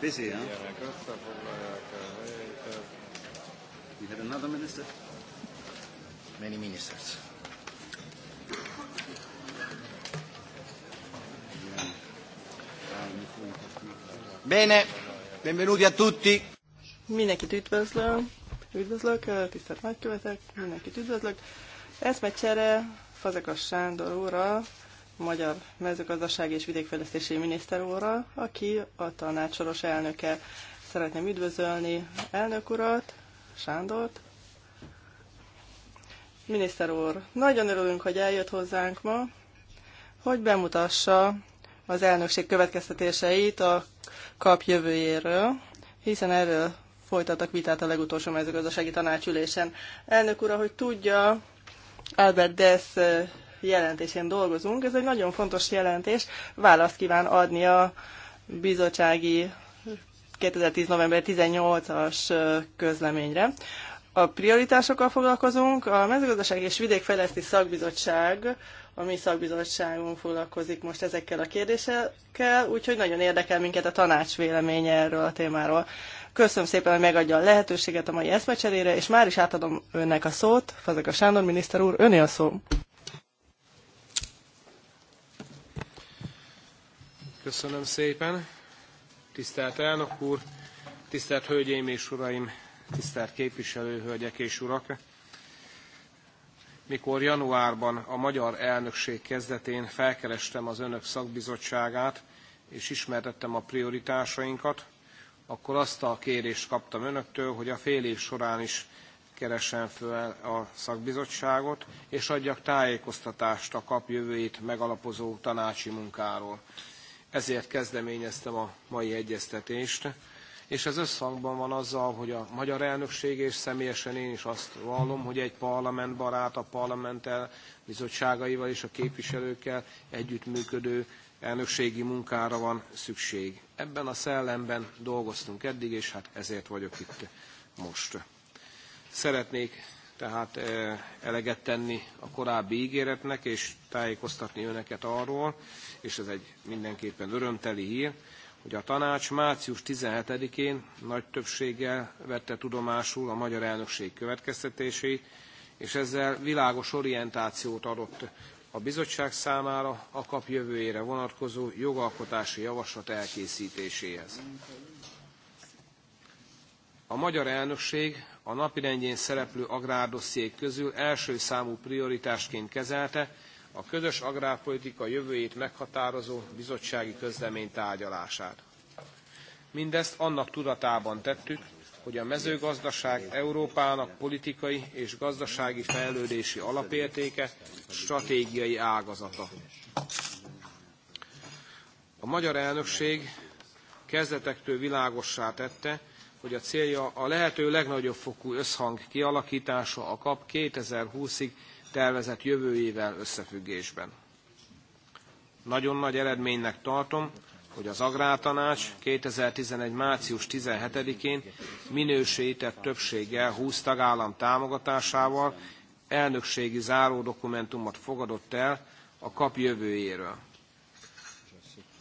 Busy, huh? You had another minister? Many ministers. Bene, benvenuti a tutti. Mindenkit üdvözlöm, üdvözlök, eh, tisztelt nagykövetek, mindenkit üdvözlök. Ez megy csere Fazekas Sándor úrral, magyar mezőgazdasági és vidékfejlesztési miniszter úrral, aki a tanácsoros elnöke. Szeretném üdvözölni elnök urat, Sándort. Miniszter úr, nagyon örülünk, hogy eljött hozzánk ma, hogy bemutassa az elnökség következtetéseit a kap jövőjéről, hiszen erről folytattak vitát a legutolsó mezőgazdasági tanácsülésen. Elnök ura, hogy tudja, Albert Dess jelentésén dolgozunk. Ez egy nagyon fontos jelentés, választ kíván adni a bizottsági 2010. november 18-as közleményre. A prioritásokkal foglalkozunk. A mezőgazdaság és vidékfejlesztés szakbizottság, a mi szakbizottságunk foglalkozik most ezekkel a kérdésekkel, úgyhogy nagyon érdekel minket a tanács véleménye erről a témáról. Köszönöm szépen, hogy megadja a lehetőséget a mai eszmecserére, és már is átadom önnek a szót. Fazek a Sándor miniszter úr, öné a szó. Köszönöm szépen. Tisztelt elnök úr, tisztelt hölgyeim és uraim, tisztelt képviselő hölgyek és urak! Mikor januárban a magyar elnökség kezdetén felkerestem az önök szakbizottságát, és ismertettem a prioritásainkat, akkor azt a kérést kaptam önöktől, hogy a fél év során is keresem föl a szakbizottságot, és adjak tájékoztatást a kap jövőjét megalapozó tanácsi munkáról. Ezért kezdeményeztem a mai egyeztetést, és ez összhangban van azzal, hogy a magyar elnökség és személyesen én is azt vallom, hogy egy parlamentbarát, a parlamenttel, bizottságaival és a képviselőkkel együttműködő elnökségi munkára van szükség. Ebben a szellemben dolgoztunk eddig, és hát ezért vagyok itt most. Szeretnék tehát eleget tenni a korábbi ígéretnek, és tájékoztatni önöket arról, és ez egy mindenképpen örömteli hír, hogy a tanács március 17-én nagy többséggel vette tudomásul a magyar elnökség következtetéseit, és ezzel világos orientációt adott a bizottság számára a kap jövőjére vonatkozó jogalkotási javaslat elkészítéséhez. A magyar elnökség a napirendjén szereplő agrárdossziék közül első számú prioritásként kezelte a közös agrárpolitika jövőjét meghatározó bizottsági közlemény tárgyalását. Mindezt annak tudatában tettük, hogy a mezőgazdaság Európának politikai és gazdasági fejlődési alapértéke, stratégiai ágazata. A magyar elnökség kezdetektől világossá tette, hogy a célja a lehető legnagyobb fokú összhang kialakítása a KAP 2020-ig tervezett jövőjével összefüggésben. Nagyon nagy eredménynek tartom, hogy az Agrártanács 2011. március 17-én minősített többséggel 20 tagállam támogatásával elnökségi záródokumentumot fogadott el a kap jövőjéről.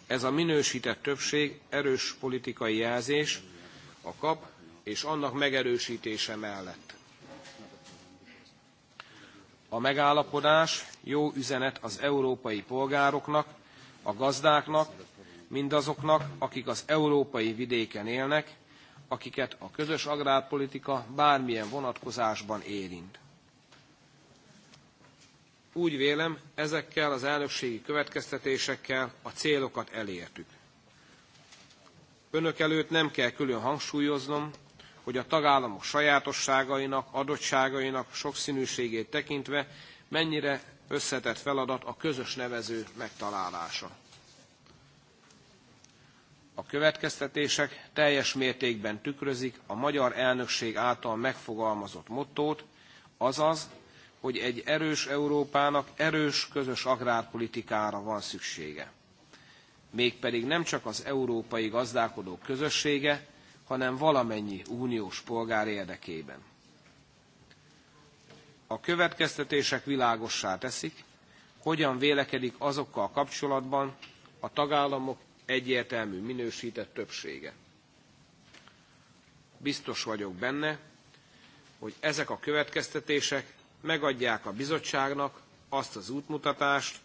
Ez a minősített többség erős politikai jelzés, a kap és annak megerősítése mellett. A megállapodás jó üzenet az európai polgároknak, a gazdáknak, mindazoknak, akik az európai vidéken élnek, akiket a közös agrárpolitika bármilyen vonatkozásban érint. Úgy vélem, ezekkel az elnökségi következtetésekkel a célokat elértük. Önök előtt nem kell külön hangsúlyoznom, hogy a tagállamok sajátosságainak, adottságainak, sokszínűségét tekintve mennyire összetett feladat a közös nevező megtalálása. A következtetések teljes mértékben tükrözik a magyar elnökség által megfogalmazott mottót, azaz, hogy egy erős Európának erős közös agrárpolitikára van szüksége mégpedig nem csak az európai gazdálkodók közössége, hanem valamennyi uniós polgár érdekében. A következtetések világossá teszik, hogyan vélekedik azokkal kapcsolatban a tagállamok egyértelmű minősített többsége. Biztos vagyok benne, hogy ezek a következtetések megadják a bizottságnak azt az útmutatást,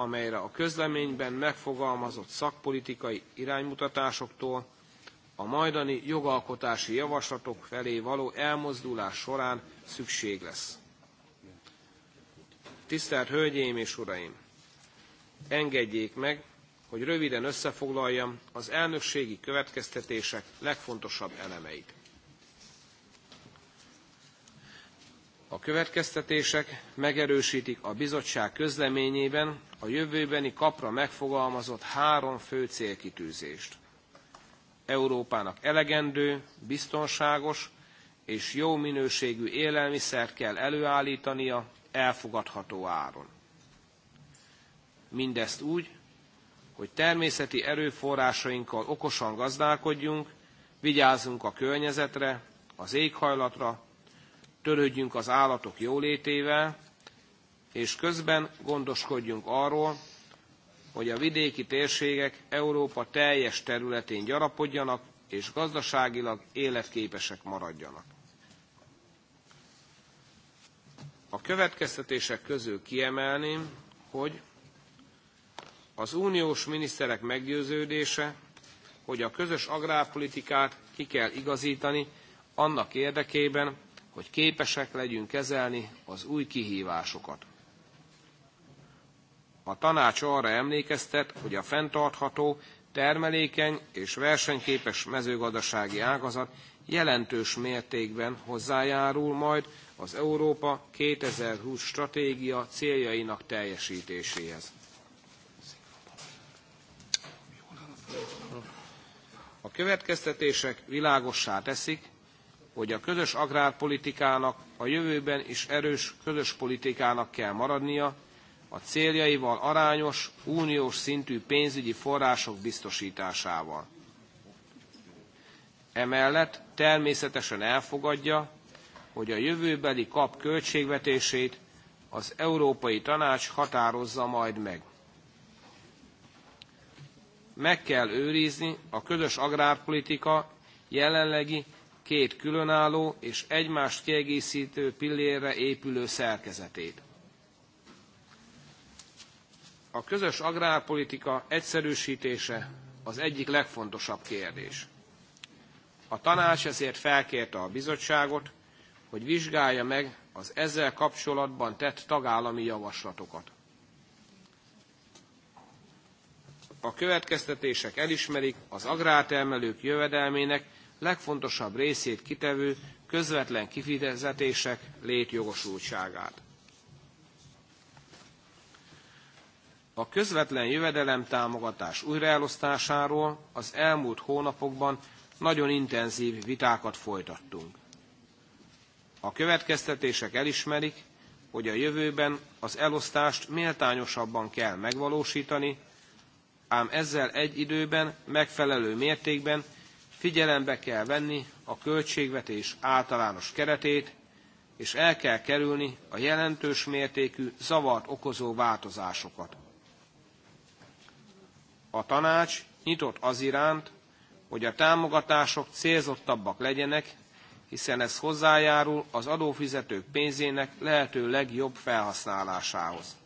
amelyre a közleményben megfogalmazott szakpolitikai iránymutatásoktól a majdani jogalkotási javaslatok felé való elmozdulás során szükség lesz. Tisztelt Hölgyeim és Uraim! Engedjék meg, hogy röviden összefoglaljam az elnökségi következtetések legfontosabb elemeit. A következtetések megerősítik a bizottság közleményében a jövőbeni kapra megfogalmazott három fő célkitűzést. Európának elegendő, biztonságos és jó minőségű élelmiszert kell előállítania elfogadható áron. Mindezt úgy, hogy természeti erőforrásainkkal okosan gazdálkodjunk, vigyázzunk a környezetre, az éghajlatra, törődjünk az állatok jólétével, és közben gondoskodjunk arról, hogy a vidéki térségek Európa teljes területén gyarapodjanak, és gazdaságilag életképesek maradjanak. A következtetések közül kiemelném, hogy az uniós miniszterek meggyőződése, hogy a közös agrárpolitikát ki kell igazítani annak érdekében, hogy képesek legyünk kezelni az új kihívásokat. A tanács arra emlékeztet, hogy a fenntartható, termelékeny és versenyképes mezőgazdasági ágazat jelentős mértékben hozzájárul majd az Európa 2020 stratégia céljainak teljesítéséhez. A következtetések világossá teszik, hogy a közös agrárpolitikának a jövőben is erős közös politikának kell maradnia, a céljaival arányos, uniós szintű pénzügyi források biztosításával. Emellett természetesen elfogadja, hogy a jövőbeli kap költségvetését az Európai Tanács határozza majd meg. Meg kell őrizni a közös agrárpolitika jelenlegi két különálló és egymást kiegészítő pillérre épülő szerkezetét. A közös agrárpolitika egyszerűsítése az egyik legfontosabb kérdés. A tanács ezért felkérte a bizottságot, hogy vizsgálja meg az ezzel kapcsolatban tett tagállami javaslatokat. A következtetések elismerik az agrártermelők jövedelmének legfontosabb részét kitevő közvetlen kifizetések létjogosultságát. A közvetlen jövedelemtámogatás újraelosztásáról az elmúlt hónapokban nagyon intenzív vitákat folytattunk. A következtetések elismerik, hogy a jövőben az elosztást méltányosabban kell megvalósítani, ám ezzel egy időben megfelelő mértékben Figyelembe kell venni a költségvetés általános keretét, és el kell kerülni a jelentős mértékű zavart okozó változásokat. A tanács nyitott az iránt, hogy a támogatások célzottabbak legyenek, hiszen ez hozzájárul az adófizetők pénzének lehető legjobb felhasználásához.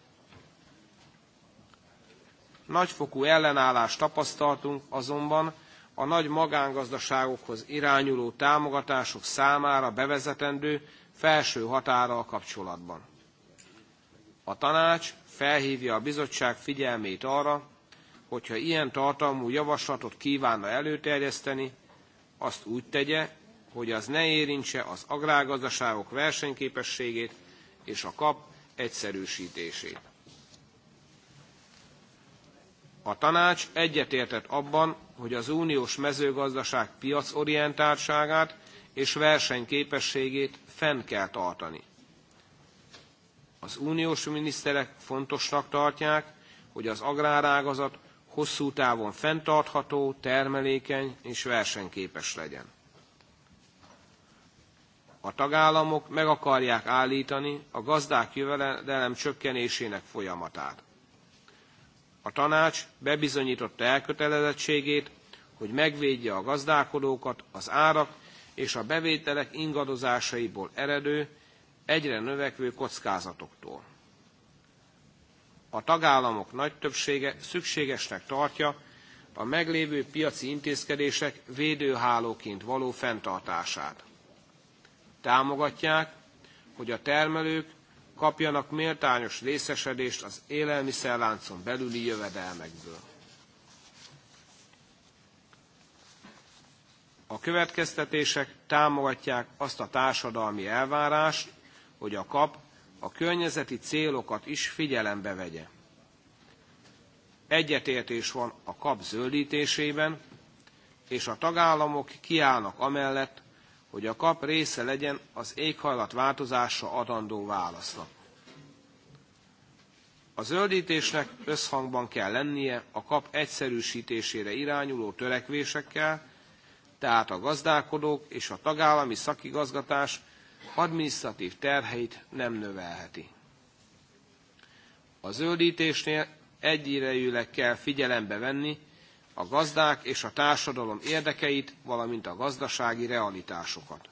Nagyfokú ellenállást tapasztaltunk azonban a nagy magángazdaságokhoz irányuló támogatások számára bevezetendő felső határral kapcsolatban. A tanács felhívja a bizottság figyelmét arra, hogyha ilyen tartalmú javaslatot kívánna előterjeszteni, azt úgy tegye, hogy az ne érintse az agrárgazdaságok versenyképességét és a kap egyszerűsítését. A tanács egyetértett abban, hogy az uniós mezőgazdaság piacorientáltságát és versenyképességét fenn kell tartani. Az uniós miniszterek fontosnak tartják, hogy az agrárágazat hosszú távon fenntartható, termelékeny és versenyképes legyen. A tagállamok meg akarják állítani a gazdák jövedelem csökkenésének folyamatát. A tanács bebizonyította elkötelezettségét, hogy megvédje a gazdálkodókat az árak és a bevételek ingadozásaiból eredő, egyre növekvő kockázatoktól. A tagállamok nagy többsége szükségesnek tartja a meglévő piaci intézkedések védőhálóként való fenntartását. Támogatják, hogy a termelők kapjanak méltányos részesedést az élelmiszerláncon belüli jövedelmekből. A következtetések támogatják azt a társadalmi elvárást, hogy a kap a környezeti célokat is figyelembe vegye. Egyetértés van a kap zöldítésében, és a tagállamok kiállnak amellett, hogy a kap része legyen az éghajlat változása adandó válasznak. A zöldítésnek összhangban kell lennie a kap egyszerűsítésére irányuló törekvésekkel, tehát a gazdálkodók és a tagállami szakigazgatás adminisztratív terheit nem növelheti. A zöldítésnél egyirejűleg kell figyelembe venni, a gazdák és a társadalom érdekeit, valamint a gazdasági realitásokat.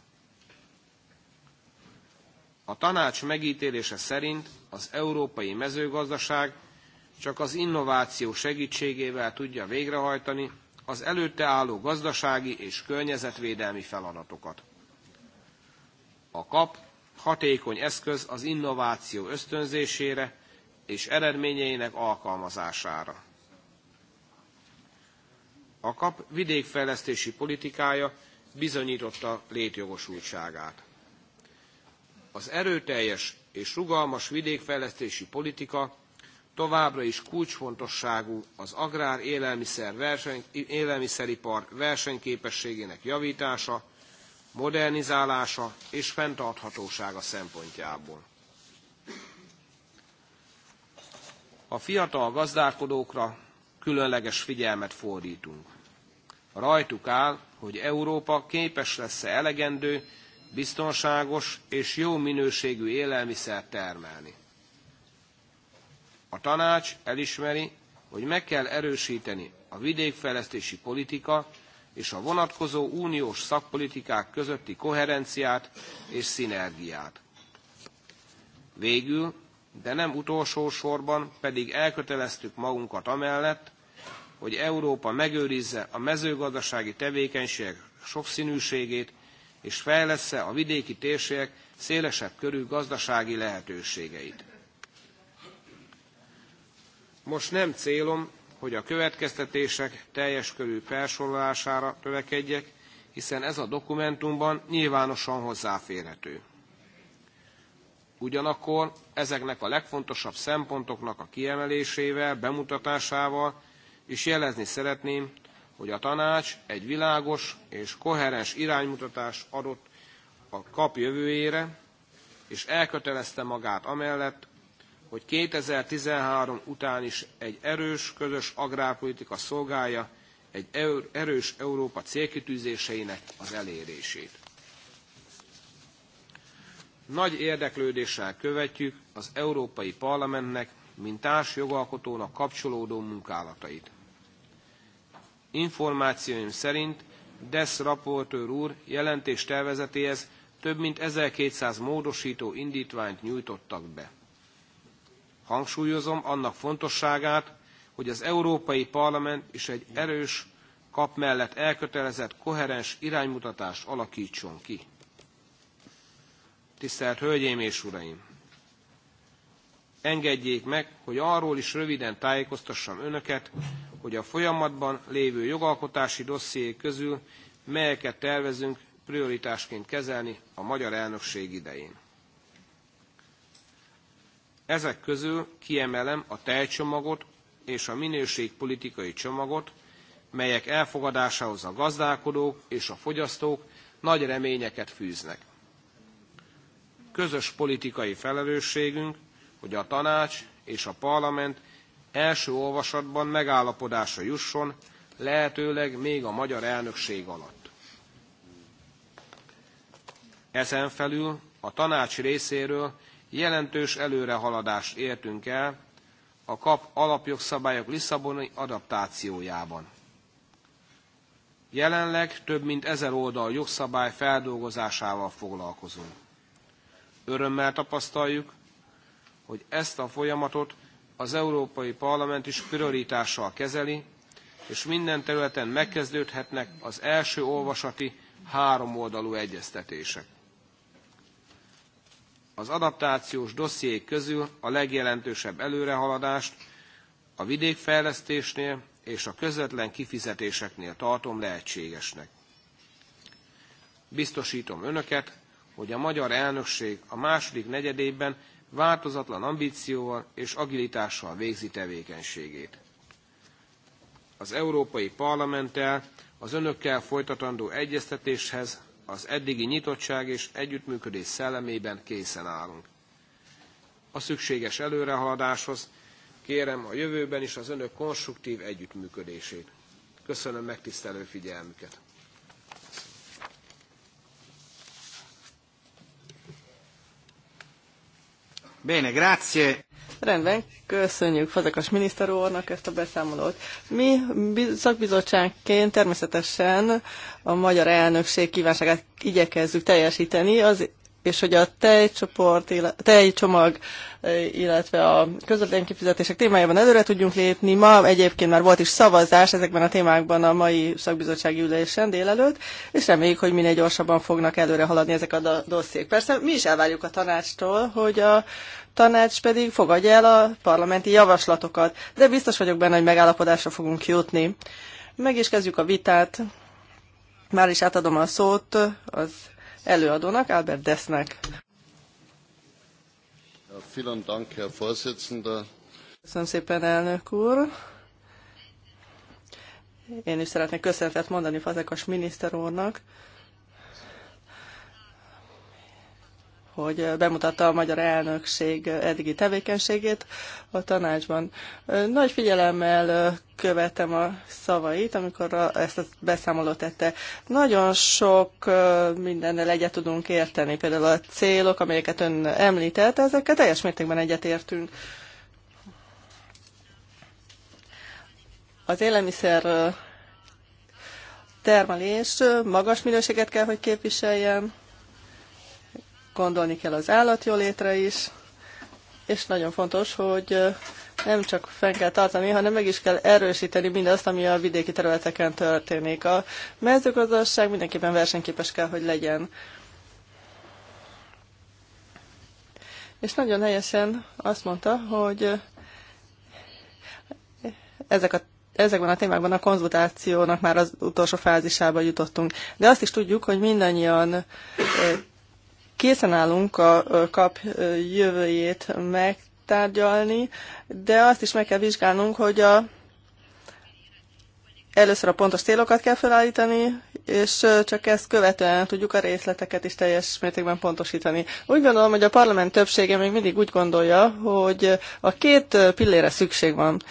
A tanács megítélése szerint az európai mezőgazdaság csak az innováció segítségével tudja végrehajtani az előtte álló gazdasági és környezetvédelmi feladatokat. A kap hatékony eszköz az innováció ösztönzésére és eredményeinek alkalmazására. A kap vidékfejlesztési politikája bizonyította létjogosultságát. Az erőteljes és rugalmas vidékfejlesztési politika továbbra is kulcsfontosságú az agrár élelmiszer verseny, élelmiszeripar versenyképességének javítása, modernizálása és fenntarthatósága szempontjából. A fiatal gazdálkodókra különleges figyelmet fordítunk. Rajtuk áll, hogy Európa képes lesz-e elegendő, biztonságos és jó minőségű élelmiszer termelni. A tanács elismeri, hogy meg kell erősíteni a vidékfejlesztési politika és a vonatkozó uniós szakpolitikák közötti koherenciát és szinergiát. Végül de nem utolsó sorban pedig elköteleztük magunkat amellett, hogy Európa megőrizze a mezőgazdasági tevékenységek sokszínűségét, és fejlessze a vidéki térségek szélesebb körű gazdasági lehetőségeit. Most nem célom, hogy a következtetések teljes körű felsorolására törekedjek, hiszen ez a dokumentumban nyilvánosan hozzáférhető. Ugyanakkor ezeknek a legfontosabb szempontoknak a kiemelésével, bemutatásával is jelezni szeretném, hogy a tanács egy világos és koherens iránymutatást adott a kap jövőjére, és elkötelezte magát amellett, hogy 2013 után is egy erős közös agrárpolitika szolgálja egy erős Európa célkitűzéseinek az elérését. Nagy érdeklődéssel követjük az Európai Parlamentnek, mint társ jogalkotónak kapcsolódó munkálatait. Információim szerint DESZ raportőr úr jelentés tervezetéhez több mint 1200 módosító indítványt nyújtottak be. Hangsúlyozom annak fontosságát, hogy az Európai Parlament is egy erős kap mellett elkötelezett, koherens iránymutatást alakítson ki. Tisztelt Hölgyeim és Uraim! Engedjék meg, hogy arról is röviden tájékoztassam Önöket, hogy a folyamatban lévő jogalkotási dossziék közül melyeket tervezünk prioritásként kezelni a magyar elnökség idején. Ezek közül kiemelem a tejcsomagot és a minőségpolitikai csomagot, melyek elfogadásához a gazdálkodók és a fogyasztók nagy reményeket fűznek közös politikai felelősségünk, hogy a tanács és a parlament első olvasatban megállapodásra jusson, lehetőleg még a magyar elnökség alatt. Ezen felül a tanács részéről jelentős előrehaladást értünk el a KAP alapjogszabályok Lisszaboni adaptációjában. Jelenleg több mint ezer oldal jogszabály feldolgozásával foglalkozunk. Örömmel tapasztaljuk, hogy ezt a folyamatot az Európai Parlament is prioritással kezeli, és minden területen megkezdődhetnek az első olvasati háromoldalú egyeztetések. Az adaptációs dossziék közül a legjelentősebb előrehaladást a vidékfejlesztésnél és a közvetlen kifizetéseknél tartom lehetségesnek. Biztosítom önöket, hogy a magyar elnökség a második negyedévben változatlan ambícióval és agilitással végzi tevékenységét. Az Európai Parlamenttel az önökkel folytatandó egyeztetéshez az eddigi nyitottság és együttműködés szellemében készen állunk. A szükséges előrehaladáshoz kérem a jövőben is az önök konstruktív együttműködését. Köszönöm megtisztelő figyelmüket! Bene, grazie. Rendben, köszönjük Fazekas miniszter úrnak ezt a beszámolót. Mi szakbizottságként természetesen a magyar elnökség kívánságát igyekezzük teljesíteni, az és hogy a tejcsoport, tejcsomag, illetve a közvetlen kifizetések témájában előre tudjunk lépni. Ma egyébként már volt is szavazás ezekben a témákban a mai szakbizottsági ülésen délelőtt, és reméljük, hogy minél gyorsabban fognak előre haladni ezek a dossziék. Persze mi is elvárjuk a tanácstól, hogy a tanács pedig fogadja el a parlamenti javaslatokat, de biztos vagyok benne, hogy megállapodásra fogunk jutni. Meg is kezdjük a vitát. Már is átadom a szót az előadónak, Albert Desznek. Köszönöm szépen, elnök úr. Én is szeretnék köszönetet mondani Fazekas miniszter úrnak hogy bemutatta a magyar elnökség eddigi tevékenységét a tanácsban. Nagy figyelemmel követem a szavait, amikor a, ezt a beszámolót tette. Nagyon sok mindennel egyet tudunk érteni, például a célok, amelyeket ön említett, ezekkel teljes mértékben egyetértünk. Az élelmiszer termelés magas minőséget kell, hogy képviseljen, gondolni kell az állatjólétre is, és nagyon fontos, hogy nem csak fenn kell tartani, hanem meg is kell erősíteni mindazt, ami a vidéki területeken történik. A mezőgazdaság mindenképpen versenyképes kell, hogy legyen. És nagyon helyesen azt mondta, hogy ezek a ezekben a témákban a konzultációnak már az utolsó fázisába jutottunk. De azt is tudjuk, hogy mindannyian Készen állunk a kap jövőjét megtárgyalni, de azt is meg kell vizsgálnunk, hogy a először a pontos célokat kell felállítani, és csak ezt követően tudjuk a részleteket is teljes mértékben pontosítani. Úgy gondolom, hogy a parlament többsége még mindig úgy gondolja, hogy a két pillére szükség van.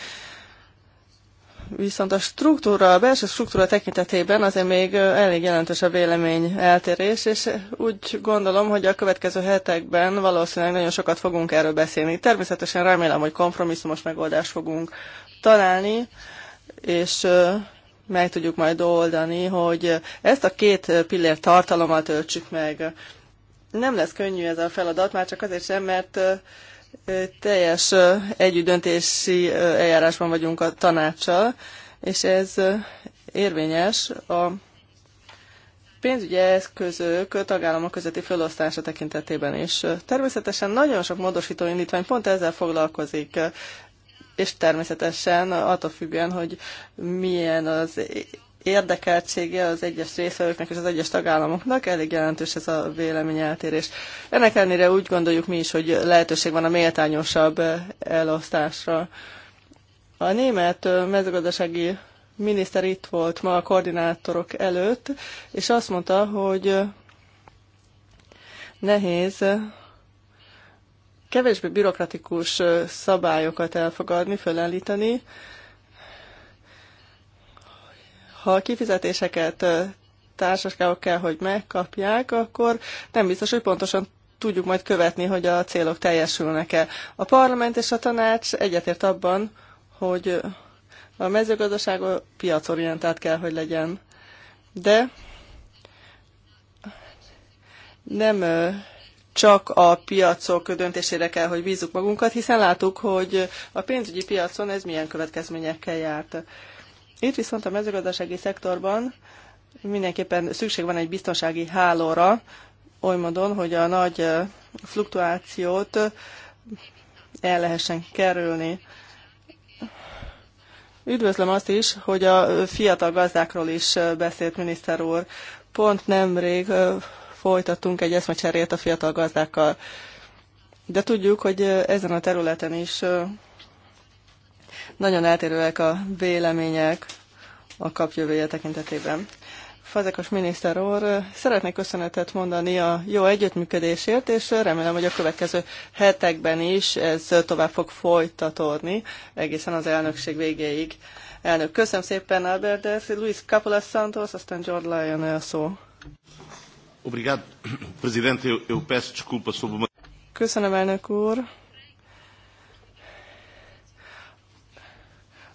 Viszont a struktúra, a belső struktúra tekintetében azért még elég jelentős a vélemény eltérés, és úgy gondolom, hogy a következő hetekben valószínűleg nagyon sokat fogunk erről beszélni. Természetesen remélem, hogy kompromisszumos megoldást fogunk találni, és meg tudjuk majd oldani, hogy ezt a két pillér tartalommal töltsük meg. Nem lesz könnyű ez a feladat, már csak azért sem, mert teljes együttdöntési eljárásban vagyunk a tanácssal, és ez érvényes a pénzügyi eszközök tagállamok közötti felosztása tekintetében is. Természetesen nagyon sok módosító indítvány pont ezzel foglalkozik, és természetesen attól függően, hogy milyen az érdekeltsége az egyes részvevőknek és az egyes tagállamoknak, elég jelentős ez a véleményeltérés. Ennek ellenére úgy gondoljuk mi is, hogy lehetőség van a méltányosabb elosztásra. A német mezőgazdasági miniszter itt volt ma a koordinátorok előtt, és azt mondta, hogy nehéz kevésbé bürokratikus szabályokat elfogadni, fölállítani, ha a kifizetéseket társaságok kell, hogy megkapják, akkor nem biztos, hogy pontosan tudjuk majd követni, hogy a célok teljesülnek-e. A parlament és a tanács egyetért abban, hogy a mezőgazdaság piacorientált kell, hogy legyen. De nem csak a piacok döntésére kell, hogy bízzuk magunkat, hiszen látjuk, hogy a pénzügyi piacon ez milyen következményekkel járt. Itt viszont a mezőgazdasági szektorban mindenképpen szükség van egy biztonsági hálóra, oly módon, hogy a nagy fluktuációt el lehessen kerülni. Üdvözlöm azt is, hogy a fiatal gazdákról is beszélt miniszter úr. Pont nemrég folytattunk egy eszmecserét a fiatal gazdákkal. De tudjuk, hogy ezen a területen is nagyon eltérőek a vélemények a kapjövője tekintetében. Fazekas miniszter úr, szeretnék köszönetet mondani a jó együttműködésért, és remélem, hogy a következő hetekben is ez tovább fog folytatódni, egészen az elnökség végéig. Elnök, köszönöm szépen, Albert, de Luis Capola Santos, aztán George Lyon a szó. Obrigado, presidente. Eu, peço desculpa sobre Köszönöm, elnök úr.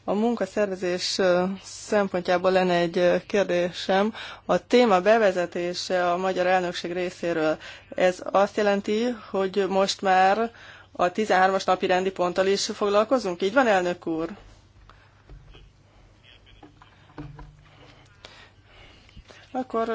A munkaszervezés szempontjából lenne egy kérdésem. A téma bevezetése a magyar elnökség részéről. Ez azt jelenti, hogy most már a 13-as napi rendi ponttal is foglalkozunk? Így van, elnök úr? Akkor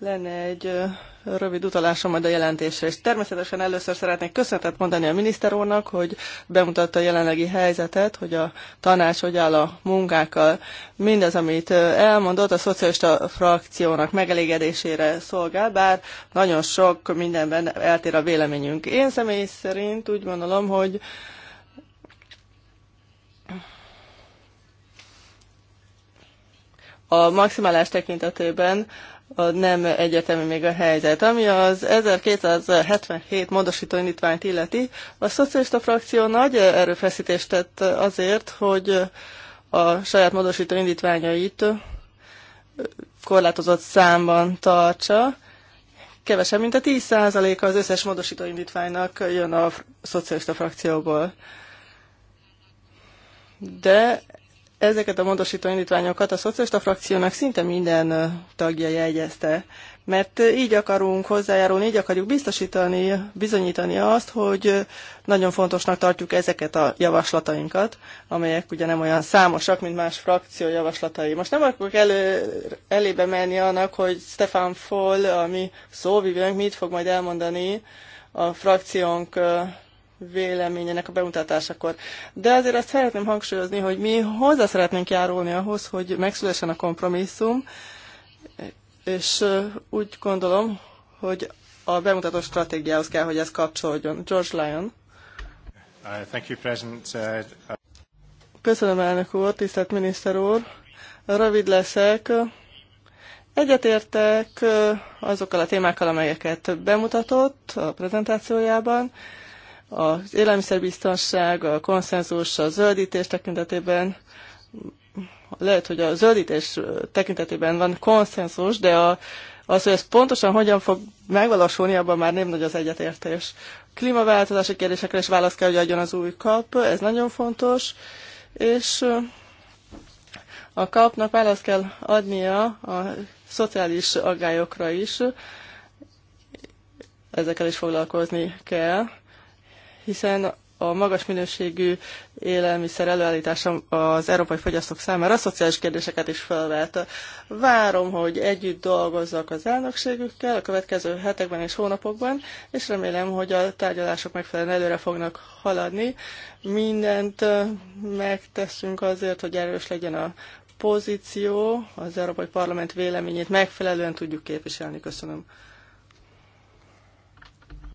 lenne egy rövid utalásom majd a jelentésre, és természetesen először szeretnék köszönetet mondani a miniszter úrnak, hogy bemutatta a jelenlegi helyzetet, hogy a tanács hogy áll a munkákkal. Mindez, amit elmondott, a szocialista frakciónak megelégedésére szolgál, bár nagyon sok mindenben eltér a véleményünk. Én személy szerint úgy gondolom, hogy a maximálás tekintetében nem egyetemű még a helyzet. Ami az 1277 módosító indítványt illeti, a szocialista frakció nagy erőfeszítést tett azért, hogy a saját módosító indítványait korlátozott számban tartsa. Kevesebb, mint a 10%-a az összes módosító indítványnak jön a szocialista frakcióból. De Ezeket a módosító indítványokat a szocialista frakciónak szinte minden tagja jegyezte, mert így akarunk hozzájárulni, így akarjuk biztosítani, bizonyítani azt, hogy nagyon fontosnak tartjuk ezeket a javaslatainkat, amelyek ugye nem olyan számosak, mint más frakció javaslatai. Most nem akarok elő, elébe menni annak, hogy Stefan Foll, ami mi szóvivőnk, mit fog majd elmondani a frakciónk véleményének a bemutatásakor. De azért azt szeretném hangsúlyozni, hogy mi hozzá szeretnénk járulni ahhoz, hogy megszülessen a kompromisszum, és úgy gondolom, hogy a bemutató stratégiához kell, hogy ez kapcsolódjon. George Lyon. Uh, thank you, President. Uh, uh, Köszönöm, elnök úr, tisztelt miniszter úr. Rövid leszek. Egyetértek azokkal a témákkal, amelyeket bemutatott a prezentációjában az élelmiszerbiztonság, a konszenzus, a zöldítés tekintetében lehet, hogy a zöldítés tekintetében van konszenzus, de a, az, hogy ez pontosan hogyan fog megvalósulni, abban már nem nagy az egyetértés. Klímaváltozási kérdésekre is választ kell, hogy adjon az új kap, ez nagyon fontos, és a kapnak választ kell adnia a szociális aggályokra is, ezekkel is foglalkozni kell hiszen a magas minőségű élelmiszer előállítása az európai fogyasztók számára a szociális kérdéseket is felvet. Várom, hogy együtt dolgozzak az elnökségükkel a következő hetekben és hónapokban, és remélem, hogy a tárgyalások megfelelően előre fognak haladni. Mindent megteszünk azért, hogy erős legyen a pozíció, az Európai Parlament véleményét megfelelően tudjuk képviselni. Köszönöm.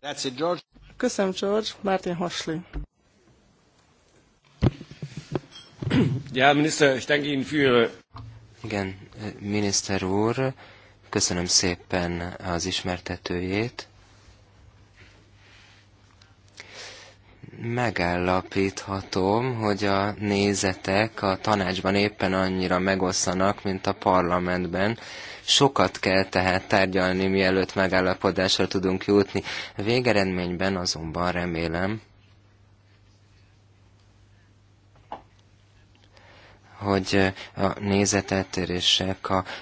That's it, George. Köszönöm, George. Martin Hasli. Ja, miniszter, ich danke Ihnen für... Igen, miniszter úr, köszönöm szépen az ismertetőjét. megállapíthatom, hogy a nézetek a tanácsban éppen annyira megoszlanak, mint a parlamentben. Sokat kell tehát tárgyalni, mielőtt megállapodásra tudunk jutni. Végeredményben azonban remélem, hogy a nézeteltéréssel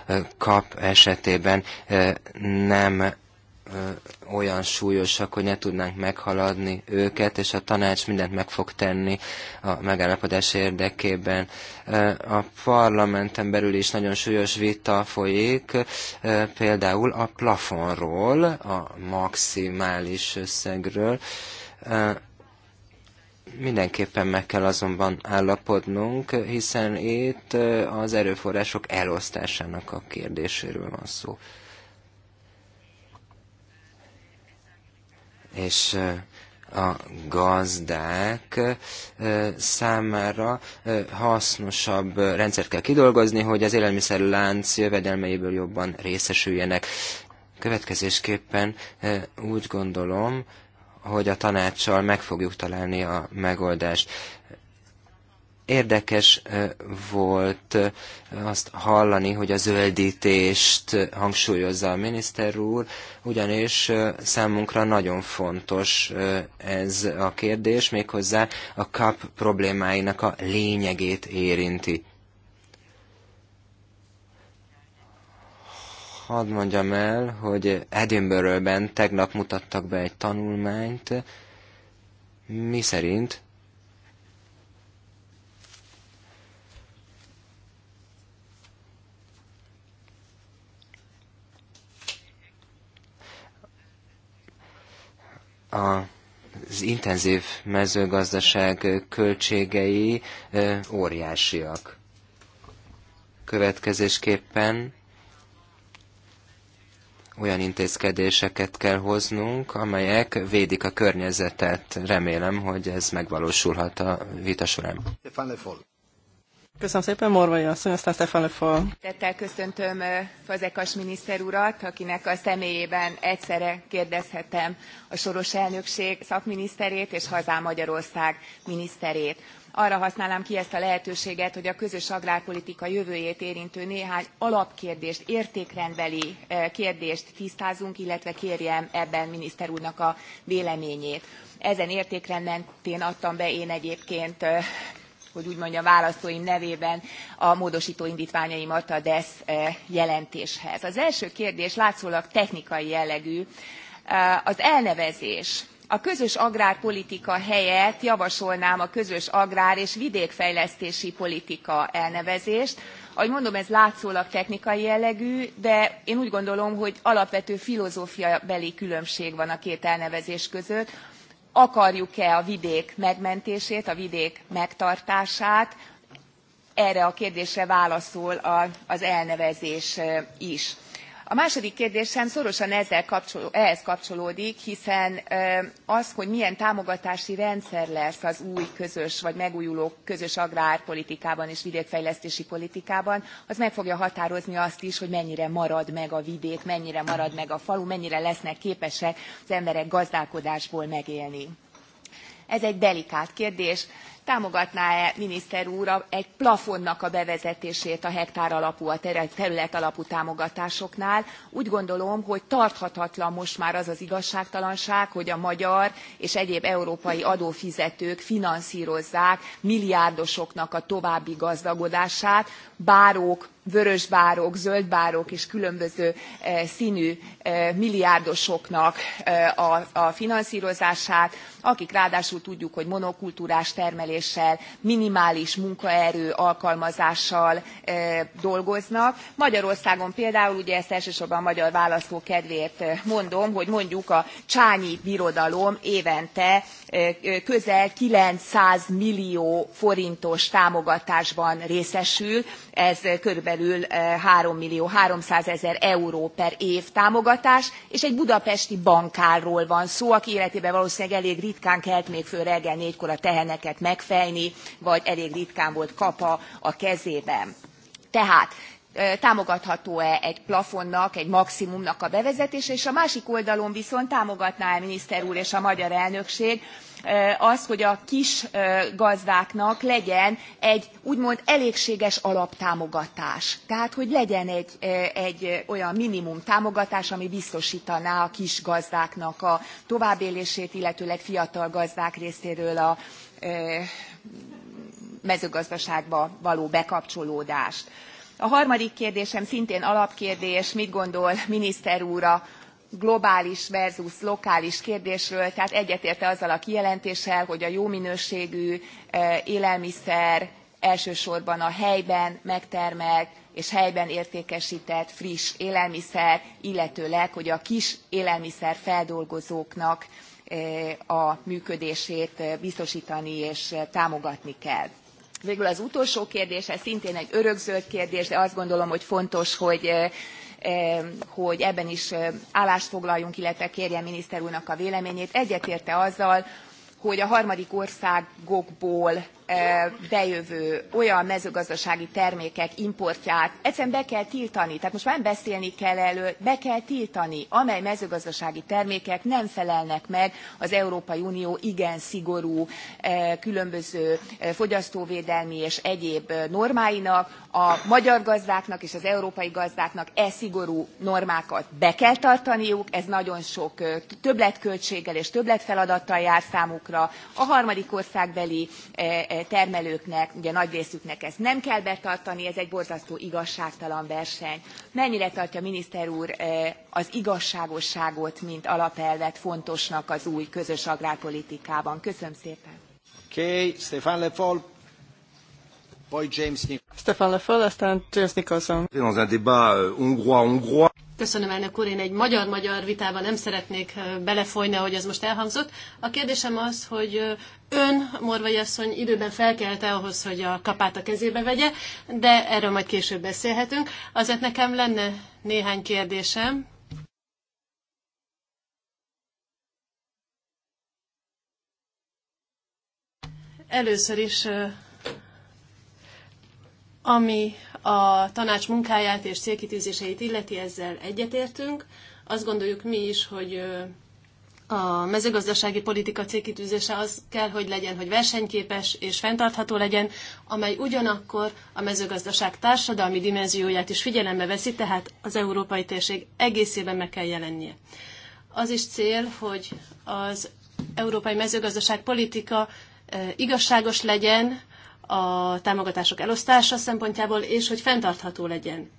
a kap esetében nem olyan súlyosak, hogy ne tudnánk meghaladni őket, és a tanács mindent meg fog tenni a megállapodás érdekében. A parlamenten belül is nagyon súlyos vita folyik, például a plafonról, a maximális összegről. Mindenképpen meg kell azonban állapodnunk, hiszen itt az erőforrások elosztásának a kérdéséről van szó. és a gazdák számára hasznosabb rendszert kell kidolgozni, hogy az élelmiszerlánc jövedelmeiből jobban részesüljenek. Következésképpen úgy gondolom, hogy a tanácssal meg fogjuk találni a megoldást. Érdekes volt azt hallani, hogy a zöldítést hangsúlyozza a miniszter úr, ugyanis számunkra nagyon fontos ez a kérdés, méghozzá a kap problémáinak a lényegét érinti. hadd mondjam el, hogy Edinburgh-ben tegnap mutattak be egy tanulmányt, mi szerint az intenzív mezőgazdaság költségei óriásiak. Következésképpen olyan intézkedéseket kell hoznunk, amelyek védik a környezetet. Remélem, hogy ez megvalósulhat a vita során. Köszönöm szépen, Morvai asszony, aztán Stefan Lefol. Tettel köszöntöm Fazekas miniszter urat, akinek a személyében egyszerre kérdezhetem a soros elnökség szakminiszterét és hazám Magyarország miniszterét. Arra használnám ki ezt a lehetőséget, hogy a közös agrárpolitika jövőjét érintő néhány alapkérdést, értékrendbeli kérdést tisztázunk, illetve kérjem ebben miniszter úrnak a véleményét. Ezen értékrend mentén adtam be én egyébként hogy úgy mondjam, választóim nevében a módosító indítványaimat a DESZ eh, jelentéshez. Az első kérdés látszólag technikai jellegű. Eh, az elnevezés a közös agrárpolitika helyett javasolnám a közös agrár és vidékfejlesztési politika elnevezést. ahogy mondom ez látszólag technikai jellegű de én úgy gondolom hogy alapvető filozófiabeli különbség van a két elnevezés között akarjuk e a vidék megmentését a vidék megtartását erre a kérdésre válaszol az elnevezés is a második kérdésem szorosan ezzel ehhez kapcsolódik hiszen az hogy milyen támogatási rendszer lesz az új közös vagy megújuló közös agrárpolitikában és vidékfejlesztési politikában az meg fogja határozni azt is hogy mennyire marad meg a vidék mennyire marad meg a falu mennyire lesznek képesek az emberek gazdálkodásból megélni. ez egy delikát kérdés támogatná-e miniszter úr egy plafonnak a bevezetését a hektár alapú, a terület alapú támogatásoknál? Úgy gondolom, hogy tarthatatlan most már az az igazságtalanság, hogy a magyar és egyéb európai adófizetők finanszrozzák milliárdosoknak a további gazdagodását, bárók, vörös zöld bárók és különböző eh, sznű eh, milliárdosoknak eh, a finanszrozását akik ráadásul tudjuk hogy monokultúrás termeléssel minimális munkaerő alkalmazással dolgoznak. magyarországon például ugye ezt elsősorban a magyar választók kedvéért mondom hogy mondjuk a csányi birodalom évente közel nine hundred millió forintos támogatásban részesül ez kb körülbelül three eh, millió ezer euró per év támogatás és egy budapesti bankárról van szó aki életében valósznűleg elég ritkán kelt még föl reggel négykor a teheneket megfejni vagy elég ritkán volt kapa a kezében. tehát támogatható e egy plafonnak egy maximumnak a bevezetése és a másik oldalon viszont támogatná e miniszter úr és a magyar elnökség azt hogy a kis gazdáknak legyen egy úgymond elégséges alaptámogatás tehát hogy legyen egy, olyan minimum támogatás ami biztostaná a kis gazdáknak a továbbélését illetőleg fiatal gazdák részéről a mezőgazdaságba való bekapcsolódást a harmadik kérdésem szintén alapkérdés mit gondol miniszter úr a globális versus lokális kérdésről tehát egyetért e azzal a kijelentéssel hogy a jó minőségű e, élelmiszer elsősorban a helyben megtermelt és helyben értékestett friss élelmiszer illetőleg hogy a kis élelmiszerfeldolgozóknak e, a működését biztostani és támogatni kell végül az utolsó kérdés ez szintén egy örökzöld kérdés de azt gondolom hogy fontos hogy eh, eh, hogy ebben is eh, állást foglaljunk illetve kérjem miniszter úrnak a véleményét egyetért e azzal hogy a harmadik országokból bejövő olyan mezőgazdasági termékek importját egyszerűen be kell tiltani. Tehát most már nem beszélni kell elő, be kell tiltani, amely mezőgazdasági termékek nem felelnek meg az Európai Unió igen szigorú különböző fogyasztóvédelmi és egyéb normáinak, a magyar gazdáknak és az európai gazdáknak e szigorú normákat be kell tartaniuk, ez nagyon sok többletköltséggel és többletfeladattal jár számukra. A harmadik országbeli termelőknek ugye nagy részüknek ezt nem kell betartani ez egy borzasztó igazságtalan verseny. mennyire tartja miniszter úr e, az igazságosságot mint alapelvet fontosnak az új közös agrárpolitikában? köszönöm szépen. Okay, Stefan Le Foll, James Nicholson. Stefan Le Foll, aztán James Nicholson. Dans un débat euh, hongrois-hongrois, Köszönöm, elnök úr, én egy magyar-magyar vitába nem szeretnék belefolyni, ahogy ez most elhangzott. A kérdésem az, hogy ön, Morvai asszony, időben felkelte ahhoz, hogy a kapát a kezébe vegye, de erről majd később beszélhetünk. Azért nekem lenne néhány kérdésem. Először is, ami a tanács munkáját és célkitűzéseit illeti, ezzel egyetértünk. Azt gondoljuk mi is, hogy a mezőgazdasági politika célkitűzése az kell, hogy legyen, hogy versenyképes és fenntartható legyen, amely ugyanakkor a mezőgazdaság társadalmi dimenzióját is figyelembe veszi, tehát az európai térség egészében meg kell jelennie. Az is cél, hogy az európai mezőgazdaság politika igazságos legyen, a támogatások elosztása szempontjából, és hogy fenntartható legyen.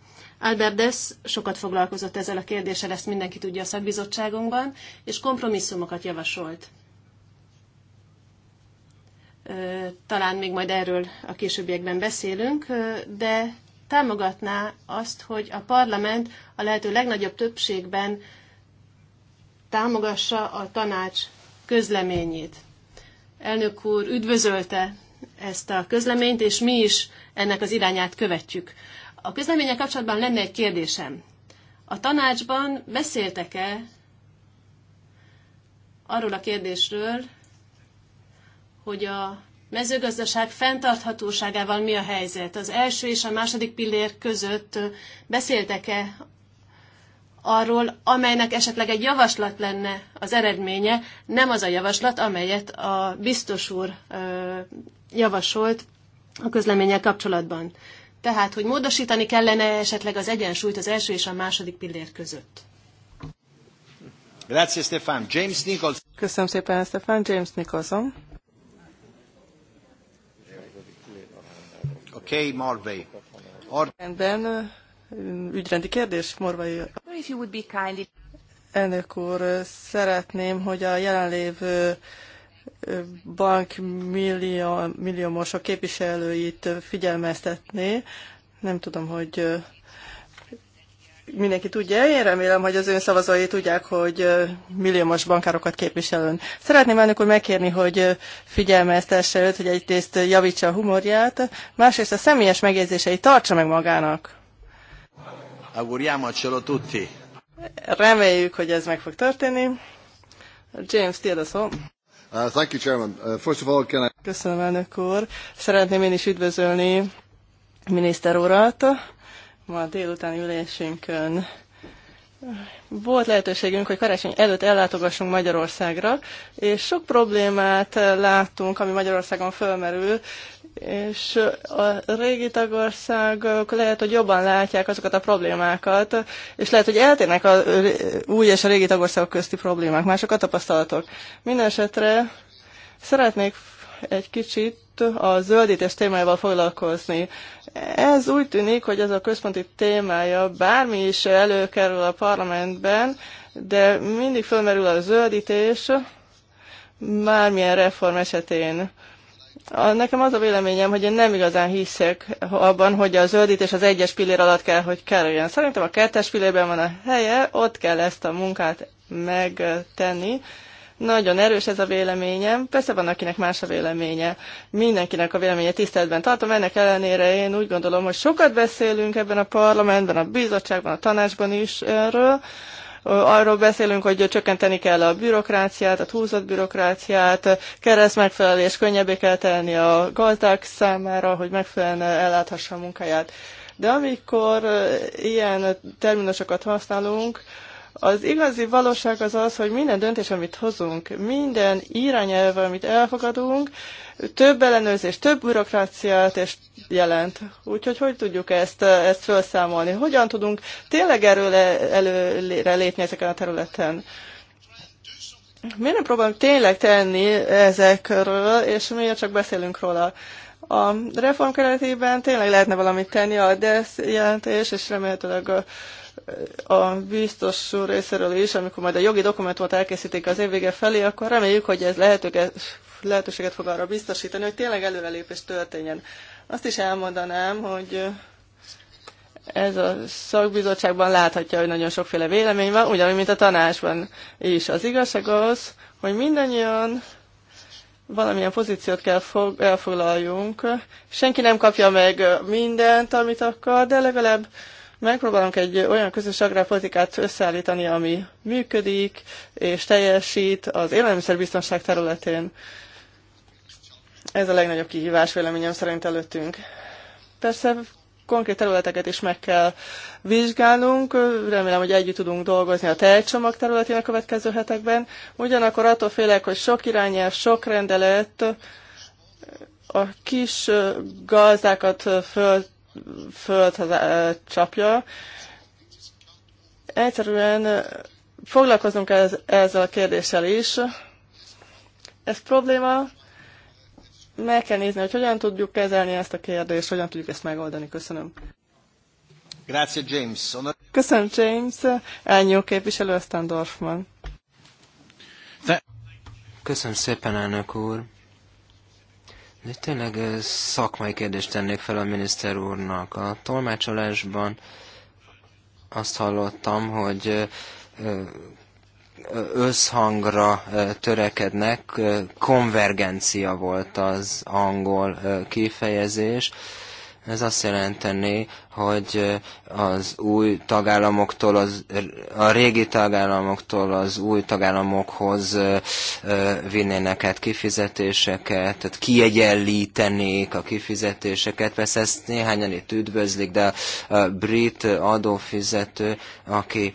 Albert Dess sokat foglalkozott ezzel a kérdéssel, ezt mindenki tudja a szakbizottságunkban, és kompromisszumokat javasolt. Talán még majd erről a későbbiekben beszélünk, de támogatná azt, hogy a parlament a lehető legnagyobb többségben támogassa a tanács közleményét. Elnök úr üdvözölte ezt a közleményt, és mi is ennek az irányát követjük. A közlemények kapcsolatban lenne egy kérdésem. A tanácsban beszéltek-e arról a kérdésről, hogy a mezőgazdaság fenntarthatóságával mi a helyzet? Az első és a második pillér között beszéltek-e arról, amelynek esetleg egy javaslat lenne az eredménye, nem az a javaslat, amelyet a biztos úr javasolt a közleménye kapcsolatban. Tehát, hogy módosítani kellene esetleg az egyensúlyt az első és a második pillér között. Grazie, Stefan. James Nicholson. Köszönöm szépen, Stefan. James Nicholson. Okay, Marvay. Or... Rendben, ügyrendi kérdés, Morvai. If you would be Elnök úr, szeretném, hogy a jelenlévő bank millió, a képviselőit figyelmeztetni. Nem tudom, hogy mindenki tudja. Én remélem, hogy az ön szavazói tudják, hogy milliómos bankárokat képviselőn. Szeretném elnök úr megkérni, hogy figyelmeztesse őt, hogy egyrészt javítsa a humorját, másrészt a személyes megjegyzéseit tartsa meg magának. Auguriamo a tutti. Reméljük, hogy ez meg fog történni. James, tiéd a szó. Uh, uh, Köszönöm, elnök úr. Szeretném én is üdvözölni miniszter urat ma délutáni ülésünkön. Volt lehetőségünk, hogy karácsony előtt ellátogassunk Magyarországra, és sok problémát láttunk, ami Magyarországon fölmerül, és a régi tagországok lehet, hogy jobban látják azokat a problémákat, és lehet, hogy eltérnek a új és a régi tagországok közti problémák, mások a tapasztalatok. Mindenesetre szeretnék egy kicsit a zöldítés témájával foglalkozni. Ez úgy tűnik, hogy ez a központi témája bármi is előkerül a parlamentben, de mindig fölmerül a zöldítés, bármilyen reform esetén a, nekem az a véleményem, hogy én nem igazán hiszek abban, hogy a zöldítés az egyes pillér alatt kell, hogy kerüljön. Szerintem a kettes pillérben van a helye, ott kell ezt a munkát megtenni. Nagyon erős ez a véleményem, persze van, akinek más a véleménye. Mindenkinek a véleménye tiszteletben tartom, ennek ellenére én úgy gondolom, hogy sokat beszélünk ebben a parlamentben, a bizottságban, a tanácsban is erről, Arról beszélünk, hogy csökkenteni kell a bürokráciát, a túlzott bürokráciát, kereszt megfelelés könnyebbé kell tenni a gazdák számára, hogy megfelelően elláthassa a munkáját. De amikor ilyen terminusokat használunk, az igazi valóság az az, hogy minden döntés, amit hozunk, minden irányelv, amit elfogadunk, több ellenőrzés, több bürokráciát és jelent. Úgyhogy hogy tudjuk ezt, ezt felszámolni? Hogyan tudunk tényleg erről előre lépni ezeken a területen? Miért nem próbálunk tényleg tenni ezekről, és miért csak beszélünk róla? A reform keretében tényleg lehetne valamit tenni a DESZ jelentés, és remélhetőleg a a biztos úr részéről is, amikor majd a jogi dokumentumot elkészítik az évvége felé, akkor reméljük, hogy ez lehetőséget fog arra biztosítani, hogy tényleg előrelépés történjen. Azt is elmondanám, hogy ez a szakbizottságban láthatja, hogy nagyon sokféle vélemény van, ugyanúgy, mint a tanácsban is. Az igazság az, hogy mindannyian valamilyen pozíciót kell fog, elfoglaljunk. Senki nem kapja meg mindent, amit akar, de legalább megpróbálunk egy olyan közös agrárpolitikát összeállítani, ami működik és teljesít az élelmiszerbiztonság területén. Ez a legnagyobb kihívás véleményem szerint előttünk. Persze konkrét területeket is meg kell vizsgálnunk. Remélem, hogy együtt tudunk dolgozni a tejcsomag területén a következő hetekben. Ugyanakkor attól félek, hogy sok irányelv, sok rendelet a kis gazdákat föl földhez csapja. Egyszerűen foglalkozunk ez, ezzel a kérdéssel is. Ez probléma, meg kell nézni, hogy hogyan tudjuk kezelni ezt a kérdést, hogyan tudjuk ezt megoldani. Köszönöm. Grazie, James. Köszönöm, James. Elnyó képviselő, aztán Dorfman. Köszönöm szépen, elnök úr. De tényleg szakmai kérdést tennék fel a miniszter úrnak. A tolmácsolásban azt hallottam, hogy összhangra törekednek, konvergencia volt az angol kifejezés. Ez azt jelenteni, hogy az új tagállamoktól, az, a régi tagállamoktól az új tagállamokhoz vinnének át kifizetéseket, tehát kiegyenlítenék a kifizetéseket. Persze ezt néhányan itt üdvözlik, de a brit adófizető, aki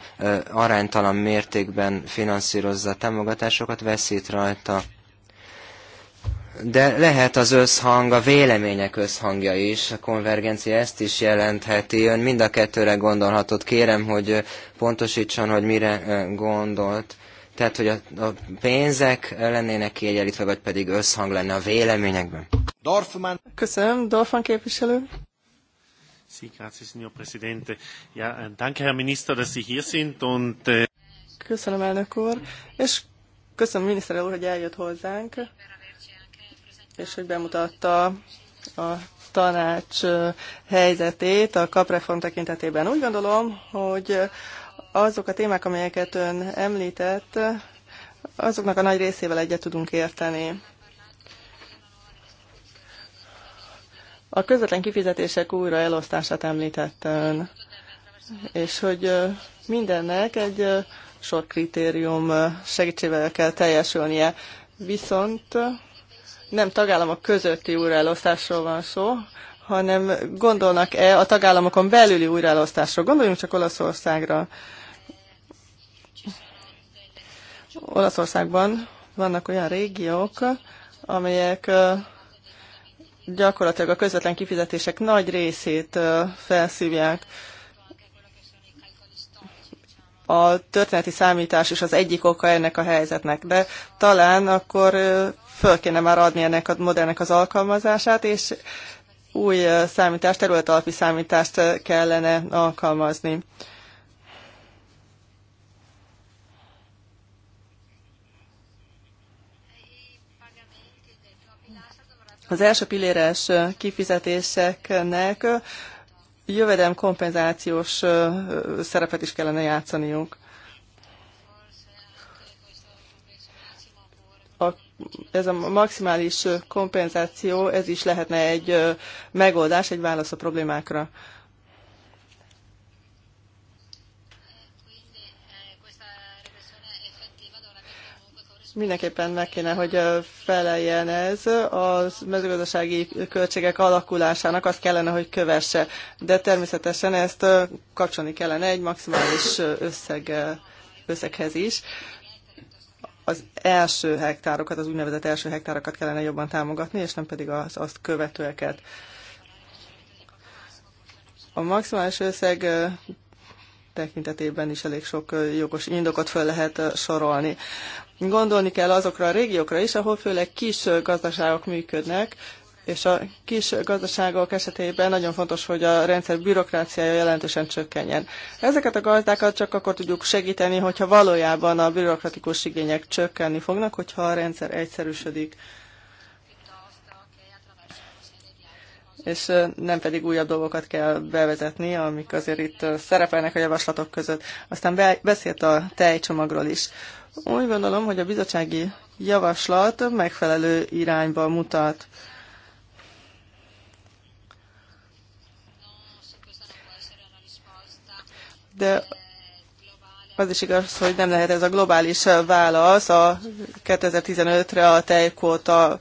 aránytalan mértékben finanszírozza a támogatásokat, veszít rajta de lehet az összhang, a vélemények összhangja is, a konvergencia ezt is jelentheti. Ön mind a kettőre gondolhatott. Kérem, hogy pontosítson, hogy mire gondolt. Tehát, hogy a, a pénzek lennének kiegyenlítve, vagy pedig összhang lenne a véleményekben. Dorfman. Köszönöm, Dorfman képviselő. Sí, grazie, signor Presidente. Ja, danke, Herr Minister, dass Sie hier sind und... Äh köszönöm, elnök úr, és köszönöm, miniszter úr, hogy eljött hozzánk és hogy bemutatta a tanács helyzetét a kapreform tekintetében. Úgy gondolom, hogy azok a témák, amelyeket ön említett, azoknak a nagy részével egyet tudunk érteni. A közvetlen kifizetések újra elosztását említetten, és hogy mindennek egy sor kritérium segítségével kell teljesülnie. Viszont nem tagállamok közötti újraelosztásról van szó, hanem gondolnak-e a tagállamokon belüli újraelosztásról. Gondoljunk csak Olaszországra. Olaszországban vannak olyan régiók, amelyek gyakorlatilag a közvetlen kifizetések nagy részét felszívják. A történeti számítás is az egyik oka ennek a helyzetnek, de talán akkor föl kéne már adni ennek a modellnek az alkalmazását, és új számítást, alapi számítást kellene alkalmazni. Az első pilléres kifizetéseknek jövedelem kompenzációs szerepet is kellene játszaniuk. ez a maximális kompenzáció, ez is lehetne egy megoldás, egy válasz a problémákra. Mindenképpen meg kéne, hogy feleljen ez a mezőgazdasági költségek alakulásának, azt kellene, hogy kövesse. De természetesen ezt kapcsolni kellene egy maximális összeg, összeghez is az első hektárokat, az úgynevezett első hektárokat kellene jobban támogatni, és nem pedig az azt követőeket. A maximális összeg tekintetében is elég sok jogos indokot föl lehet sorolni. Gondolni kell azokra a régiókra is, ahol főleg kis gazdaságok működnek, és a kis gazdaságok esetében nagyon fontos, hogy a rendszer bürokráciája jelentősen csökkenjen. Ezeket a gazdákat csak akkor tudjuk segíteni, hogyha valójában a bürokratikus igények csökkenni fognak, hogyha a rendszer egyszerűsödik. és nem pedig újabb dolgokat kell bevezetni, amik azért itt szerepelnek a javaslatok között. Aztán be, beszélt a tejcsomagról is. Úgy gondolom, hogy a bizottsági javaslat megfelelő irányba mutat. de az is igaz, hogy nem lehet ez a globális válasz a 2015-re a tejkóta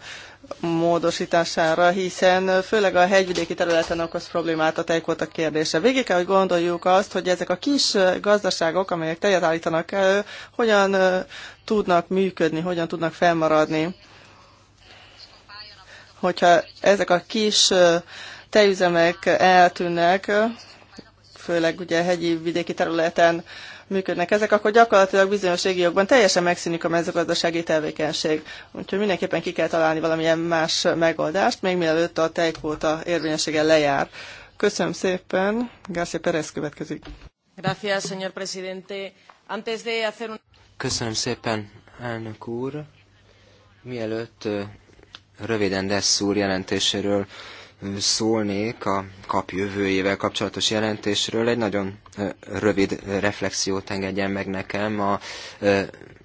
módosítására, hiszen főleg a hegyvidéki területen okoz problémát a tejkóta kérdése. Végig kell, hogy gondoljuk azt, hogy ezek a kis gazdaságok, amelyek tejet állítanak elő, hogyan tudnak működni, hogyan tudnak fennmaradni. Hogyha ezek a kis tejüzemek eltűnnek, főleg ugye hegyi vidéki területen működnek ezek, akkor gyakorlatilag bizonyos régiókban teljesen megszűnik a mezőgazdasági tevékenység. Úgyhogy mindenképpen ki kell találni valamilyen más megoldást, még mielőtt a tejkvóta érvényessége lejár. Köszönöm szépen, García Pérez következik. Gracias, señor presidente. Antes de hacer un... Köszönöm szépen, elnök úr. Mielőtt röviden Dessz úr jelentéséről szólnék a kap jövőjével kapcsolatos jelentésről. Egy nagyon rövid reflexiót engedjen meg nekem a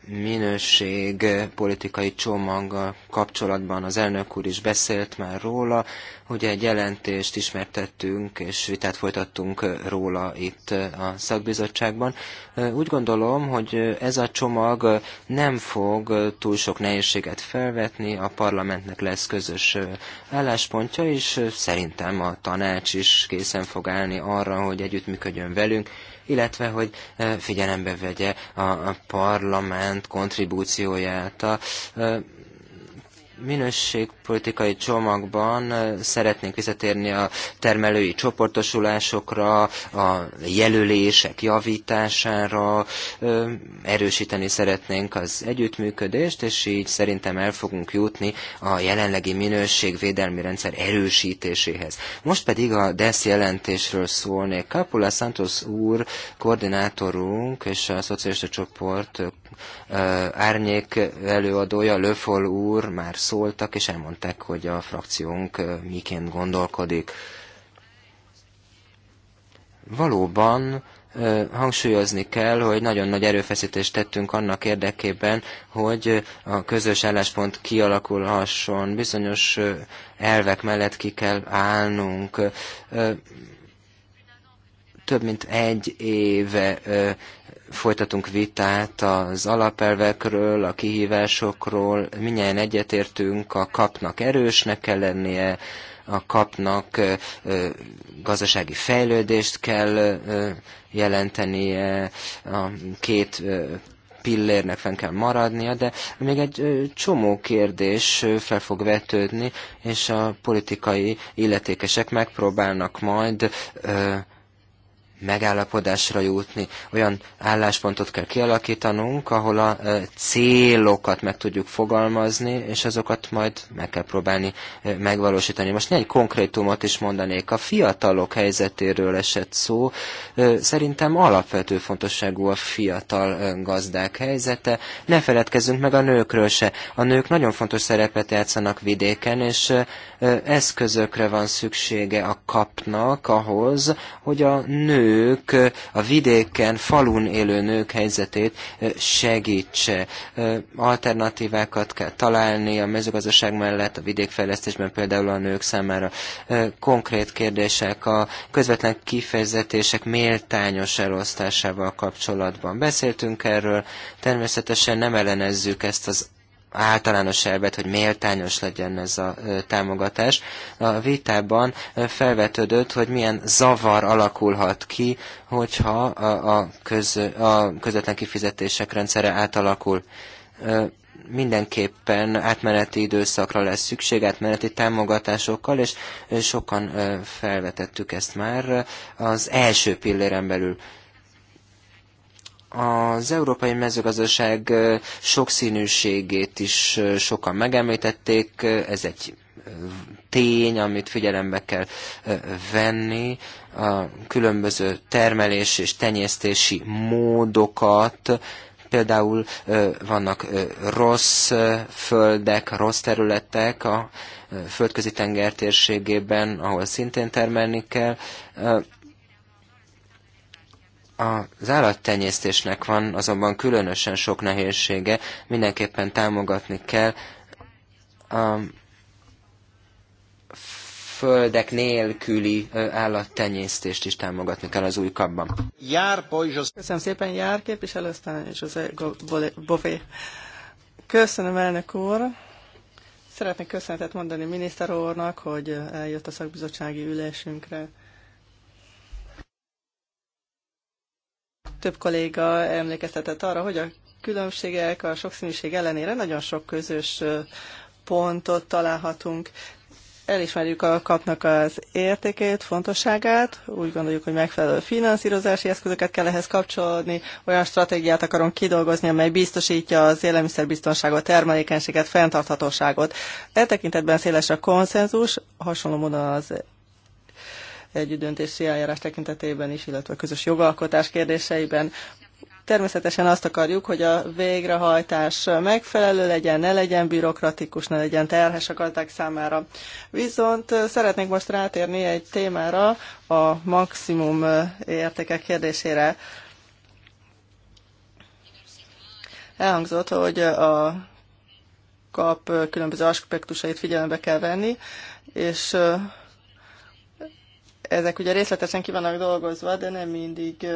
minőség eh, politikai csomag kapcsolatban az elnök úr is beszélt már róla. Ugye egy jelentést ismertettünk és vitát folytattunk eh, róla itt eh, a szakbizottságban. Úgy gondolom, hogy ez a csomag nem fog túl sok nehézséget felvetni, a parlamentnek lesz közös álláspontja, és szerintem a tanács is készen fog állni arra, hogy együttműködjön velünk, illetve hogy e, figyelembe vegye a parlament kontribúcióját. A e, minőségpolitikai csomagban szeretnénk visszatérni a termelői csoportosulásokra, a jelölések javítására, erősíteni szeretnénk az együttműködést, és így szerintem el fogunk jutni a jelenlegi minőségvédelmi rendszer erősítéséhez. Most pedig a DESZ jelentésről szólnék. Kapula Santos úr, koordinátorunk és a szocialista csoport árnyék előadója, Löfol úr már szó szóltak, és elmondták, hogy a frakciónk miként gondolkodik. Valóban hangsúlyozni kell, hogy nagyon nagy erőfeszítést tettünk annak érdekében, hogy a közös álláspont kialakulhasson, bizonyos elvek mellett ki kell állnunk. Több mint egy éve folytatunk vitát az alapelvekről, a kihívásokról, minnyáján egyetértünk, a kapnak erősnek kell lennie, a kapnak gazdasági fejlődést kell jelentenie, a két pillérnek fenn kell maradnia, de még egy csomó kérdés fel fog vetődni, és a politikai illetékesek megpróbálnak majd megállapodásra jutni. Olyan álláspontot kell kialakítanunk, ahol a célokat meg tudjuk fogalmazni, és azokat majd meg kell próbálni megvalósítani. Most néhány konkrétumot is mondanék. A fiatalok helyzetéről esett szó. Szerintem alapvető fontosságú a fiatal gazdák helyzete. Ne feledkezzünk meg a nőkről se. A nők nagyon fontos szerepet játszanak vidéken, és eszközökre van szüksége a kapnak ahhoz, hogy a nő nők, a vidéken, falun élő nők helyzetét segítse. Alternatívákat kell találni a mezőgazdaság mellett, a vidékfejlesztésben például a nők számára. Konkrét kérdések a közvetlen kifejezetések méltányos elosztásával kapcsolatban. Beszéltünk erről, természetesen nem ellenezzük ezt az általános elvet, hogy méltányos legyen ez a támogatás. A vitában felvetődött, hogy milyen zavar alakulhat ki, hogyha a, köz, a közvetlen kifizetések rendszere átalakul mindenképpen átmeneti időszakra lesz szükség, átmeneti támogatásokkal, és sokan felvetettük ezt már az első pilléren belül az európai mezőgazdaság sokszínűségét is sokan megemlítették, ez egy tény, amit figyelembe kell venni, a különböző termelés és tenyésztési módokat, például vannak rossz földek, rossz területek a földközi tenger térségében, ahol szintén termelni kell, az állattenyésztésnek van azonban különösen sok nehézsége, mindenképpen támogatni kell. A földek nélküli állattenyésztést is támogatni kell az új kapban. Köszönöm szépen, Jár képviselő, aztán José Bové. Köszönöm, elnök úr. Szeretnék köszönetet mondani miniszter úrnak, hogy eljött a szakbizottsági ülésünkre. Több kolléga emlékeztetett arra, hogy a különbségek, a sokszínűség ellenére nagyon sok közös pontot találhatunk. Elismerjük a kapnak az értékét, fontosságát, úgy gondoljuk, hogy megfelelő finanszírozási eszközöket kell ehhez kapcsolódni, olyan stratégiát akarunk kidolgozni, amely biztosítja az élelmiszerbiztonságot, termelékenységet, fenntarthatóságot. E tekintetben széles a konszenzus, hasonló módon az együttdöntési eljárás tekintetében is, illetve a közös jogalkotás kérdéseiben. Természetesen azt akarjuk, hogy a végrehajtás megfelelő legyen, ne legyen bürokratikus, ne legyen terhes a gazdák számára. Viszont szeretnék most rátérni egy témára, a maximum értékek kérdésére. Elhangzott, hogy a kap különböző aspektusait figyelembe kell venni, és ezek ugye részletesen ki vannak dolgozva, de nem mindig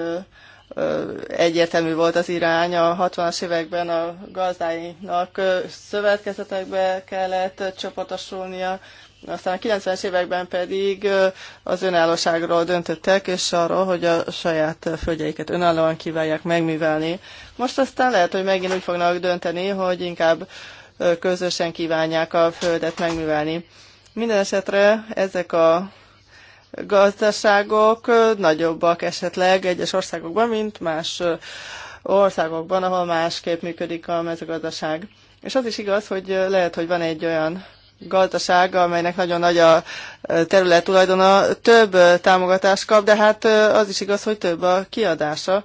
egyértelmű volt az irány. A 60-as években a gazdáinak szövetkezetekbe kellett csoportosulnia, aztán a 90-es években pedig az önállóságról döntöttek, és arról, hogy a saját földjeiket önállóan kívánják megművelni. Most aztán lehet, hogy megint úgy fognak dönteni, hogy inkább közösen kívánják a földet megművelni. Minden esetre ezek a gazdaságok nagyobbak esetleg egyes országokban, mint más országokban, ahol másképp működik a mezőgazdaság. És az is igaz, hogy lehet, hogy van egy olyan gazdaság, amelynek nagyon nagy a terület tulajdona, több támogatást kap, de hát az is igaz, hogy több a kiadása.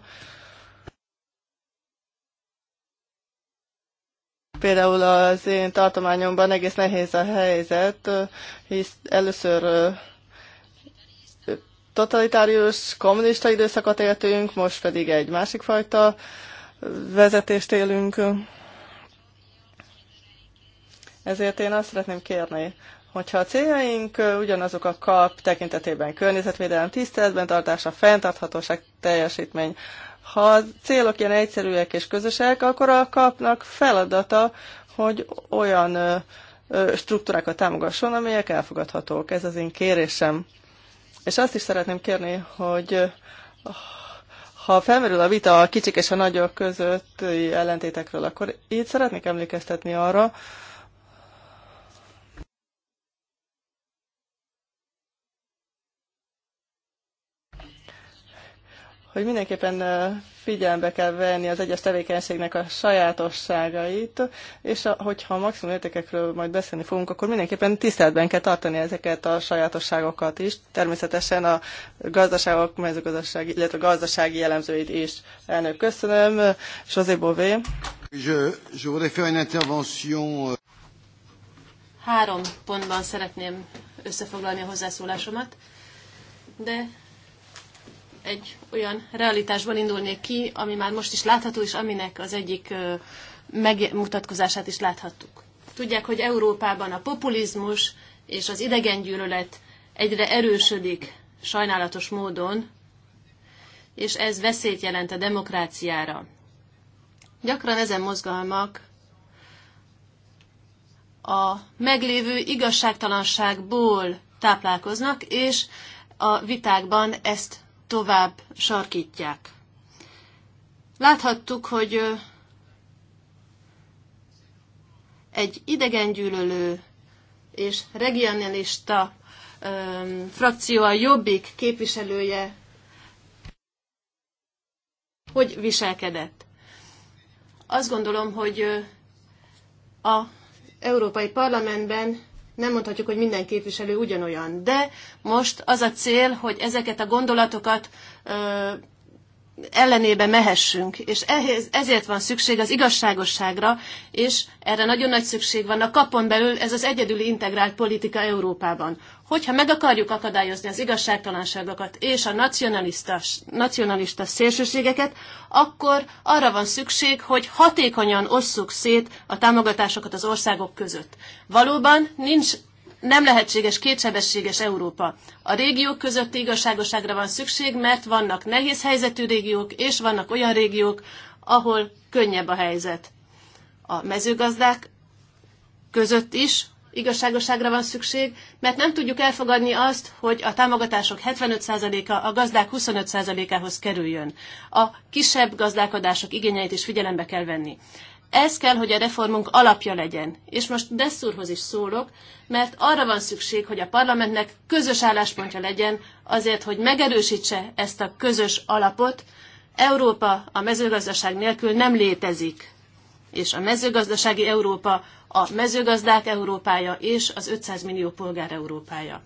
Például az én tartományomban egész nehéz a helyzet, hisz először totalitárius, kommunista időszakot éltünk, most pedig egy másik fajta vezetést élünk. Ezért én azt szeretném kérni, hogyha a céljaink ugyanazok a kap tekintetében környezetvédelem tiszteletben tartása, fenntarthatóság, teljesítmény, ha a célok ilyen egyszerűek és közösek, akkor a kapnak feladata, hogy olyan struktúrákat támogasson, amelyek elfogadhatók. Ez az én kérésem. És azt is szeretném kérni, hogy ha felmerül a vita a kicsik és a nagyok közötti ellentétekről, akkor itt szeretnék emlékeztetni arra, hogy mindenképpen figyelembe kell venni az egyes tevékenységnek a sajátosságait, és a, hogyha a maximum értékekről majd beszélni fogunk, akkor mindenképpen tiszteletben kell tartani ezeket a sajátosságokat is, természetesen a gazdaságok, mezőgazdasági, illetve a gazdasági jellemzőit is. Elnök, köszönöm. José Bové. Je, je voudrais faire une intervention. Euh. Három pontban szeretném összefoglalni a hozzászólásomat, de egy olyan realitásban indulnék ki, ami már most is látható, és aminek az egyik megmutatkozását is láthattuk. Tudják, hogy Európában a populizmus és az idegengyűlölet egyre erősödik sajnálatos módon, és ez veszélyt jelent a demokráciára. Gyakran ezen mozgalmak a meglévő igazságtalanságból táplálkoznak, és a vitákban ezt tovább sarkítják. Láthattuk, hogy egy idegengyűlölő és regionalista frakció a jobbik képviselője hogy viselkedett. Azt gondolom, hogy a Európai Parlamentben nem mondhatjuk, hogy minden képviselő ugyanolyan, de most az a cél, hogy ezeket a gondolatokat ellenébe mehessünk, és ehhez, ezért van szükség az igazságosságra, és erre nagyon nagy szükség van a kapon belül, ez az egyedüli integrált politika Európában. Hogyha meg akarjuk akadályozni az igazságtalanságokat és a nacionalista, nacionalista szélsőségeket, akkor arra van szükség, hogy hatékonyan osszuk szét a támogatásokat az országok között. Valóban nincs nem lehetséges kétsebességes Európa. A régiók közötti igazságosságra van szükség, mert vannak nehéz helyzetű régiók, és vannak olyan régiók, ahol könnyebb a helyzet. A mezőgazdák között is igazságosságra van szükség, mert nem tudjuk elfogadni azt, hogy a támogatások 75%-a a gazdák 25%-ához kerüljön. A kisebb gazdálkodások igényeit is figyelembe kell venni. Ez kell, hogy a reformunk alapja legyen. És most Desszúrhoz is szólok, mert arra van szükség, hogy a parlamentnek közös álláspontja legyen azért, hogy megerősítse ezt a közös alapot. Európa a mezőgazdaság nélkül nem létezik. És a mezőgazdasági Európa a mezőgazdák Európája és az 500 millió polgár Európája.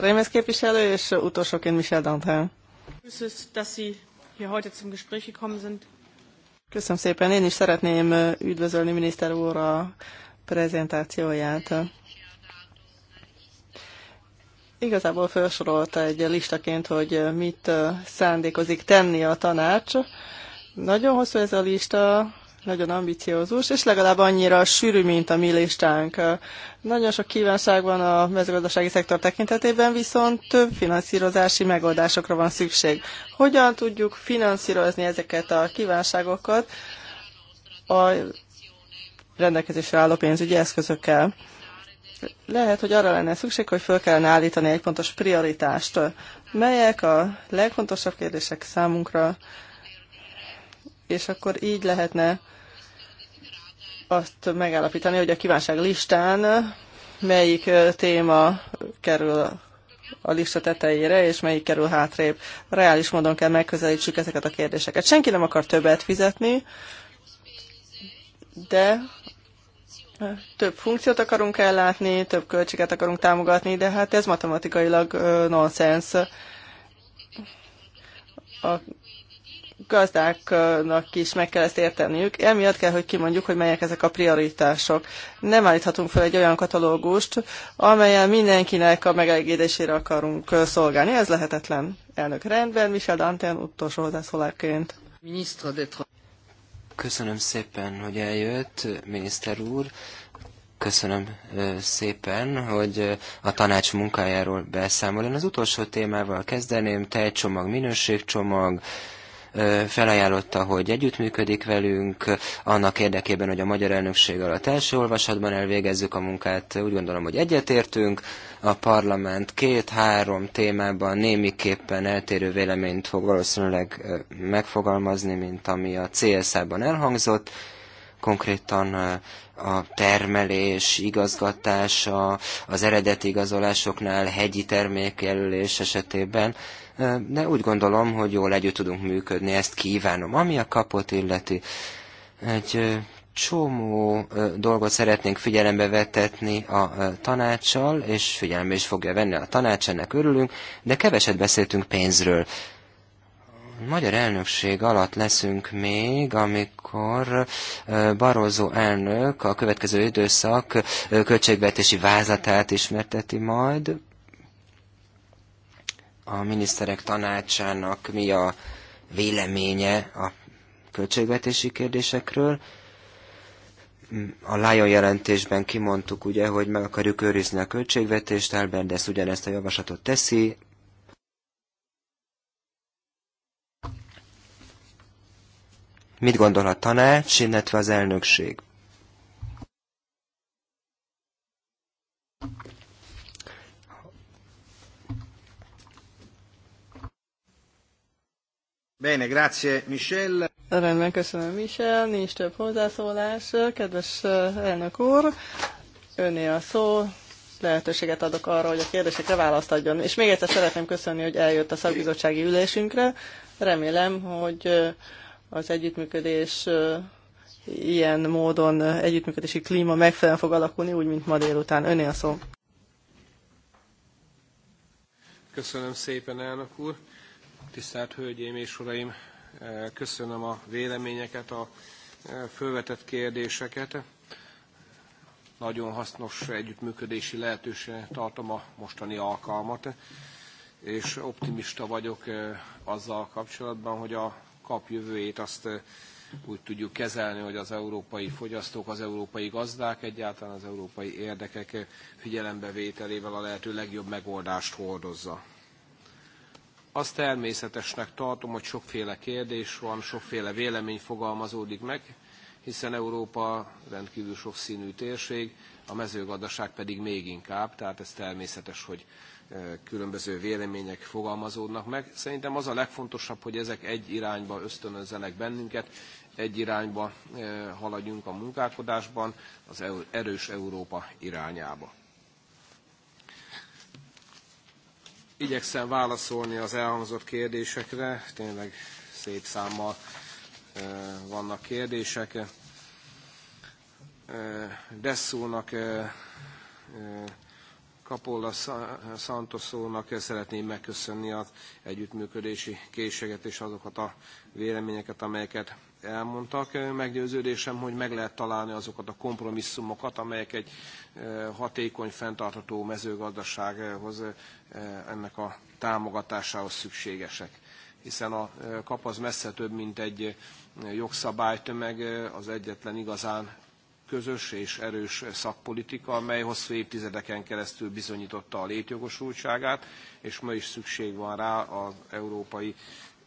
Rémez e képviselő, és utolsóként Michel Dantin hier heute zum Gespräch gekommen sind. Köszönöm szépen, én is szeretném üdvözölni miniszter úr a prezentációját. Igazából felsorolta egy listaként, hogy mit szándékozik tenni a tanács. Nagyon hosszú ez a lista, nagyon ambiciózus, és legalább annyira sűrű, mint a mi listánk. Nagyon sok kívánság van a mezőgazdasági szektor tekintetében, viszont több finanszírozási megoldásokra van szükség. Hogyan tudjuk finanszírozni ezeket a kívánságokat a rendelkezésre álló pénzügyi eszközökkel? Lehet, hogy arra lenne szükség, hogy föl kellene állítani egy pontos prioritást. Melyek a legfontosabb kérdések számunkra, és akkor így lehetne azt megállapítani, hogy a kívánság listán melyik téma kerül a lista tetejére, és melyik kerül hátrébb. Reális módon kell megközelítsük ezeket a kérdéseket. Senki nem akar többet fizetni, de több funkciót akarunk ellátni, több költséget akarunk támogatni, de hát ez matematikailag nonsens. A gazdáknak is meg kell ezt érteniük. Emiatt kell, hogy kimondjuk, hogy melyek ezek a prioritások. Nem állíthatunk fel egy olyan katalógust, amelyen mindenkinek a megelégedésére akarunk szolgálni. Ez lehetetlen. Elnök rendben, Michel Dantén utolsó hozzászólásként. Köszönöm szépen, hogy eljött, miniszter úr. Köszönöm szépen, hogy a tanács munkájáról beszámol. Én az utolsó témával kezdeném, tejcsomag, minőségcsomag, felajánlotta, hogy együttműködik velünk, annak érdekében, hogy a magyar elnökség alatt első olvasatban elvégezzük a munkát. Úgy gondolom, hogy egyetértünk. A parlament két-három témában némiképpen eltérő véleményt fog valószínűleg megfogalmazni, mint ami a CSZ-ban elhangzott konkrétan a termelés igazgatása, az eredeti igazolásoknál hegyi termékjelölés esetében de úgy gondolom, hogy jól együtt tudunk működni, ezt kívánom. Ami a kapot illeti, egy csomó dolgot szeretnénk figyelembe vetetni a tanácssal, és figyelembe is fogja venni a tanács, ennek örülünk, de keveset beszéltünk pénzről. magyar elnökség alatt leszünk még, amikor Barroso elnök a következő időszak költségvetési vázatát ismerteti majd, a miniszterek tanácsának mi a véleménye a költségvetési kérdésekről. A Lion jelentésben kimondtuk ugye, hogy meg akarjuk őrizni a költségvetést, ezt ugyanezt a javaslatot teszi, Mit gondol a tanács, illetve az elnökség? Bene, grazie Michel. Rendben, köszönöm Michel, nincs több hozzászólás. Kedves elnök úr, öné a szó, lehetőséget adok arra, hogy a kérdésekre választ adjon. És még egyszer szeretném köszönni, hogy eljött a szakbizottsági ülésünkre. Remélem, hogy az együttműködés ilyen módon együttműködési klíma megfelelően fog alakulni, úgy, mint ma délután. Öné a szó. Köszönöm szépen, elnök úr tisztelt Hölgyeim és Uraim! Eh, köszönöm a véleményeket, a eh, fölvetett kérdéseket. Nagyon hasznos együttműködési lehetőségnek tartom a mostani alkalmat, és optimista vagyok eh, azzal kapcsolatban, hogy a kap jövőjét azt úgy tudjuk kezelni, hogy az európai fogyasztók, az európai gazdák, egyáltalán az európai érdekek figyelembevételével a lehető legjobb megoldást hordozza. Azt természetesnek tartom, hogy sokféle kérdés van, sokféle vélemény fogalmazódik meg, hiszen Európa rendkívül színű térség, a mezőgazdaság pedig még inkább, tehát ez természetes, hogy e, különböző vélemények fogalmazódnak meg. Szerintem az a legfontosabb, hogy ezek egy irányba ösztönözzenek bennünket, egy irányba e, haladjunk a munkálkodásban, az e, erős Európa irányába. igyekszem válaszolni az elhangzott kérdésekre, tényleg szép számmal vannak kérdések. Desszónak, Kapolla Santoszónak szeretném megköszönni az együttműködési készséget és azokat a véleményeket, amelyeket elmondtak. Meggyőződésem, hogy meg lehet találni azokat a kompromisszumokat, amelyek egy hatékony, fenntartható mezőgazdasághoz ennek a támogatásához szükségesek. Hiszen a kap az messze több, mint egy jogszabálytömeg, az egyetlen igazán közös és erős szakpolitika, amely hosszú évtizedeken keresztül bizonyította a létjogosultságát, és ma is szükség van rá az európai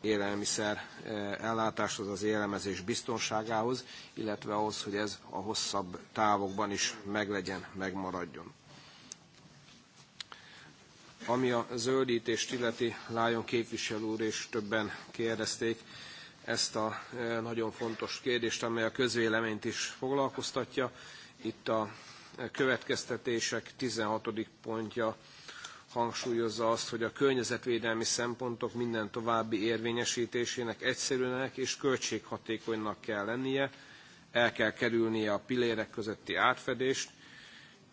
élelmiszer eh, ellátáshoz, az élelmezés biztonságához, illetve ahhoz, hogy ez a hosszabb távokban is meglegyen, megmaradjon. Ami a zöldítést illeti, Lájon képviselő úr és többen kérdezték ezt a eh, nagyon fontos kérdést, amely a közvéleményt is foglalkoztatja. Itt a eh, következtetések 16. pontja hangsúlyozza azt, hogy a környezetvédelmi szempontok minden további érvényesítésének egyszerűnek és költséghatékonynak kell lennie, el kell kerülnie a pillérek közötti átfedést,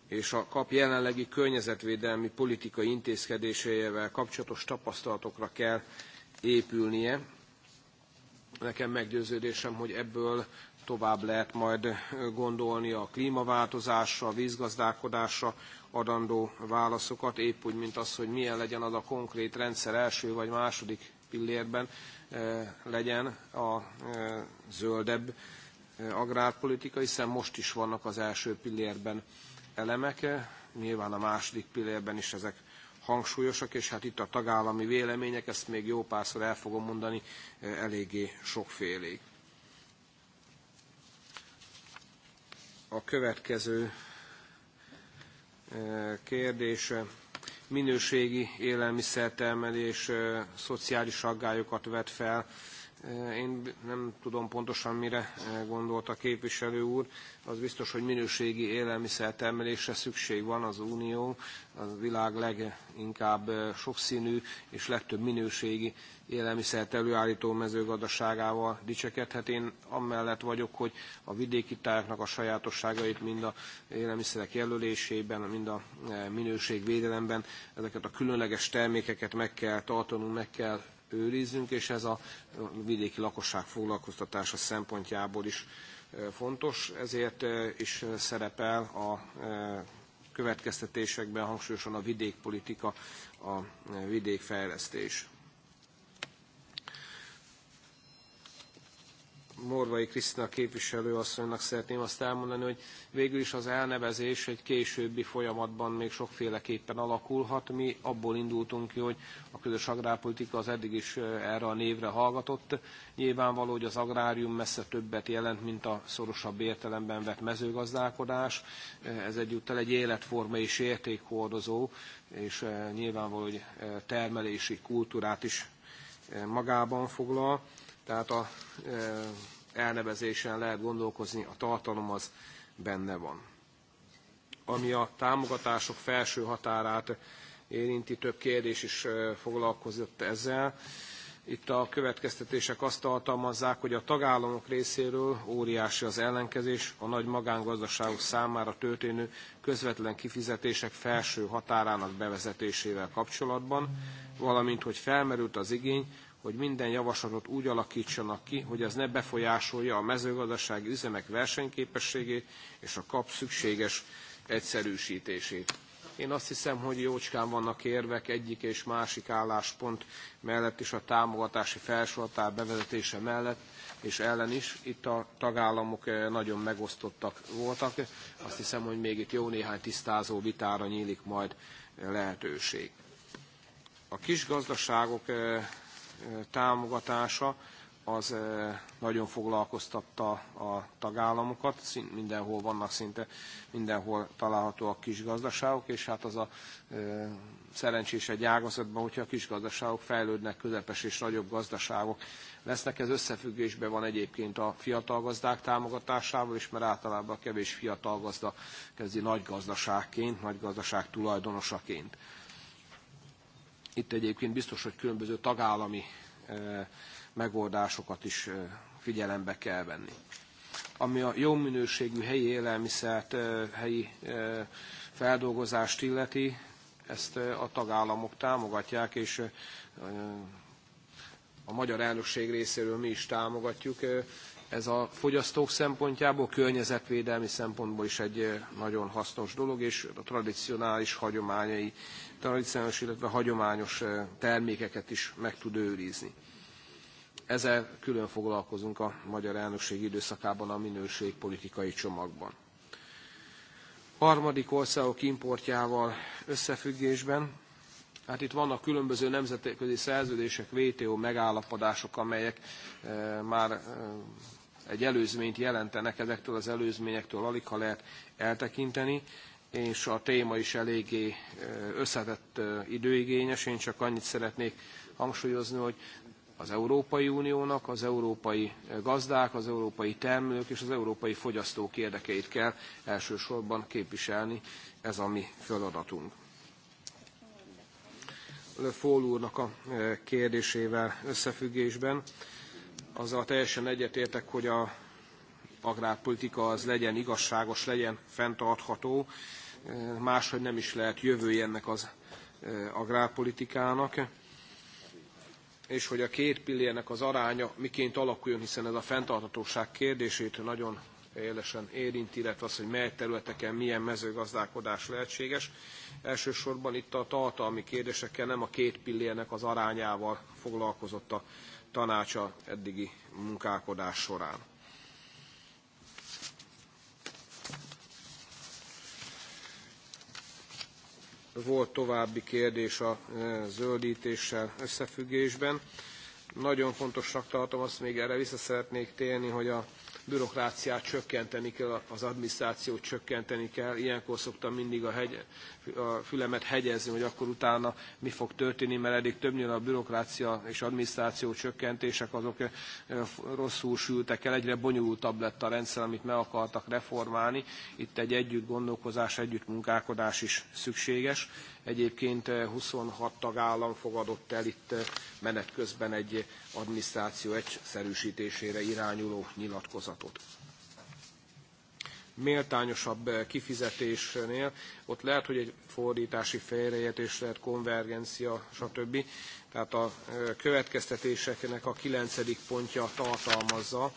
és a kap jelenlegi környezetvédelmi politikai intézkedéseivel kapcsolatos tapasztalatokra kell épülnie. Nekem meggyőződésem, hogy ebből tovább lehet majd gondolni a klímaváltozásra, a vízgazdálkodásra adandó válaszokat, épp úgy, mint az, hogy milyen legyen az a konkrét rendszer első vagy második pillérben legyen a zöldebb agrárpolitika, hiszen most is vannak az első pillérben elemek, nyilván a második pillérben is ezek hangsúlyosak, és hát itt a tagállami vélemények, ezt még jó párszor el fogom mondani, eléggé sokfélék. a következő eh, kérdése minőségi élelmiszertermelés eh, szociális aggályokat vet fel. Én nem tudom pontosan mire gondolt a képviselő úr. Az biztos, hogy minőségi élelmiszer termelésre szükség van az Unió, a világ leginkább sokszínű és legtöbb minőségi élelmiszer előállító mezőgazdaságával dicsekedhet. Én amellett vagyok, hogy a vidéki tájaknak a sajátosságait mind a élelmiszerek jelölésében, mind a minőségvédelemben ezeket a különleges termékeket meg kell tartanunk, meg kell őrizzünk, és ez a vidéki lakosság foglalkoztatása szempontjából is e, fontos, ezért e, is e, szerepel a következtetésekben hangsúlyosan a vidékpolitika, a vidékfejlesztés. Morvai Krisztina képviselő asszonynak szeretném azt elmondani, hogy végül is az elnevezés egy későbbi folyamatban még sokféleképpen alakulhat. Mi abból indultunk ki, hogy a közös agrárpolitika az eddig is erre a névre hallgatott. Nyilvánvaló, hogy az agrárium messze többet jelent, mint a szorosabb értelemben vett mezőgazdálkodás. Ez egyúttal egy életforma és értékhordozó, és nyilvánvaló, hogy termelési kultúrát is magában foglal tehát a e, elnevezésen lehet gondolkozni, a tartalom az benne van. Ami a támogatások felső határát érinti, több kérdés is e, foglalkozott ezzel. Itt a következtetések azt tartalmazzák, hogy a tagállamok részéről óriási az ellenkezés a nagy magángazdaságok számára történő közvetlen kifizetések felső határának bevezetésével kapcsolatban, valamint hogy felmerült az igény, hogy minden javaslatot úgy alakítsanak ki, hogy ez ne befolyásolja a mezőgazdasági üzemek versenyképességét és a kap szükséges egyszerűsítését. Én azt hiszem, hogy jócskán vannak érvek egyik és másik álláspont mellett is a támogatási felsőhatár bevezetése mellett és ellen is. Itt a tagállamok eh, nagyon megosztottak voltak. Azt hiszem, hogy még itt jó néhány tisztázó vitára nyílik majd eh, lehetőség. A kis gazdaságok eh, támogatása az nagyon foglalkoztatta a tagállamokat, mindenhol vannak szinte, mindenhol találhatóak kis gazdaságok, és hát az a szerencsés egy ágazatban, hogyha a kis gazdaságok fejlődnek, közepes és nagyobb gazdaságok lesznek. Ez összefüggésben van egyébként a fiatal gazdák támogatásával is, mert általában a kevés fiatal gazda kezdi nagy gazdaságként, nagy gazdaság tulajdonosaként itt egyébként biztos, hogy különböző tagállami megoldásokat is figyelembe kell venni. Ami a jó minőségű helyi élelmiszert, helyi feldolgozást illeti, ezt a tagállamok támogatják, és a magyar elnökség részéről mi is támogatjuk. Ez a fogyasztók szempontjából, környezetvédelmi szempontból is egy eh, nagyon hasznos dolog, és a tradicionális hagyományai, tradicionális, illetve hagyományos eh, termékeket is meg tud őrizni. Ezzel külön foglalkozunk a magyar elnökség időszakában a minőségpolitikai csomagban. Harmadik országok importjával összefüggésben Hát itt vannak különböző nemzetközi szerződések, WTO megállapodások, amelyek eh, már egy előzményt jelentenek, ezektől az előzményektől alig ha lehet eltekinteni, és a téma is eléggé összetett időigényes. Én csak annyit szeretnék hangsúlyozni, hogy az Európai Uniónak, az európai gazdák, az európai termelők és az európai fogyasztók érdekeit kell elsősorban képviselni, ez a mi feladatunk. Le Fól úrnak a kérdésével összefüggésben azzal teljesen egyetértek, hogy a agrárpolitika az legyen igazságos, legyen fenntartható, máshogy nem is lehet jövője ennek az agrárpolitikának, és hogy a két pillérnek az aránya miként alakuljon, hiszen ez a fenntarthatóság kérdését nagyon élesen érinti, illetve az, hogy mely területeken milyen mezőgazdálkodás lehetséges. Elsősorban itt a tartalmi kérdésekkel nem a két pillérnek az arányával foglalkozott a tanácsa eddigi munkálkodás során. Volt további kérdés a e, zöldítéssel összefüggésben. Nagyon fontosnak tartom, azt még erre vissza szeretnék térni, hogy a bürokráciát csökkenteni kell, az adminisztrációt csökkenteni kell. Ilyenkor szoktam mindig a, hegy, a fülemet hegyezni, hogy akkor utána mi fog történni, mert eddig többnyire a bürokrácia és adminisztráció csökkentések azok eh, rosszul sültek el. Egyre bonyolultabb lett a rendszer, amit meg akartak reformálni. Itt egy együtt gondolkozás, együtt munkálkodás is szükséges Egyébként 26 eh, tagállam fogadott el itt eh, menet közben egy adminisztráció egyszerűsítésére irányuló nyilatkozatot méltányosabb eh, kifizetésnél, ott lehet, hogy egy fordítási fejrejetés lehet, konvergencia, stb. Tehát a következtetéseknek a kilencedik pontja tartalmazza,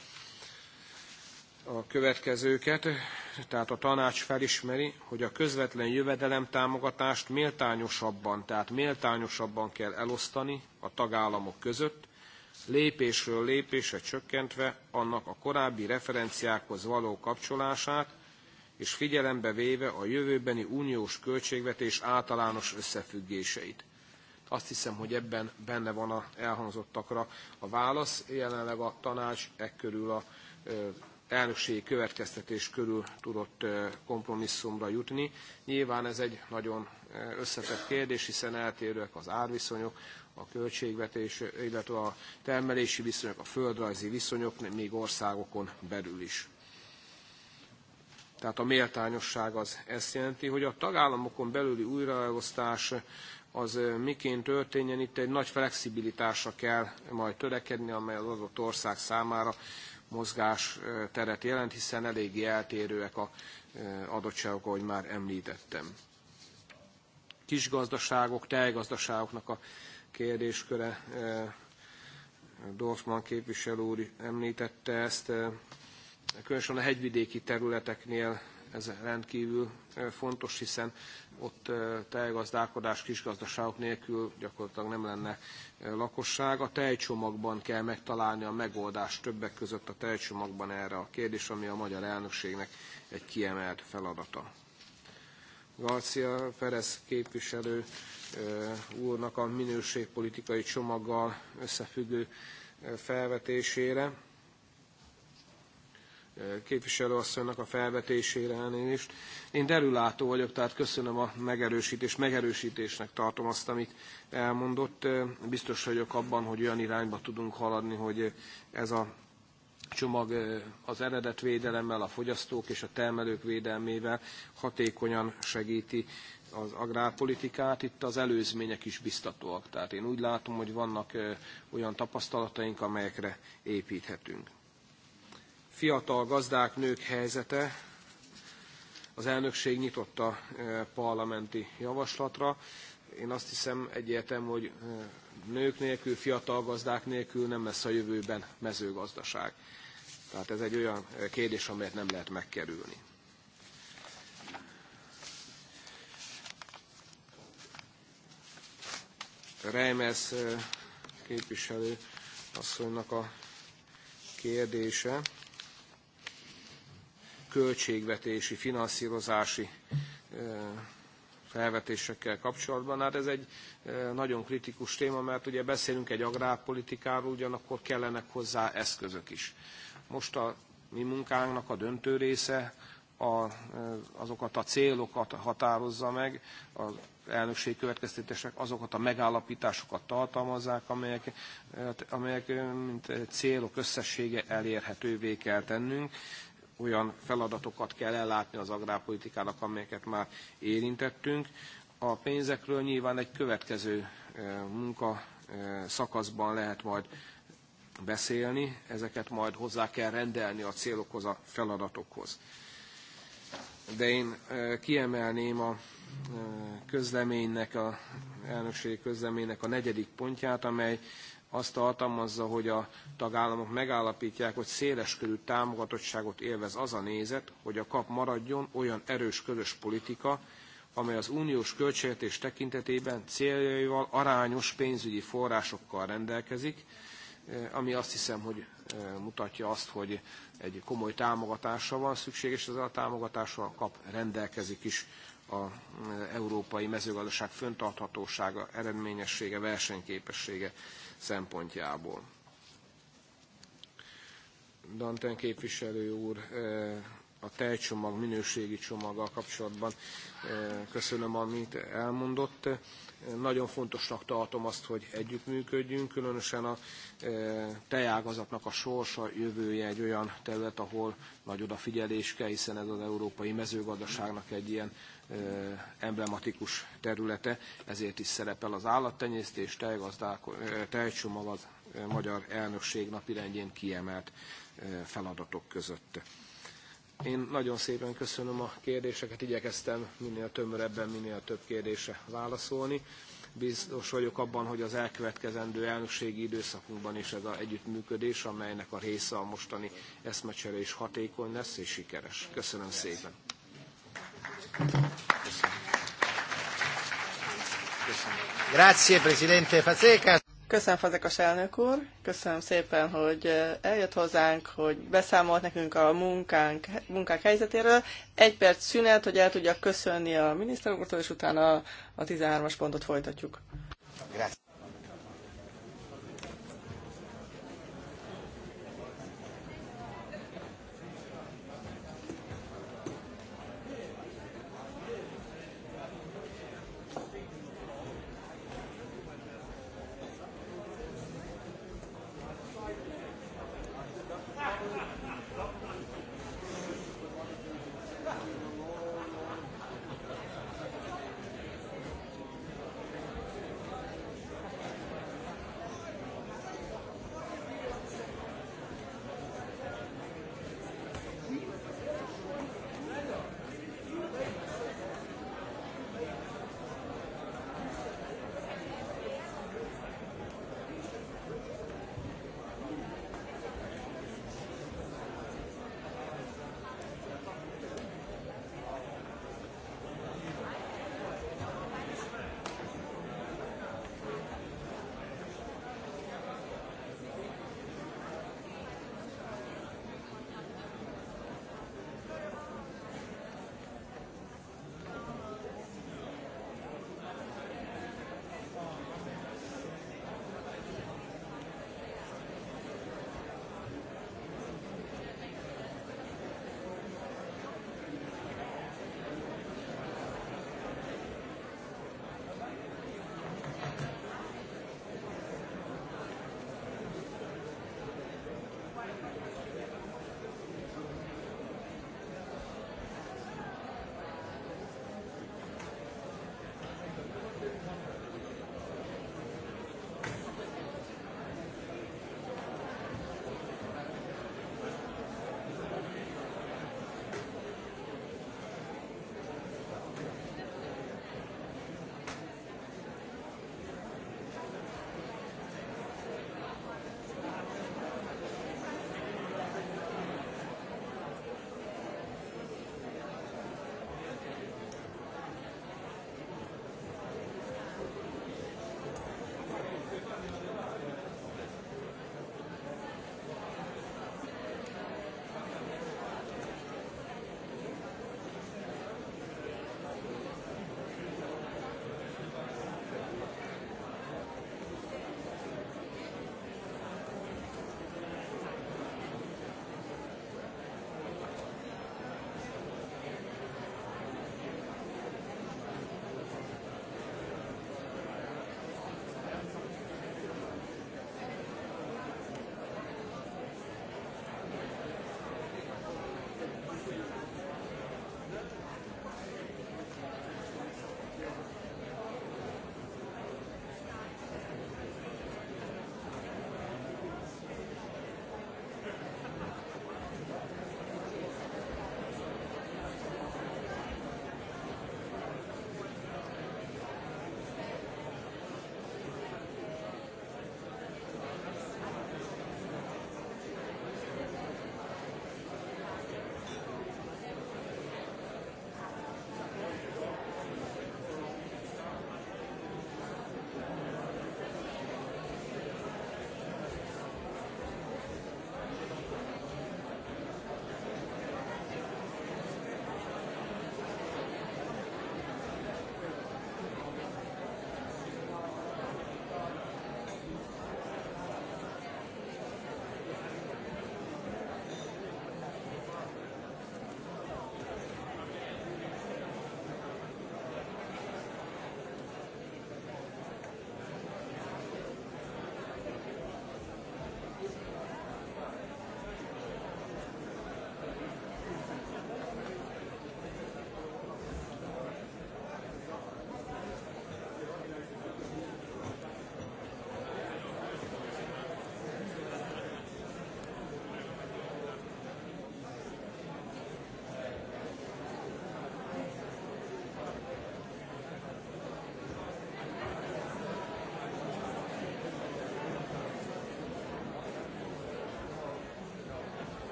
a következőket, tehát a tanács felismeri, hogy a közvetlen jövedelem támogatást méltányosabban, tehát méltányosabban kell elosztani a tagállamok között, lépésről lépésre csökkentve annak a korábbi referenciákhoz való kapcsolását, és figyelembe véve a jövőbeni uniós költségvetés általános összefüggéseit. Azt hiszem, hogy ebben benne van a elhangzottakra a válasz. Jelenleg a tanács e körül a elnökségi következtetés körül tudott kompromisszumra jutni. Nyilván ez egy nagyon összetett kérdés, hiszen eltérőek az árviszonyok, a költségvetés, illetve a termelési viszonyok, a földrajzi viszonyok, még országokon belül is. Tehát a méltányosság az ezt jelenti, hogy a tagállamokon belüli újraelosztás az miként történjen, itt egy nagy flexibilitásra kell majd törekedni, amely az adott ország számára mozgás teret jelent, hiszen eléggé eltérőek a adottságok, ahogy már említettem. Kisgazdaságok, tejgazdaságoknak a kérdésköre, Dorfman képviselő úr említette ezt, különösen a hegyvidéki területeknél ez rendkívül fontos, hiszen ott tejgazdálkodás, kisgazdaságok nélkül gyakorlatilag nem lenne lakosság. A tejcsomagban kell megtalálni a megoldást többek között a tejcsomagban erre a kérdés, ami a magyar elnökségnek egy kiemelt feladata. Garcia Perez képviselő úrnak a minőségpolitikai csomaggal összefüggő felvetésére képviselőasszonynak a felvetésére elnézést. Én derülátó vagyok, tehát köszönöm a megerősítést, megerősítésnek tartom azt, amit elmondott. Biztos vagyok abban, hogy olyan irányba tudunk haladni, hogy ez a csomag az eredetvédelemmel, a fogyasztók és a termelők védelmével hatékonyan segíti az agrárpolitikát. Itt az előzmények is biztatóak, tehát én úgy látom, hogy vannak olyan tapasztalataink, amelyekre építhetünk fiatal gazdák, nők helyzete. Az elnökség nyitott a e, parlamenti javaslatra. Én azt hiszem egyértelmű, hogy e, nők nélkül, fiatal gazdák nélkül nem lesz a jövőben mezőgazdaság. Tehát ez egy olyan e, kérdés, amelyet nem lehet megkerülni. Reimers képviselő asszonynak a kérdése költségvetési, finanszírozási felvetésekkel kapcsolatban. Hát ez egy nagyon kritikus téma, mert ugye beszélünk egy agrárpolitikáról, ugyanakkor kellenek hozzá eszközök is. Most a mi munkánknak a döntő része a, azokat a célokat határozza meg, az elnökség következtetések azokat a megállapításokat tartalmazzák, amelyek, amelyek mint célok összessége elérhetővé kell tennünk, olyan feladatokat kell ellátni az agrárpolitikának, amelyeket már érintettünk. A pénzekről nyilván egy következő eh, munka eh, szakaszban lehet majd beszélni, ezeket majd hozzá kell rendelni a célokhoz, a feladatokhoz. De én eh, kiemelném a közleménynek, a elnökségi közleménynek a negyedik pontját, amely azt tartalmazza, hogy a tagállamok megállapítják, hogy körű támogatottságot élvez az a nézet, hogy a kap maradjon olyan erős közös politika, amely az uniós költségvetés tekintetében céljaival arányos pénzügyi forrásokkal rendelkezik, eh, ami azt hiszem, hogy eh, mutatja azt, hogy egy komoly támogatásra van szükség, és ezzel a támogatással kap rendelkezik is az eh, európai mezőgazdaság föntarthatósága, eredményessége, versenyképessége szempontjából. Danten képviselő úr eh, a tejcsomag, minőségi csomaggal kapcsolatban eh, köszönöm, amit elmondott. Eh, nagyon fontosnak tartom azt, hogy együttműködjünk, különösen a tejágazatnak a sorsa, jövője egy olyan terület, ahol nagy odafigyelés kell, hiszen ez az európai mezőgazdaságnak egy ilyen emblematikus területe, ezért is szerepel az állattenyésztés, tejcsomag az magyar elnökség napirendjén kiemelt feladatok között. Én nagyon szépen köszönöm a kérdéseket, igyekeztem minél tömörebben, minél több kérdésre válaszolni. Biztos vagyok abban, hogy az elkövetkezendő elnökségi időszakunkban is ez az együttműködés, amelynek a része a mostani eszmecsere is hatékony lesz és sikeres. Köszönöm szépen! Grazie, Presidente Fazeka. Köszönöm Fazekas elnök úr, köszönöm szépen, hogy eh, eljött hozzánk, hogy beszámolt nekünk a munkánk, munkák helyzetéről. Egy perc szünet, hogy el tudjak köszönni a miniszter úrtól, és utána a 13-as pontot folytatjuk. Grazie.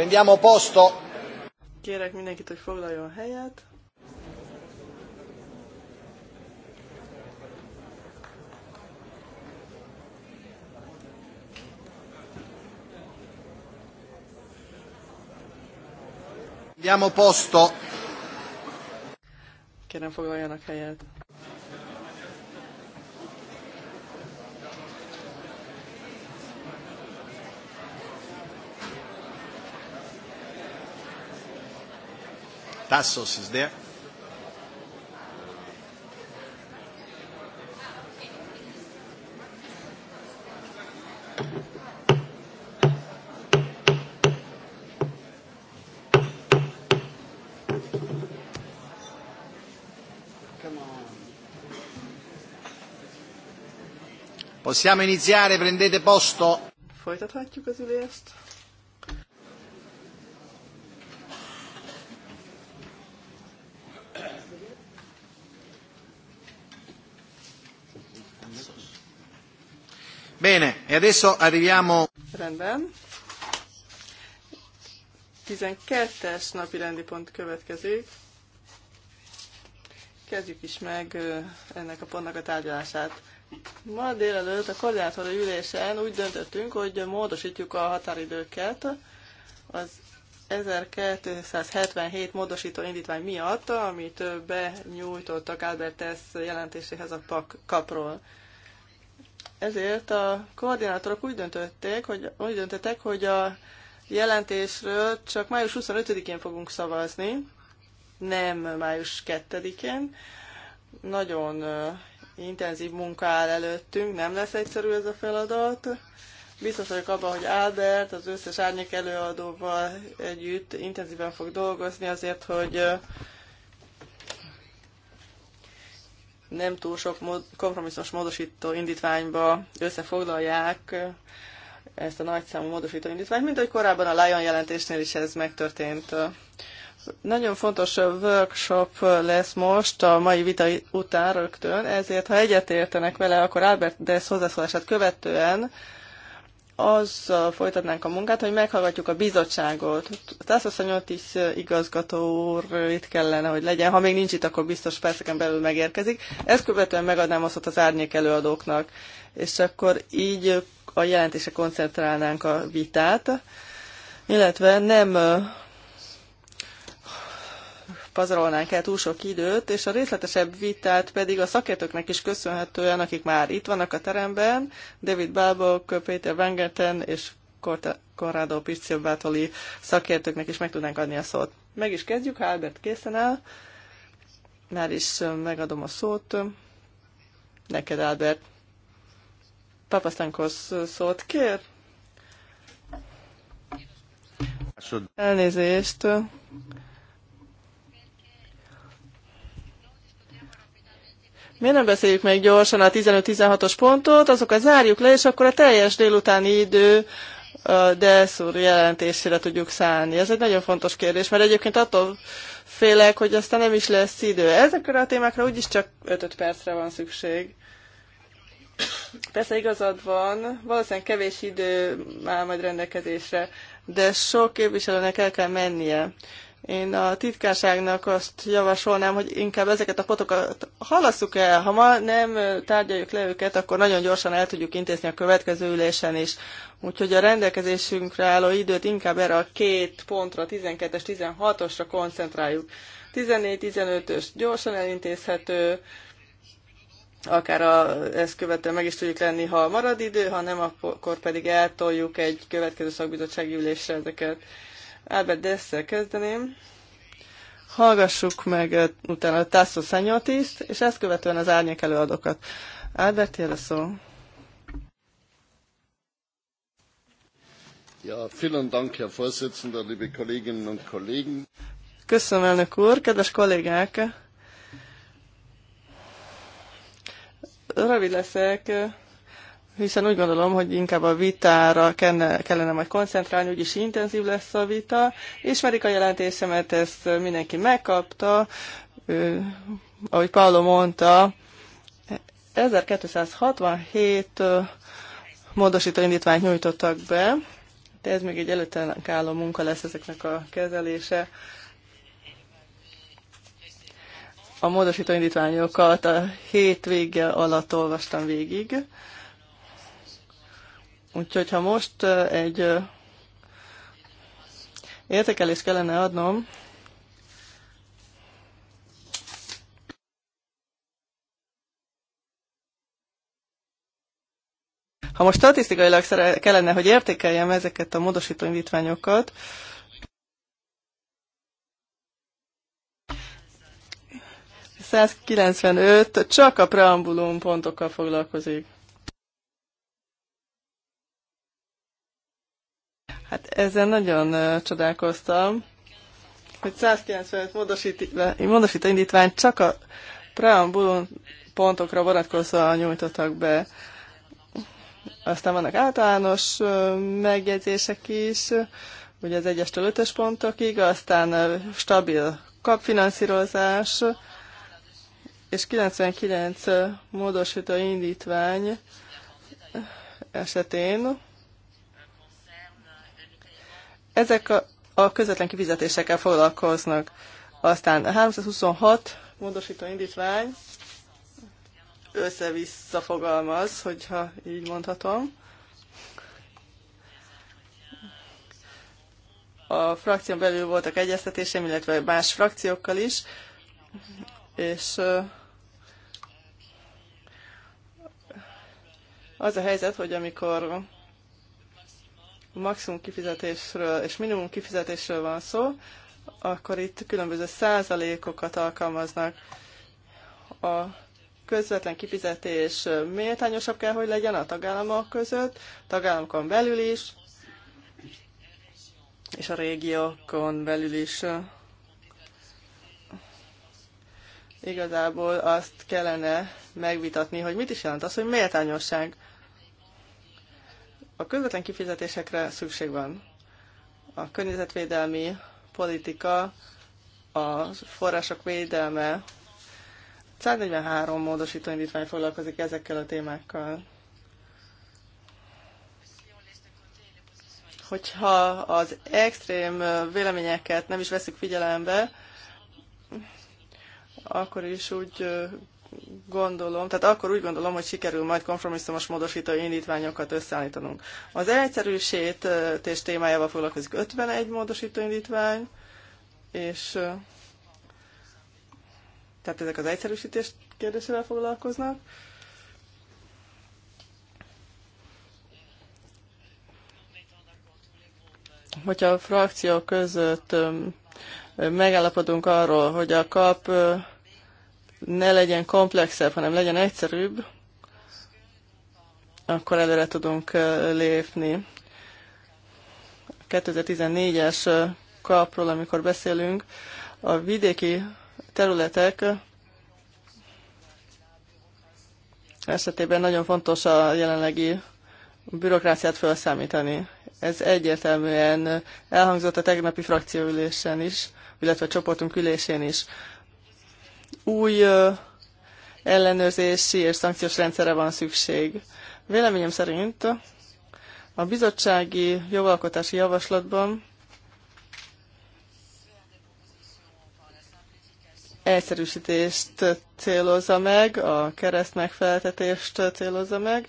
Prendiamo posto. Kérek mindenkit, hogy foglaljon a helyet. Prendiamo posto. Kérem foglaljanak helyet. Tassos is there. Possiamo iniziare, prendete posto. Folytathatjuk az ülést. E adesso arriviamo... Rendben. 12-es napi rendi pont következik. Kezdjük is meg ennek a pontnak a tárgyalását. Ma délelőtt a koordinátori ülésen úgy döntöttünk, hogy módosítjuk a határidőket az 1277 módosító indítvány miatt, amit benyújtottak Albert S. jelentéséhez a PAK kapról. Ezért a koordinátorok úgy döntötték, hogy, úgy döntöttek, hogy a jelentésről csak május 25-én fogunk szavazni, nem május 2-én. Nagyon intenzív munka áll előttünk, nem lesz egyszerű ez a feladat. Biztos vagyok abban, hogy Albert az összes árnyék előadóval együtt intenzíven fog dolgozni azért, hogy nem túl sok mód, kompromisszumos módosító indítványba összefoglalják ezt a nagyszámú módosító indítványt, mint ahogy korábban a Lion jelentésnél is ez megtörtént. Nagyon fontos workshop lesz most a mai vita után rögtön, ezért ha egyetértenek vele, akkor Albert Dess hozzászólását követően azzal folytatnánk a munkát, hogy meghallgatjuk a bizottságot. Tászaszanyot is igazgató úr itt kellene, hogy legyen. Ha még nincs itt, akkor biztos perceken belül megérkezik. Ezt követően megadnám azt az árnyék előadóknak, és akkor így a jelentése koncentrálnánk a vitát, illetve nem pazarolnánk el túl sok időt, és a részletesebb vitát pedig a szakértőknek is köszönhetően, akik már itt vannak a teremben, David Balbok, Peter Wengerten és Corrado Pizio szakértőknek is meg tudnánk adni a szót. Meg is kezdjük, ha Albert készen áll. Már is megadom a szót. Neked, Albert. Papasztánkhoz szót kér. Elnézést. Miért nem beszéljük meg gyorsan a 15-16-os pontot, azokat zárjuk le, és akkor a teljes délutáni idő de úr jelentésére tudjuk szállni. Ez egy nagyon fontos kérdés, mert egyébként attól félek, hogy aztán nem is lesz idő. Ezekre a témákra úgyis csak 5 percre van szükség. Persze igazad van, valószínűleg kevés idő áll majd rendelkezésre, de sok képviselőnek el kell mennie. Én a titkárságnak azt javasolnám, hogy inkább ezeket a potokat halasszuk el. Ha ma nem tárgyaljuk le őket, akkor nagyon gyorsan el tudjuk intézni a következő ülésen is. Úgyhogy a rendelkezésünkre álló időt inkább erre a két pontra, 12-es, 16-osra koncentráljuk. 14-15-ös gyorsan elintézhető, akár a, ezt követően meg is tudjuk lenni, ha marad idő, ha nem, akkor pedig eltoljuk egy következő szakbizottsági ülésre ezeket. Albert Dessel kezdeném. Hallgassuk meg eh, utána Tasso Szenyotiszt, és ezt követően az árnyék előadókat. Albert, jel szó. Ja, vielen Dank, Herr Vorsitzender, liebe Kolleginnen und Kollegen. Köszönöm, elnök úr, kedves kollégák! Rövid leszek eh, hiszen úgy gondolom, hogy inkább a vitára kellene, kellene majd koncentrálni, úgyis intenzív lesz a vita. Ismerik a jelentésemet, ezt mindenki megkapta. Ahogy Paolo mondta, 1267 módosító indítványt nyújtottak be, de ez még egy előttenek álló munka lesz ezeknek a kezelése. A módosító indítványokat a vége alatt olvastam végig. Úgyhogy ha most egy értékelést kellene adnom, Ha most statisztikailag kellene, hogy értékeljem ezeket a módosító indítványokat, ...195 csak a preambulum pontokkal foglalkozik. Hát ezen nagyon csodálkoztam, hogy 195 módosító indítvány csak a preambulum pontokra vonatkozóan nyújtottak be. Aztán vannak általános megjegyzések is, ugye az 1 ötös pontokig, aztán stabil kapfinanszírozás, és 99 módosító indítvány esetén ezek a, a közvetlen kifizetésekkel foglalkoznak. Aztán 326 módosító indítvány össze-vissza fogalmaz, hogyha így mondhatom. A frakción belül voltak egyeztetésem, illetve más frakciókkal is, és az a helyzet, hogy amikor maximum kifizetésről és minimum kifizetésről van szó, akkor itt különböző százalékokat alkalmaznak. A közvetlen kifizetés méltányosabb kell, hogy legyen a tagállamok között, tagállamokon belül is, és a régiókon belül is. Igazából azt kellene megvitatni, hogy mit is jelent az, hogy méltányosság. A közvetlen kifizetésekre szükség van. A környezetvédelmi politika, a források védelme, 143 módosító indítvány foglalkozik ezekkel a témákkal. Hogyha az extrém véleményeket nem is veszük figyelembe, akkor is úgy gondolom, tehát akkor úgy gondolom, hogy sikerül majd kompromisszumos módosító indítványokat összeállítanunk. Az egyszerűsítés témájával foglalkozik 51 módosító indítvány, és tehát ezek az egyszerűsítés kérdésével foglalkoznak. Hogyha a frakció között megállapodunk arról, hogy a kap ne legyen komplexebb, hanem legyen egyszerűbb, akkor előre tudunk lépni. 2014-es kapról, amikor beszélünk, a vidéki területek esetében nagyon fontos a jelenlegi bürokráciát felszámítani. Ez egyértelműen elhangzott a tegnapi frakcióülésen is, illetve a csoportunk ülésén is új ellenőrzési és szankciós rendszerre van szükség. Véleményem szerint a bizottsági jogalkotási javaslatban egyszerűsítést célozza meg, a kereszt megfeleltetést célozza meg,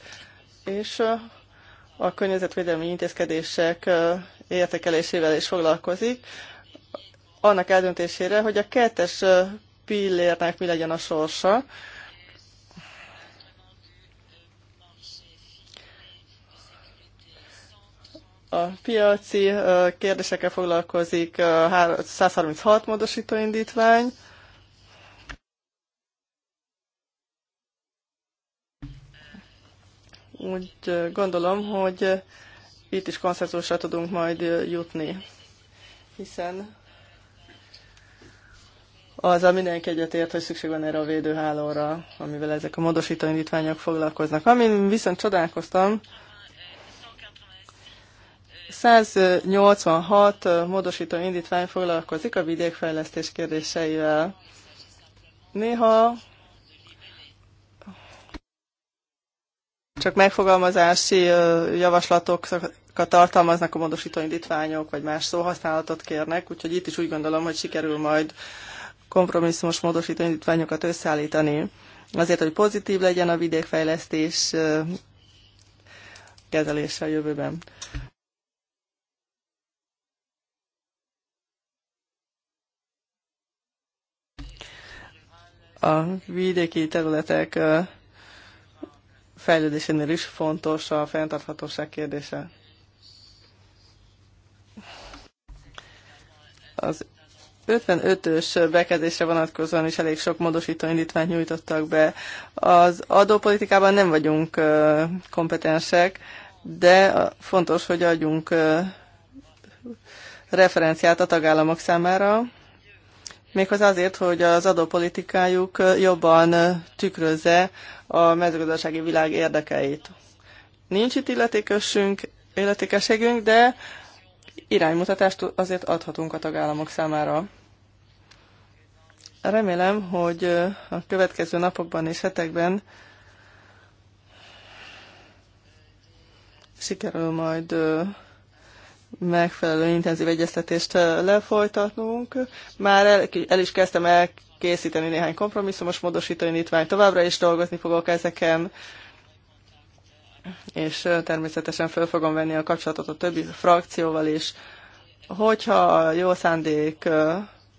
és a környezetvédelmi intézkedések értekelésével is foglalkozik, annak eldöntésére, hogy a kettes pillérnek mi legyen a sorsa. A piaci kérdésekkel foglalkozik 136 módosító indítvány. Úgy gondolom, hogy itt is konszenzusra tudunk majd jutni, hiszen az a mindenki egyetért, hogy szükség van erre a védőhálóra, amivel ezek a módosító indítványok foglalkoznak. Amin viszont csodálkoztam, 186 módosító indítvány foglalkozik a vidékfejlesztés kérdéseivel. Néha csak megfogalmazási javaslatokat tartalmaznak a módosító indítványok, vagy más szóhasználatot kérnek, úgyhogy itt is úgy gondolom, hogy sikerül majd kompromisszumos módosító indítványokat összeállítani. Azért, hogy pozitív legyen a vidékfejlesztés kezelése a jövőben. A vidéki területek fejlődésénél is fontos a fenntarthatóság kérdése. Az 55-ös bekezdésre vonatkozóan is elég sok módosító indítványt nyújtottak be. Az adópolitikában nem vagyunk kompetensek, de fontos, hogy adjunk referenciát a tagállamok számára, méghozzá azért, hogy az adópolitikájuk jobban tükrözze a mezőgazdasági világ érdekeit. Nincs itt illetékösünk, illetékeségünk, de iránymutatást azért adhatunk a tagállamok számára. Remélem, hogy a következő napokban és hetekben sikerül majd megfelelő intenzív egyeztetést lefolytatnunk. Már el, el is kezdtem elkészíteni néhány kompromisszumos módosító indítványt, továbbra is dolgozni fogok ezeken, és természetesen föl fogom venni a kapcsolatot a többi frakcióval is. Hogyha jó szándék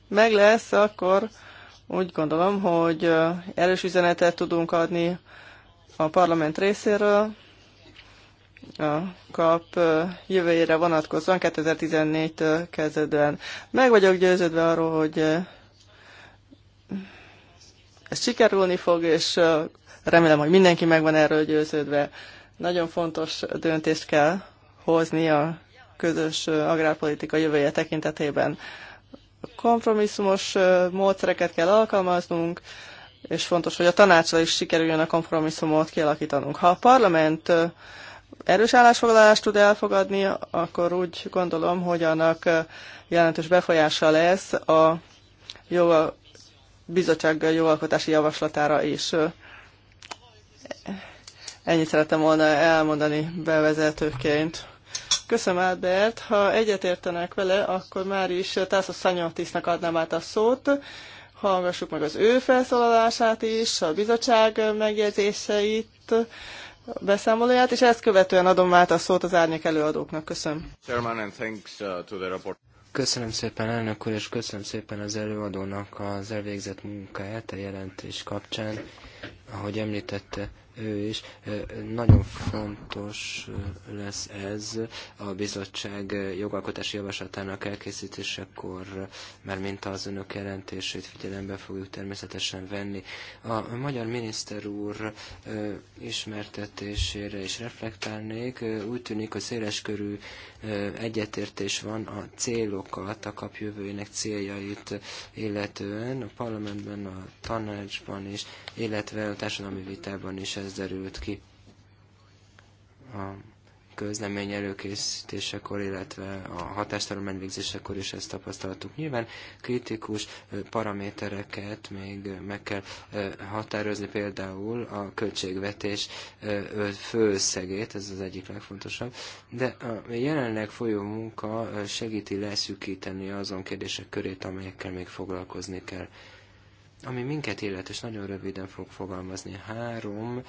meg lesz, akkor úgy gondolom, hogy erős üzenetet tudunk adni a parlament részéről, a kap jövőjére vonatkozóan 2014-től kezdődően. Meg vagyok győződve arról, hogy ez sikerülni fog, és remélem, hogy mindenki meg van erről győződve. Nagyon fontos döntést kell hozni a közös agrárpolitika jövője tekintetében kompromisszumos módszereket kell alkalmaznunk, és fontos, hogy a tanácsra is sikerüljön a kompromisszumot kialakítanunk. Ha a parlament erős állásfoglalást tud elfogadni, akkor úgy gondolom, hogy annak jelentős befolyása lesz a jó bizottság jogalkotási javaslatára is. Ennyit szerettem volna elmondani bevezetőként. Köszönöm, Albert. Ha egyetértenek vele, akkor már is Tászos Szanyatisznak adnám át a szót. Hallgassuk meg az ő felszólalását is, a bizottság megjegyzéseit, beszámolóját, és ezt követően adom át a szót az árnyék előadóknak. Köszönöm. Uh, köszönöm szépen elnök úr, és köszönöm szépen az előadónak az elvégzett munkáját a jelentés kapcsán. Ahogy említette, ő is. Nagyon fontos lesz ez a bizottság jogalkotási javaslatának elkészítésekor, mert mint az önök jelentését figyelembe fogjuk természetesen venni. A magyar miniszter úr ismertetésére is reflektálnék. Úgy tűnik, hogy széleskörű egyetértés van a célokat, a kap jövőjének céljait illetően, a parlamentben, a tanácsban is, illetve a társadalmi vitában is ez derült ki. A közlemény előkészítésekor, illetve a hatástalan megvégzésekor is ezt tapasztaltuk. Nyilván kritikus paramétereket még meg kell határozni, például a költségvetés főszegét, ez az egyik legfontosabb, de a jelenleg folyó munka segíti leszűkíteni azon kérdések körét, amelyekkel még foglalkozni kell. Ami minket illet, és nagyon röviden fog fogalmazni, három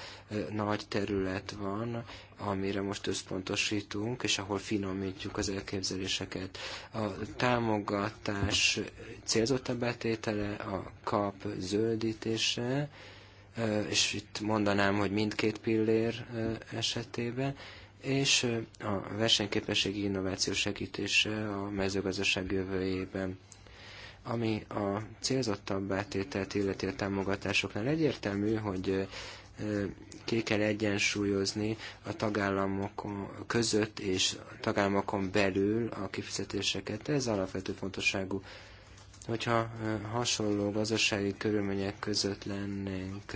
nagy terület van, amire most összpontosítunk, és ahol finomítjuk az elképzeléseket. A támogatás célzottabb betétele, a kap zöldítése, és itt mondanám, hogy mindkét pillér esetében, és a versenyképességi innováció segítése a mezőgazdaság jövőjében. Ami a célzottabb átételt illeti a támogatásoknál egyértelmű, hogy ki kell egyensúlyozni a tagállamok között és a tagállamokon belül a kifizetéseket. Ez alapvető fontosságú. Hogyha hasonló gazdasági körülmények között lennénk,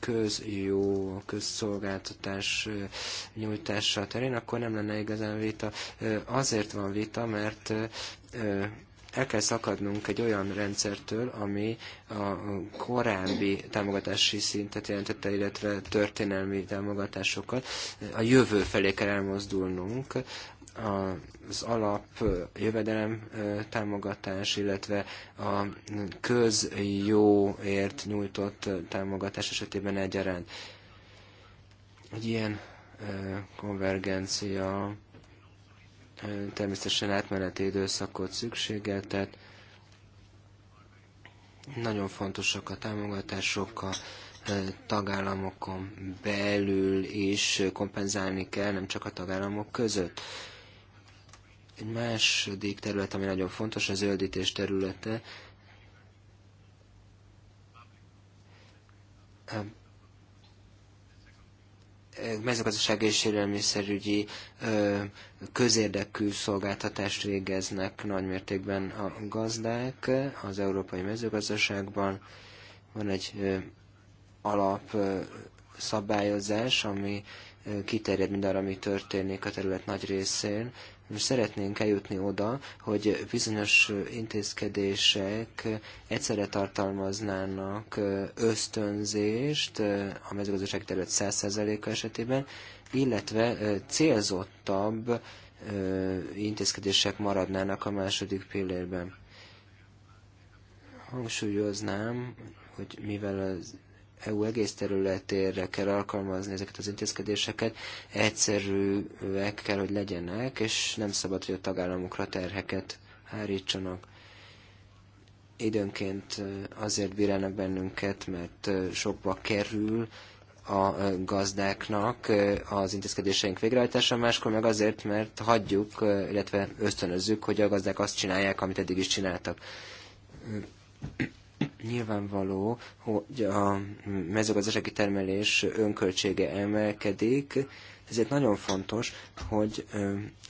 közjó, közszolgáltatás nyújtása terén, akkor nem lenne igazán vita. Azért van vita, mert el kell szakadnunk egy olyan rendszertől, ami a korábbi támogatási szintet jelentette, illetve történelmi támogatásokat. A jövő felé kell elmozdulnunk, az alap jövedelem támogatás, illetve a közjóért nyújtott támogatás esetében egyaránt. Egy ilyen konvergencia természetesen átmeneti időszakot szükségeltet. Nagyon fontosak a támogatások a e, tagállamokon belül is kompenzálni kell, nem csak a tagállamok között. Egy második terület, ami nagyon fontos, a zöldítés területe mezőgazdasági és élelmiszerügyi közérdekű szolgáltatást végeznek nagymértékben a gazdák az európai mezőgazdaságban. Van egy alap szabályozás, ami kiterjed mindarra, ami történik a terület nagy részén, most szeretnénk eljutni oda, hogy bizonyos intézkedések egyszerre tartalmaznának ösztönzést a mezőgazdaság terület 100%-a esetében, illetve célzottabb intézkedések maradnának a második pillérben. Hangsúlyoznám, hogy mivel az EU egész területére kell alkalmazni ezeket az intézkedéseket, egyszerűek kell, hogy legyenek, és nem szabad, hogy a tagállamokra terheket hárítsanak. Időnként azért bírálnak bennünket, mert sokba kerül a gazdáknak az intézkedéseink végrehajtása, máskor meg azért, mert hagyjuk, illetve ösztönözzük, hogy a gazdák azt csinálják, amit eddig is csináltak Nyilvánvaló, hogy a mezőgazdasági termelés önköltsége emelkedik, ezért nagyon fontos, hogy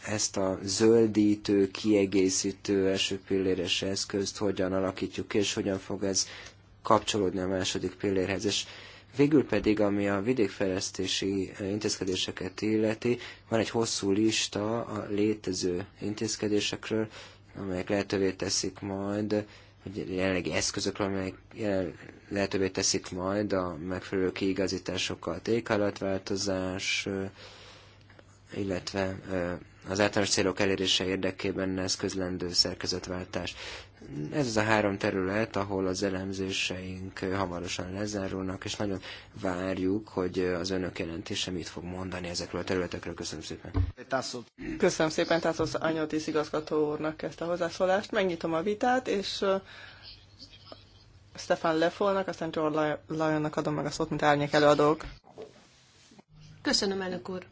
ezt a zöldítő, kiegészítő első pilléres eszközt hogyan alakítjuk, és hogyan fog ez kapcsolódni a második pillérhez. És végül pedig, ami a vidékfejlesztési intézkedéseket illeti, van egy hosszú lista a létező intézkedésekről, amelyek lehetővé teszik majd hogy jelenlegi eszközökről, amelyek lehetővé teszik majd a megfelelő kiigazításokat, éghajlatváltozás, illetve az általános célok elérése érdekében eszközlendő szerkezetváltás ez az a három terület, ahol az elemzéseink hamarosan lezárulnak, és nagyon várjuk, hogy az önök jelentése mit fog mondani ezekről a területekről. Köszönöm szépen. Köszönöm szépen Tászosz Anyotis igazgató úrnak ezt a hozzászólást. Megnyitom a vitát, és Stefan Lefolnak, aztán George Lajonnak adom meg a szót, mint árnyék előadók. Köszönöm, elnök úr.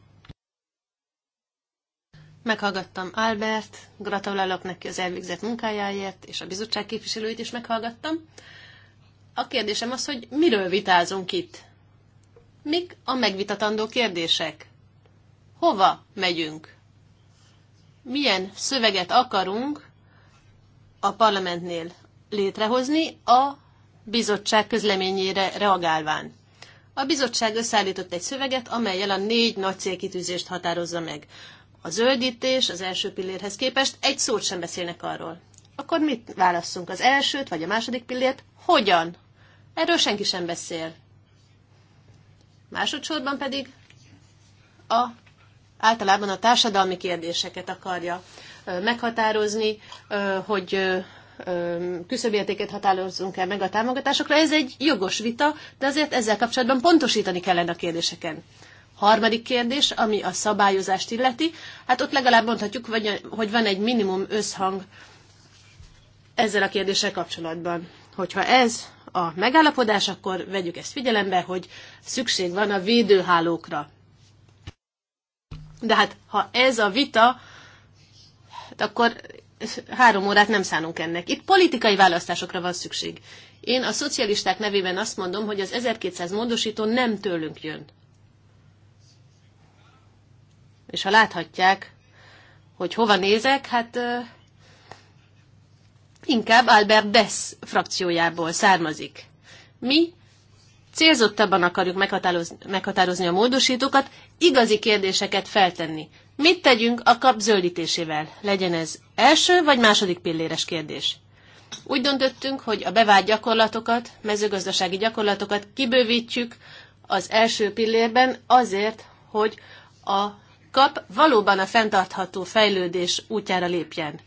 Meghallgattam Albert, gratulálok neki az elvégzett munkájáért, és a bizottság képviselőit is meghallgattam. A kérdésem az, hogy miről vitázunk itt? Mik a megvitatandó kérdések? Hova megyünk? Milyen szöveget akarunk a parlamentnél létrehozni a bizottság közleményére reagálván? A bizottság összeállított egy szöveget, amelyel a négy nagy célkitűzést határozza meg. A zöldítés az első pillérhez képest egy szót sem beszélnek arról. Akkor mit válasszunk? Az elsőt vagy a második pillért? Hogyan? Erről senki sem beszél. Másodszorban pedig a, általában a társadalmi kérdéseket akarja meghatározni, hogy küszöbértéket határozunk el meg a támogatásokra. Ez egy jogos vita, de azért ezzel kapcsolatban pontosítani kellene a kérdéseken. Harmadik kérdés, ami a szabályozást illeti, hát ott legalább mondhatjuk, hogy van egy minimum összhang ezzel a kérdéssel kapcsolatban. Hogyha ez a megállapodás, akkor vegyük ezt figyelembe, hogy szükség van a védőhálókra. De hát, ha ez a vita, hát akkor három órát nem szánunk ennek. Itt politikai választásokra van szükség. Én a szocialisták nevében azt mondom, hogy az 1200 módosító nem tőlünk jön. És ha láthatják, hogy hova nézek, hát inkább Albert Dess frakciójából származik. Mi célzottabban akarjuk meghatározni, meghatározni a módosítókat, igazi kérdéseket feltenni. Mit tegyünk a kap zöldítésével? Legyen ez első vagy második pilléres kérdés. Úgy döntöttünk, hogy a bevált gyakorlatokat, mezőgazdasági gyakorlatokat kibővítjük az első pillérben azért, hogy a kap valóban a fenntartható fejlődés útjára lépjen.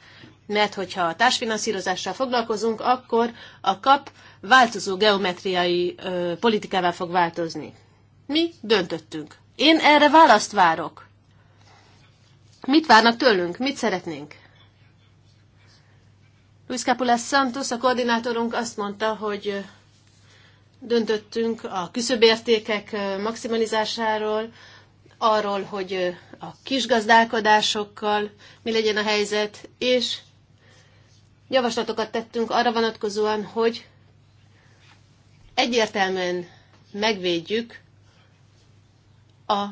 Mert hogyha a társfinanszírozással foglalkozunk, akkor a kap változó geometriai ö, politikával fog változni. Mi döntöttünk. Én erre választ várok. Mit várnak tőlünk? Mit szeretnénk? Luis Capulás Santos, a koordinátorunk azt mondta, hogy döntöttünk a küszöbértékek maximalizásáról, arról, hogy a kisgazdálkodásokkal mi legyen a helyzet, és javaslatokat tettünk arra vonatkozóan, hogy egyértelműen megvédjük a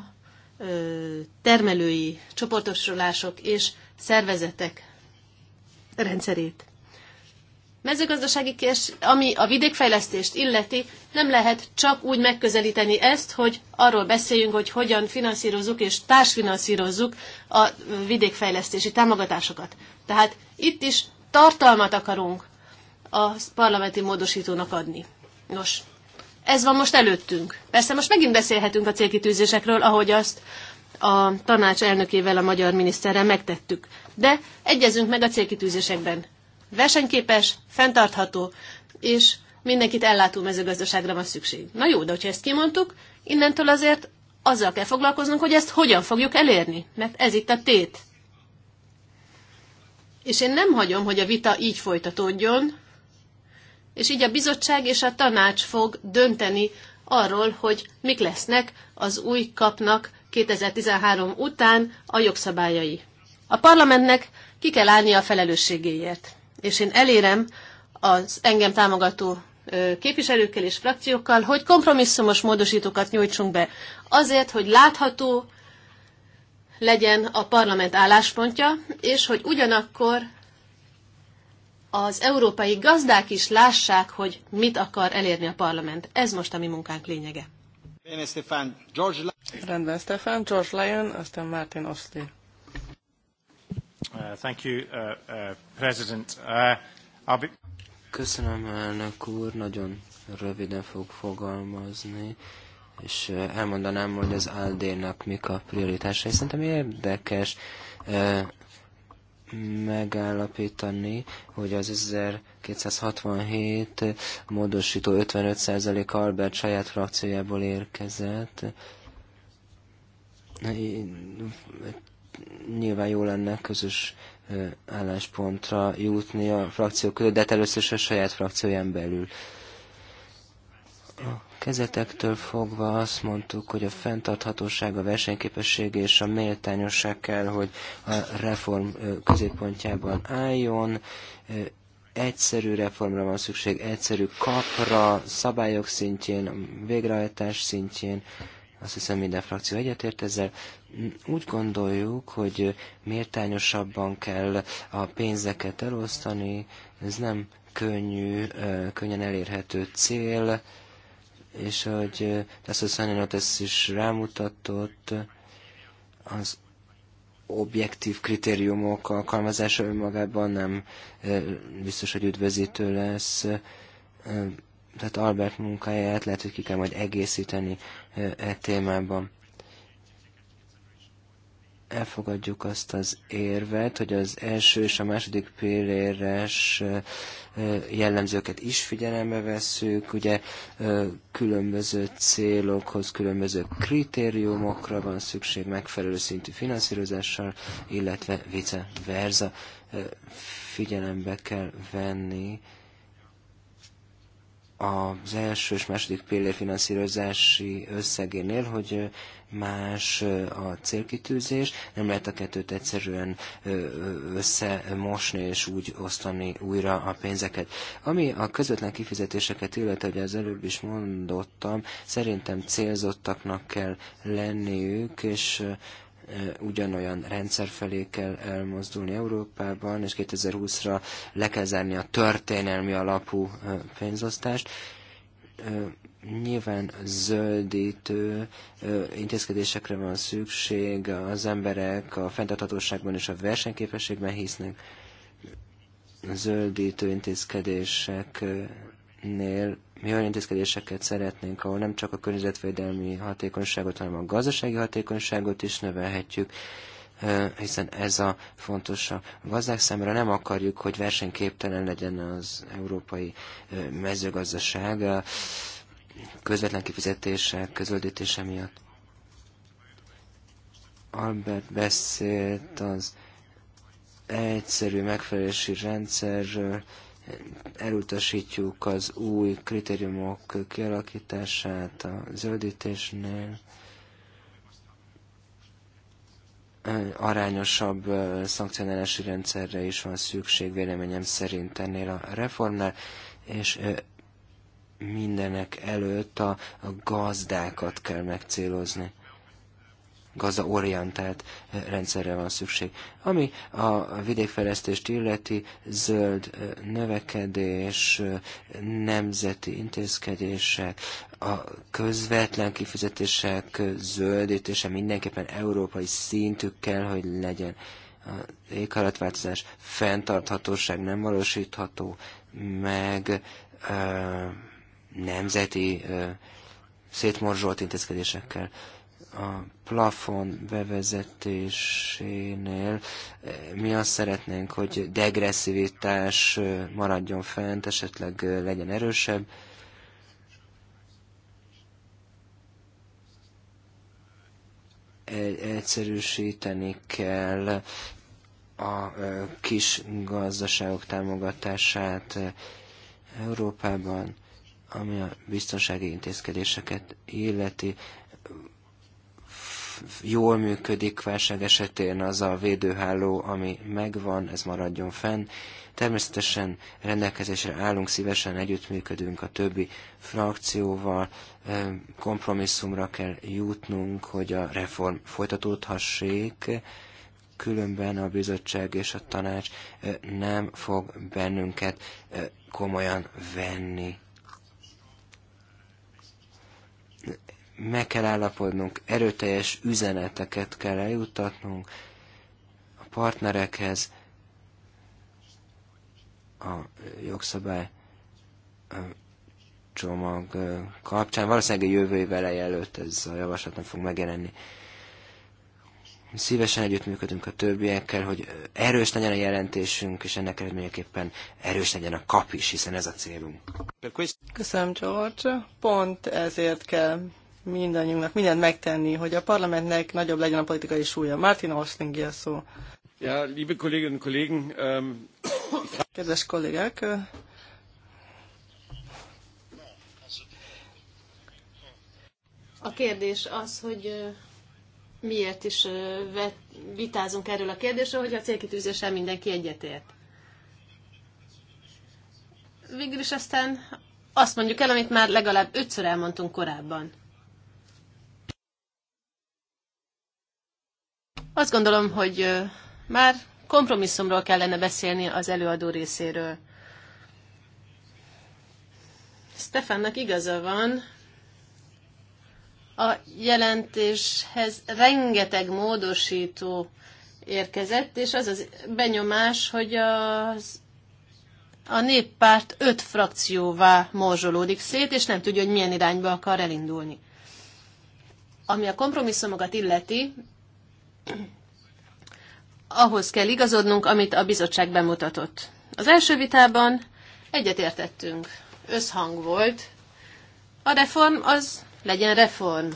termelői csoportosulások és szervezetek rendszerét mezőgazdasági kérdés, ami a vidékfejlesztést illeti, nem lehet csak úgy megközelíteni ezt, hogy arról beszéljünk, hogy hogyan finanszírozzuk és társfinanszírozzuk a vidékfejlesztési támogatásokat. Tehát itt is tartalmat akarunk a parlamenti módosítónak adni. Nos, ez van most előttünk. Persze most megint beszélhetünk a célkitűzésekről, ahogy azt a tanács elnökével, a magyar miniszterrel megtettük. De egyezünk meg a célkitűzésekben versenyképes, fenntartható, és mindenkit ellátó mezőgazdaságra van szükség. Na jó, de hogyha ezt kimondtuk, innentől azért azzal kell foglalkoznunk, hogy ezt hogyan fogjuk elérni, mert ez itt a tét. És én nem hagyom, hogy a vita így folytatódjon, és így a bizottság és a tanács fog dönteni arról, hogy mik lesznek az új kapnak 2013 után a jogszabályai. A parlamentnek ki kell állnia a felelősségéért és én elérem az engem támogató képviselőkkel és frakciókkal, hogy kompromisszumos módosítókat nyújtsunk be. Azért, hogy látható legyen a parlament álláspontja, és hogy ugyanakkor az európai gazdák is lássák, hogy mit akar elérni a parlament. Ez most a mi munkánk lényege. Rendben, Stefan, George Lyon, aztán Martin Oszli. Uh, thank you, uh, uh, President. Uh, be... Köszönöm, elnök úr, nagyon röviden fog fogalmazni, és uh, elmondanám, hogy az alde nak mik a prioritásai. Szerintem érdekes uh, megállapítani, hogy az 1267 módosító 55% Albert saját frakciójából érkezett nyilván jó lenne közös álláspontra jutni a frakciók között, de hát először is a saját frakcióján belül. A kezetektől fogva azt mondtuk, hogy a fenntarthatóság, a versenyképesség és a méltányosság kell, hogy a reform középpontjában álljon. Egyszerű reformra van szükség, egyszerű kapra, szabályok szintjén, végrehajtás szintjén, azt hiszem minden frakció egyetért ezzel. Úgy gondoljuk, hogy méltányosabban kell a pénzeket elosztani, ez nem könnyű, könnyen elérhető cél, és hogy Tasszoszányon ezt is rámutatott, az objektív kritériumok alkalmazása önmagában nem biztos, hogy üdvözítő lesz tehát Albert munkáját lehet, hogy ki kell majd egészíteni e témában. Elfogadjuk azt az érvet, hogy az első és a második pilléres jellemzőket is figyelembe vesszük, ugye különböző célokhoz, különböző kritériumokra van szükség megfelelő szintű finanszírozással, illetve vice versa figyelembe kell venni az első és második pillér finanszírozási összegénél, hogy más a célkitűzés, nem lehet a kettőt egyszerűen összemosni és úgy osztani újra a pénzeket. Ami a közvetlen kifizetéseket illeti, hogy az előbb is mondottam, szerintem célzottaknak kell lenniük, és ugyanolyan rendszer felé kell elmozdulni Európában, és 2020-ra le kell zárni a történelmi alapú pénzosztást. Nyilván zöldítő intézkedésekre van szükség, az emberek a fenntarthatóságban és a versenyképességben hisznek. Zöldítő intézkedéseknél mi olyan intézkedéseket szeretnénk, ahol nem csak a környezetvédelmi hatékonyságot, hanem a gazdasági hatékonyságot is növelhetjük, hiszen ez a fontos a gazdák számára. Nem akarjuk, hogy versenyképtelen legyen az európai mezőgazdaság a közvetlen kifizetések közöldítése miatt. Albert beszélt az egyszerű megfelelési rendszerről, elutasítjuk az új kritériumok kialakítását a zöldítésnél, arányosabb szankcionálási rendszerre is van szükség véleményem szerint ennél a reformnál, és mindenek előtt a, a gazdákat kell megcélozni gazdaorientált eh, rendszerre van szükség. Ami a vidékfejlesztést illeti, zöld eh, növekedés, eh, nemzeti intézkedések, a közvetlen kifizetések zöldítése mindenképpen európai szintű kell, hogy legyen. A éghajlatváltozás fenntarthatóság nem valósítható, meg ö, nemzeti ö, szétmorzsolt intézkedésekkel. Ö, a plafon bevezetésénél eh, mi azt szeretnénk, hogy degresszivitás eh, maradjon fent, esetleg eh, legyen erősebb. Egyszerűsíteni kell a kis gazdaságok támogatását Európában, ami a biztonsági intézkedéseket illeti jól működik válság esetén az a védőháló, ami megvan, ez maradjon fenn. Természetesen rendelkezésre állunk, szívesen együttműködünk a többi frakcióval, kompromisszumra kell jutnunk, hogy a reform folytatódhassék, különben a bizottság és a tanács nem fog bennünket komolyan venni. meg kell állapodnunk, erőteljes üzeneteket kell eljuttatnunk a partnerekhez, a jogszabály a csomag kapcsán. Valószínűleg a jövő év eleje előtt ez a javaslat nem fog megjelenni. Szívesen együttműködünk a többiekkel, hogy erős legyen a jelentésünk, és ennek eredményeképpen erős legyen a kap is, hiszen ez a célunk. Köszönöm, George. Pont ezért kell mindannyiunknak mindent megtenni, hogy a parlamentnek nagyobb legyen a politikai súlya. Martin Osling a szó. Ja, liebe Kolleginnen und Kollegen, ähm, Kedves kollégák, A kérdés az, hogy miért is vitázunk erről a kérdésről, hogy a célkitűzéssel mindenki egyetért. Végül is aztán azt mondjuk el, amit már legalább ötször elmondtunk korábban. Azt gondolom, hogy már kompromisszumról kellene beszélni az előadó részéről. Stefannak igaza van, a jelentéshez rengeteg módosító érkezett, és az az benyomás, hogy az, a néppárt öt frakcióvá morzsolódik szét, és nem tudja, hogy milyen irányba akar elindulni. Ami a kompromisszumokat illeti, ahhoz kell igazodnunk, amit a bizottság bemutatott. Az első vitában egyetértettünk, összhang volt. A reform az legyen reform.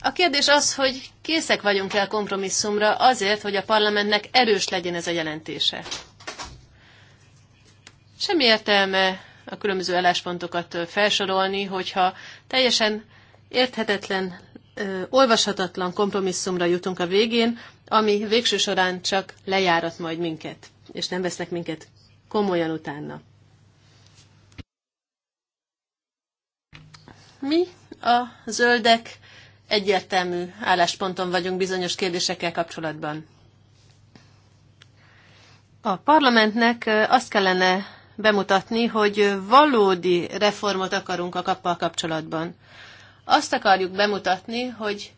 A kérdés az, hogy készek vagyunk el kompromisszumra azért, hogy a parlamentnek erős legyen ez a jelentése. Semmi értelme a különböző álláspontokat felsorolni, hogyha teljesen érthetetlen, olvashatatlan kompromisszumra jutunk a végén, ami végső során csak lejárat majd minket, és nem vesznek minket komolyan utána. Mi, a zöldek, egyértelmű állásponton vagyunk bizonyos kérdésekkel kapcsolatban. A parlamentnek azt kellene bemutatni, hogy valódi reformot akarunk a kappal kapcsolatban. Azt akarjuk bemutatni, hogy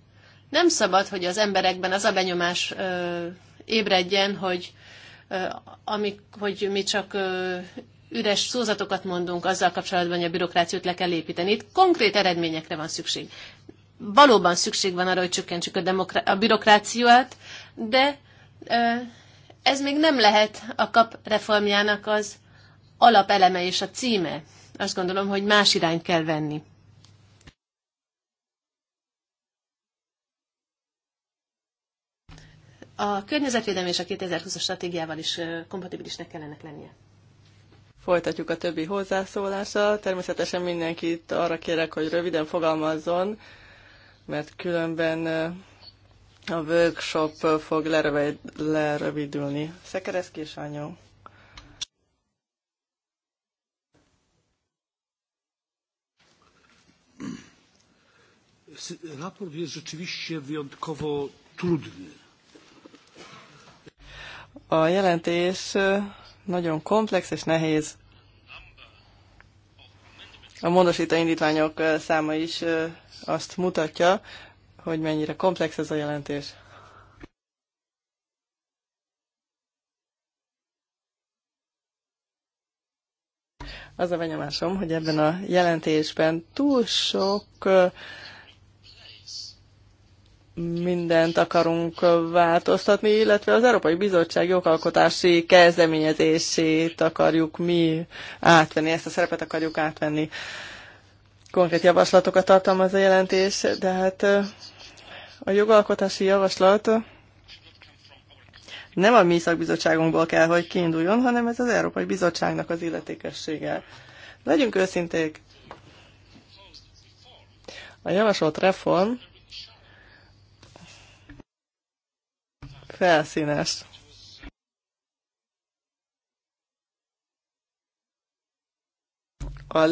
nem szabad, hogy az emberekben az a benyomás ö, ébredjen, hogy, ö, amik, hogy mi csak ö, üres szózatokat mondunk azzal kapcsolatban, hogy a bürokrációt le kell építeni. Itt konkrét eredményekre van szükség. Valóban szükség van arra, hogy csökkentsük a, a bürokráciát, de ö, ez még nem lehet a kap reformjának az alapeleme és a címe. Azt gondolom, hogy más irányt kell venni. A környezetvédelmi és a 2020-as stratégiával is kompatibilisnek kellene lennie. Folytatjuk a többi hozzászólással. Természetesen mindenkit arra kérek, hogy röviden fogalmazzon, mert különben a workshop fog lerövidülni. Szekereszki és anyó. Raport jest rzeczywiście wyjątkowo trudny. A jelentés e, nagyon komplex és nehéz. A módosító indítványok e, száma is e, azt mutatja, hogy mennyire komplex ez a jelentés. Az a benyomásom, hogy ebben a jelentésben túl sok mindent akarunk változtatni, illetve az Európai Bizottság jogalkotási kezdeményezését akarjuk mi átvenni, ezt a szerepet akarjuk átvenni. Konkrét javaslatokat tartalmaz a jelentés, de hát a jogalkotási javaslat nem a mi szakbizottságunkból kell, hogy kiinduljon, hanem ez az Európai Bizottságnak az illetékessége. Legyünk őszinték. A javasolt reform Felszínes. A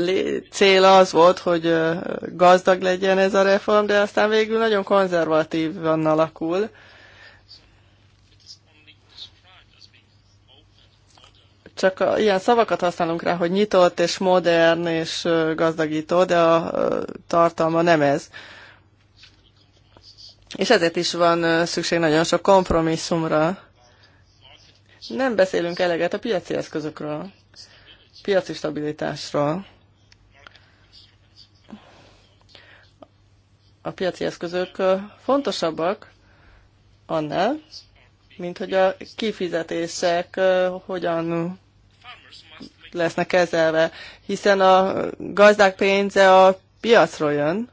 cél az volt, hogy gazdag legyen ez a reform, de aztán végül nagyon konzervatívan alakul. csak ilyen szavakat használunk rá, hogy nyitott és modern és gazdagító, de a tartalma nem ez. És ezért is van szükség nagyon sok kompromisszumra. Nem beszélünk eleget a piaci eszközökről, piaci stabilitásról. A piaci eszközök fontosabbak annál, mint hogy a kifizetések hogyan lesznek kezelve, hiszen a gazdák pénze a piacról jön,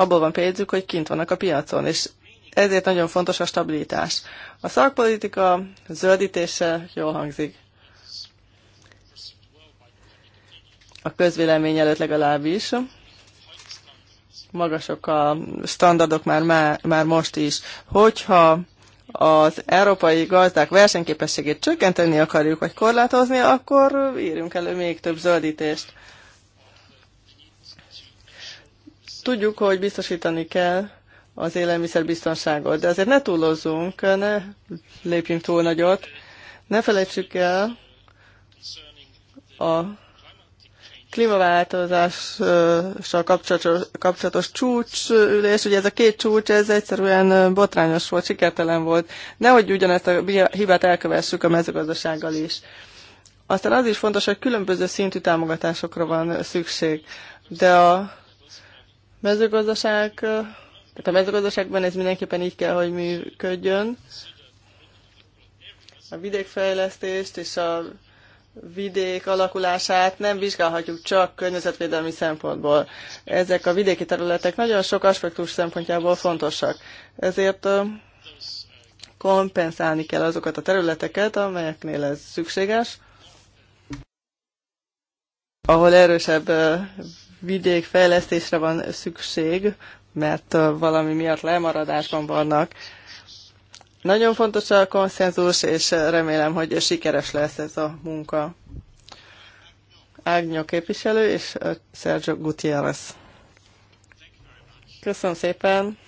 abból van pénzük, hogy kint vannak a piacon, és ezért nagyon fontos a stabilitás. A szakpolitika zöldítése jól hangzik. A közvélemény előtt legalábbis. Magasok a standardok már, már, már most is. Hogyha az európai gazdák versenyképességét csökkenteni akarjuk, vagy korlátozni, akkor írjunk elő még több zöldítést. Tudjuk, hogy biztosítani kell az élelmiszerbiztonságot, de azért ne túlozzunk, ne lépjünk túl nagyot. Ne felejtsük el a klímaváltozással kapcsolatos, kapcsolatos csúcsülés, ugye ez a két csúcs, ez egyszerűen botrányos volt, sikertelen volt. Nehogy ugyanezt a hibát elkövessük a mezőgazdasággal is. Aztán az is fontos, hogy különböző szintű támogatásokra van szükség, de a mezőgazdaság, tehát a mezőgazdaságban ez mindenképpen így kell, hogy működjön. A vidékfejlesztést és a vidék alakulását nem vizsgálhatjuk csak környezetvédelmi szempontból. Ezek a vidéki területek nagyon sok aspektus szempontjából fontosak. Ezért kompenzálni kell azokat a területeket, amelyeknél ez szükséges, ahol erősebb vidékfejlesztésre van szükség, mert valami miatt lemaradásban vannak. Nagyon fontos a konszenzus, és remélem, hogy sikeres lesz ez a munka. Ágnyó képviselő és Sergio Gutierrez. Köszönöm szépen!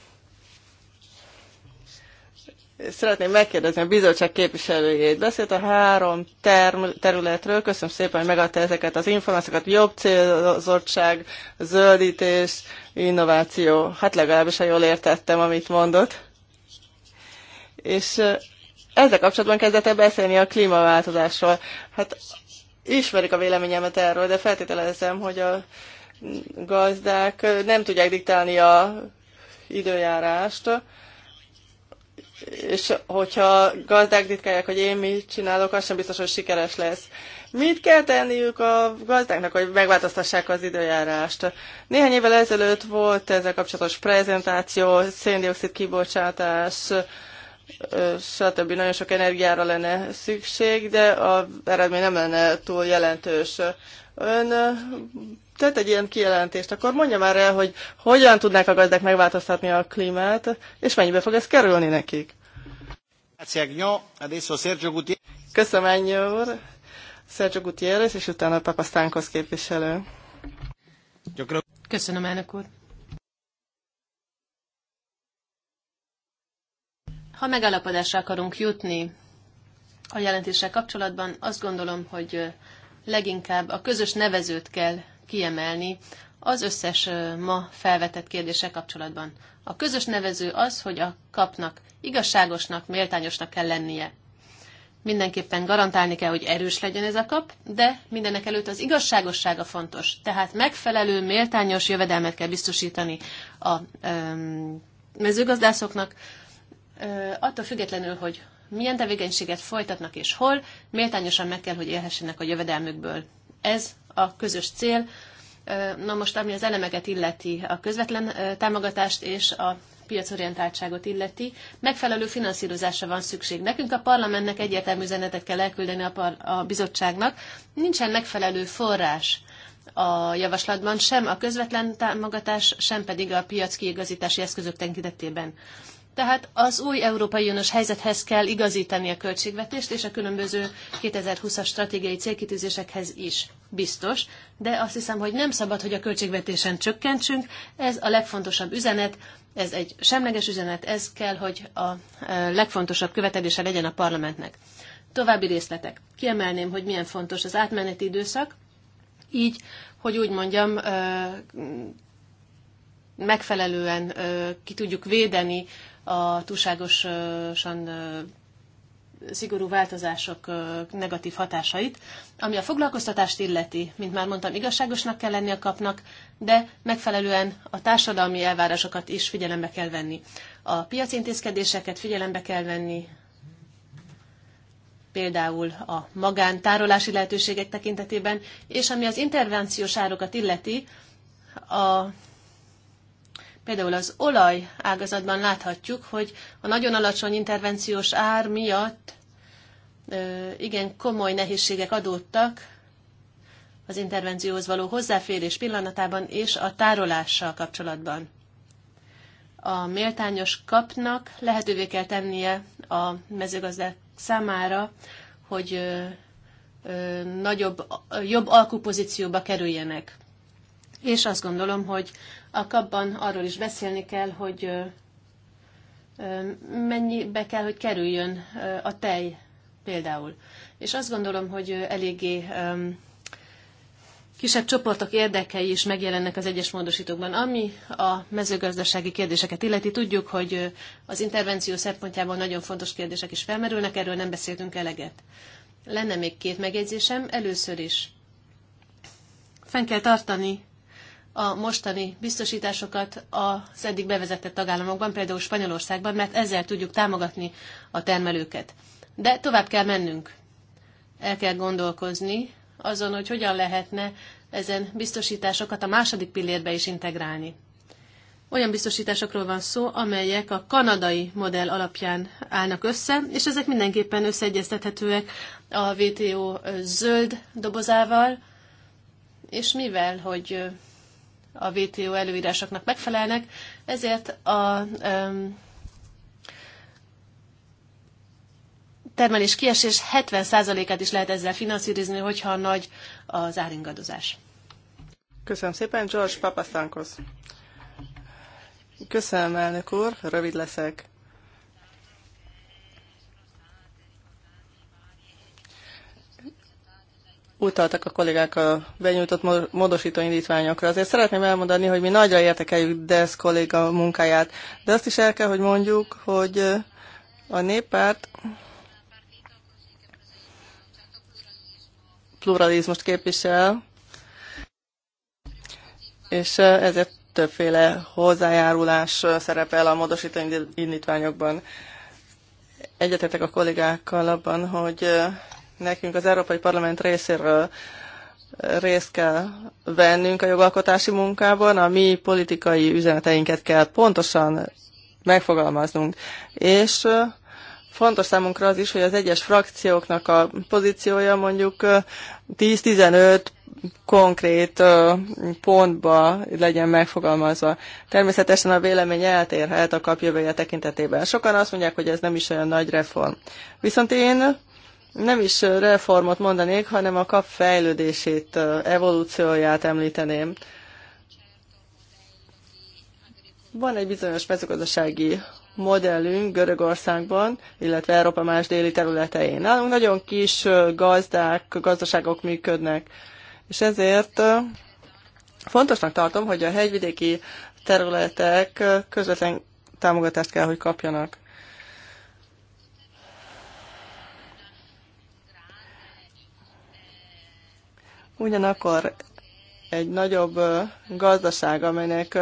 Szeretném megkérdezni a bizottság képviselőjét. Beszélt a három term- területről. Köszönöm szépen, hogy megadta ezeket az információkat. Jobb célzottság, zöldítés, innováció. Hát legalábbis, ha jól értettem, amit mondott. És ezzel kapcsolatban kezdett el beszélni a klímaváltozásról. Hát ismerik a véleményemet erről, de feltételezem, hogy a gazdák nem tudják diktálni a időjárást, és hogyha gazdák ditkálják, hogy én mit csinálok, az sem biztos, hogy sikeres lesz. Mit kell tenniük a gazdáknak, hogy megváltoztassák az időjárást? Néhány évvel ezelőtt volt ezzel kapcsolatos prezentáció, széndiokszid kibocsátás, stb. Nagyon sok energiára lenne szükség, de a eredmény nem lenne túl jelentős. Ön tett egy ilyen kijelentést, akkor mondja már el, hogy hogyan tudnák a gazdák megváltoztatni a klímát, és mennyibe fog ez kerülni nekik. Köszönöm, ennyi úr. Sergio Gutierrez, és utána Papasztánkosz képviselő. Köszönöm, elnök úr. Ha megállapodásra akarunk jutni a jelentéssel kapcsolatban, azt gondolom, hogy leginkább a közös nevezőt kell kiemelni az összes ma felvetett kérdése kapcsolatban. A közös nevező az, hogy a kapnak igazságosnak, méltányosnak kell lennie. Mindenképpen garantálni kell, hogy erős legyen ez a kap, de mindenek előtt az igazságossága fontos. Tehát megfelelő, méltányos jövedelmet kell biztosítani a öm, mezőgazdászoknak, ö, attól függetlenül, hogy milyen tevékenységet folytatnak és hol, méltányosan meg kell, hogy élhessenek a jövedelmükből. Ez a közös cél. Na most, ami az elemeket illeti, a közvetlen támogatást és a piacorientáltságot illeti, megfelelő finanszírozásra van szükség. Nekünk a parlamentnek egyértelmű üzenetet kell elküldeni a, par- a bizottságnak. Nincsen megfelelő forrás a javaslatban, sem a közvetlen támogatás, sem pedig a piac kiigazítási eszközök tekintetében. Tehát az új Európai Uniós helyzethez kell igazítani a költségvetést, és a különböző 2020-as stratégiai célkitűzésekhez is biztos, de azt hiszem, hogy nem szabad, hogy a költségvetésen csökkentsünk. Ez a legfontosabb üzenet, ez egy semleges üzenet, ez kell, hogy a e, legfontosabb követelése legyen a parlamentnek. További részletek. Kiemelném, hogy milyen fontos az átmeneti időszak, így, hogy úgy mondjam, e, megfelelően e, ki tudjuk védeni a túlságosan szigorú változások negatív hatásait. Ami a foglalkoztatást illeti, mint már mondtam, igazságosnak kell lenni a kapnak, de megfelelően a társadalmi elvárásokat is figyelembe kell venni. A piacintézkedéseket figyelembe kell venni, például a magántárolási lehetőségek tekintetében, és ami az intervenciós árokat illeti, a Például az olaj ágazatban láthatjuk, hogy a nagyon alacsony intervenciós ár miatt igen komoly nehézségek adódtak az intervencióhoz való hozzáférés pillanatában és a tárolással kapcsolatban. A méltányos kapnak lehetővé kell tennie a mezőgazdák számára, hogy nagyobb, jobb alkupozícióba kerüljenek. És azt gondolom, hogy a kapban arról is beszélni kell, hogy mennyibe kell, hogy kerüljön a tej például. És azt gondolom, hogy eléggé kisebb csoportok érdekei is megjelennek az egyes módosítókban. Ami a mezőgazdasági kérdéseket illeti, tudjuk, hogy az intervenció szempontjából nagyon fontos kérdések is felmerülnek, erről nem beszéltünk eleget. Lenne még két megjegyzésem, először is. Fenn kell tartani a mostani biztosításokat az eddig bevezetett tagállamokban, például Spanyolországban, mert ezzel tudjuk támogatni a termelőket. De tovább kell mennünk. El kell gondolkozni azon, hogy hogyan lehetne ezen biztosításokat a második pillérbe is integrálni. Olyan biztosításokról van szó, amelyek a kanadai modell alapján állnak össze, és ezek mindenképpen összeegyeztethetőek a WTO zöld dobozával, és mivel, hogy a WTO előírásoknak megfelelnek, ezért a um, termelés kiesés 70%-át is lehet ezzel finanszírozni, hogyha nagy az áringadozás. Köszönöm szépen, George Papasztánkosz. Köszönöm, elnök úr, rövid leszek. utaltak a kollégák a benyújtott módosító indítványokra. Azért szeretném elmondani, hogy mi nagyra értekeljük Desz kolléga munkáját, de azt is el kell, hogy mondjuk, hogy a néppárt pluralizmust képvisel, és ezért többféle hozzájárulás szerepel a módosító indítványokban. Egyetetek a kollégákkal abban, hogy nekünk az Európai Parlament részéről részt kell vennünk a jogalkotási munkában, a mi politikai üzeneteinket kell pontosan megfogalmaznunk. És fontos számunkra az is, hogy az egyes frakcióknak a pozíciója mondjuk 10-15 konkrét pontba legyen megfogalmazva. Természetesen a vélemény eltérhet a kapjövője tekintetében. Sokan azt mondják, hogy ez nem is olyan nagy reform. Viszont én nem is reformot mondanék, hanem a kap fejlődését, evolúcióját említeném. Van egy bizonyos mezőgazdasági modellünk Görögországban, illetve Európa más déli területein. Nálunk nagyon kis gazdák, gazdaságok működnek, és ezért fontosnak tartom, hogy a hegyvidéki területek közvetlen támogatást kell, hogy kapjanak. Ugyanakkor egy nagyobb gazdaság, amelynek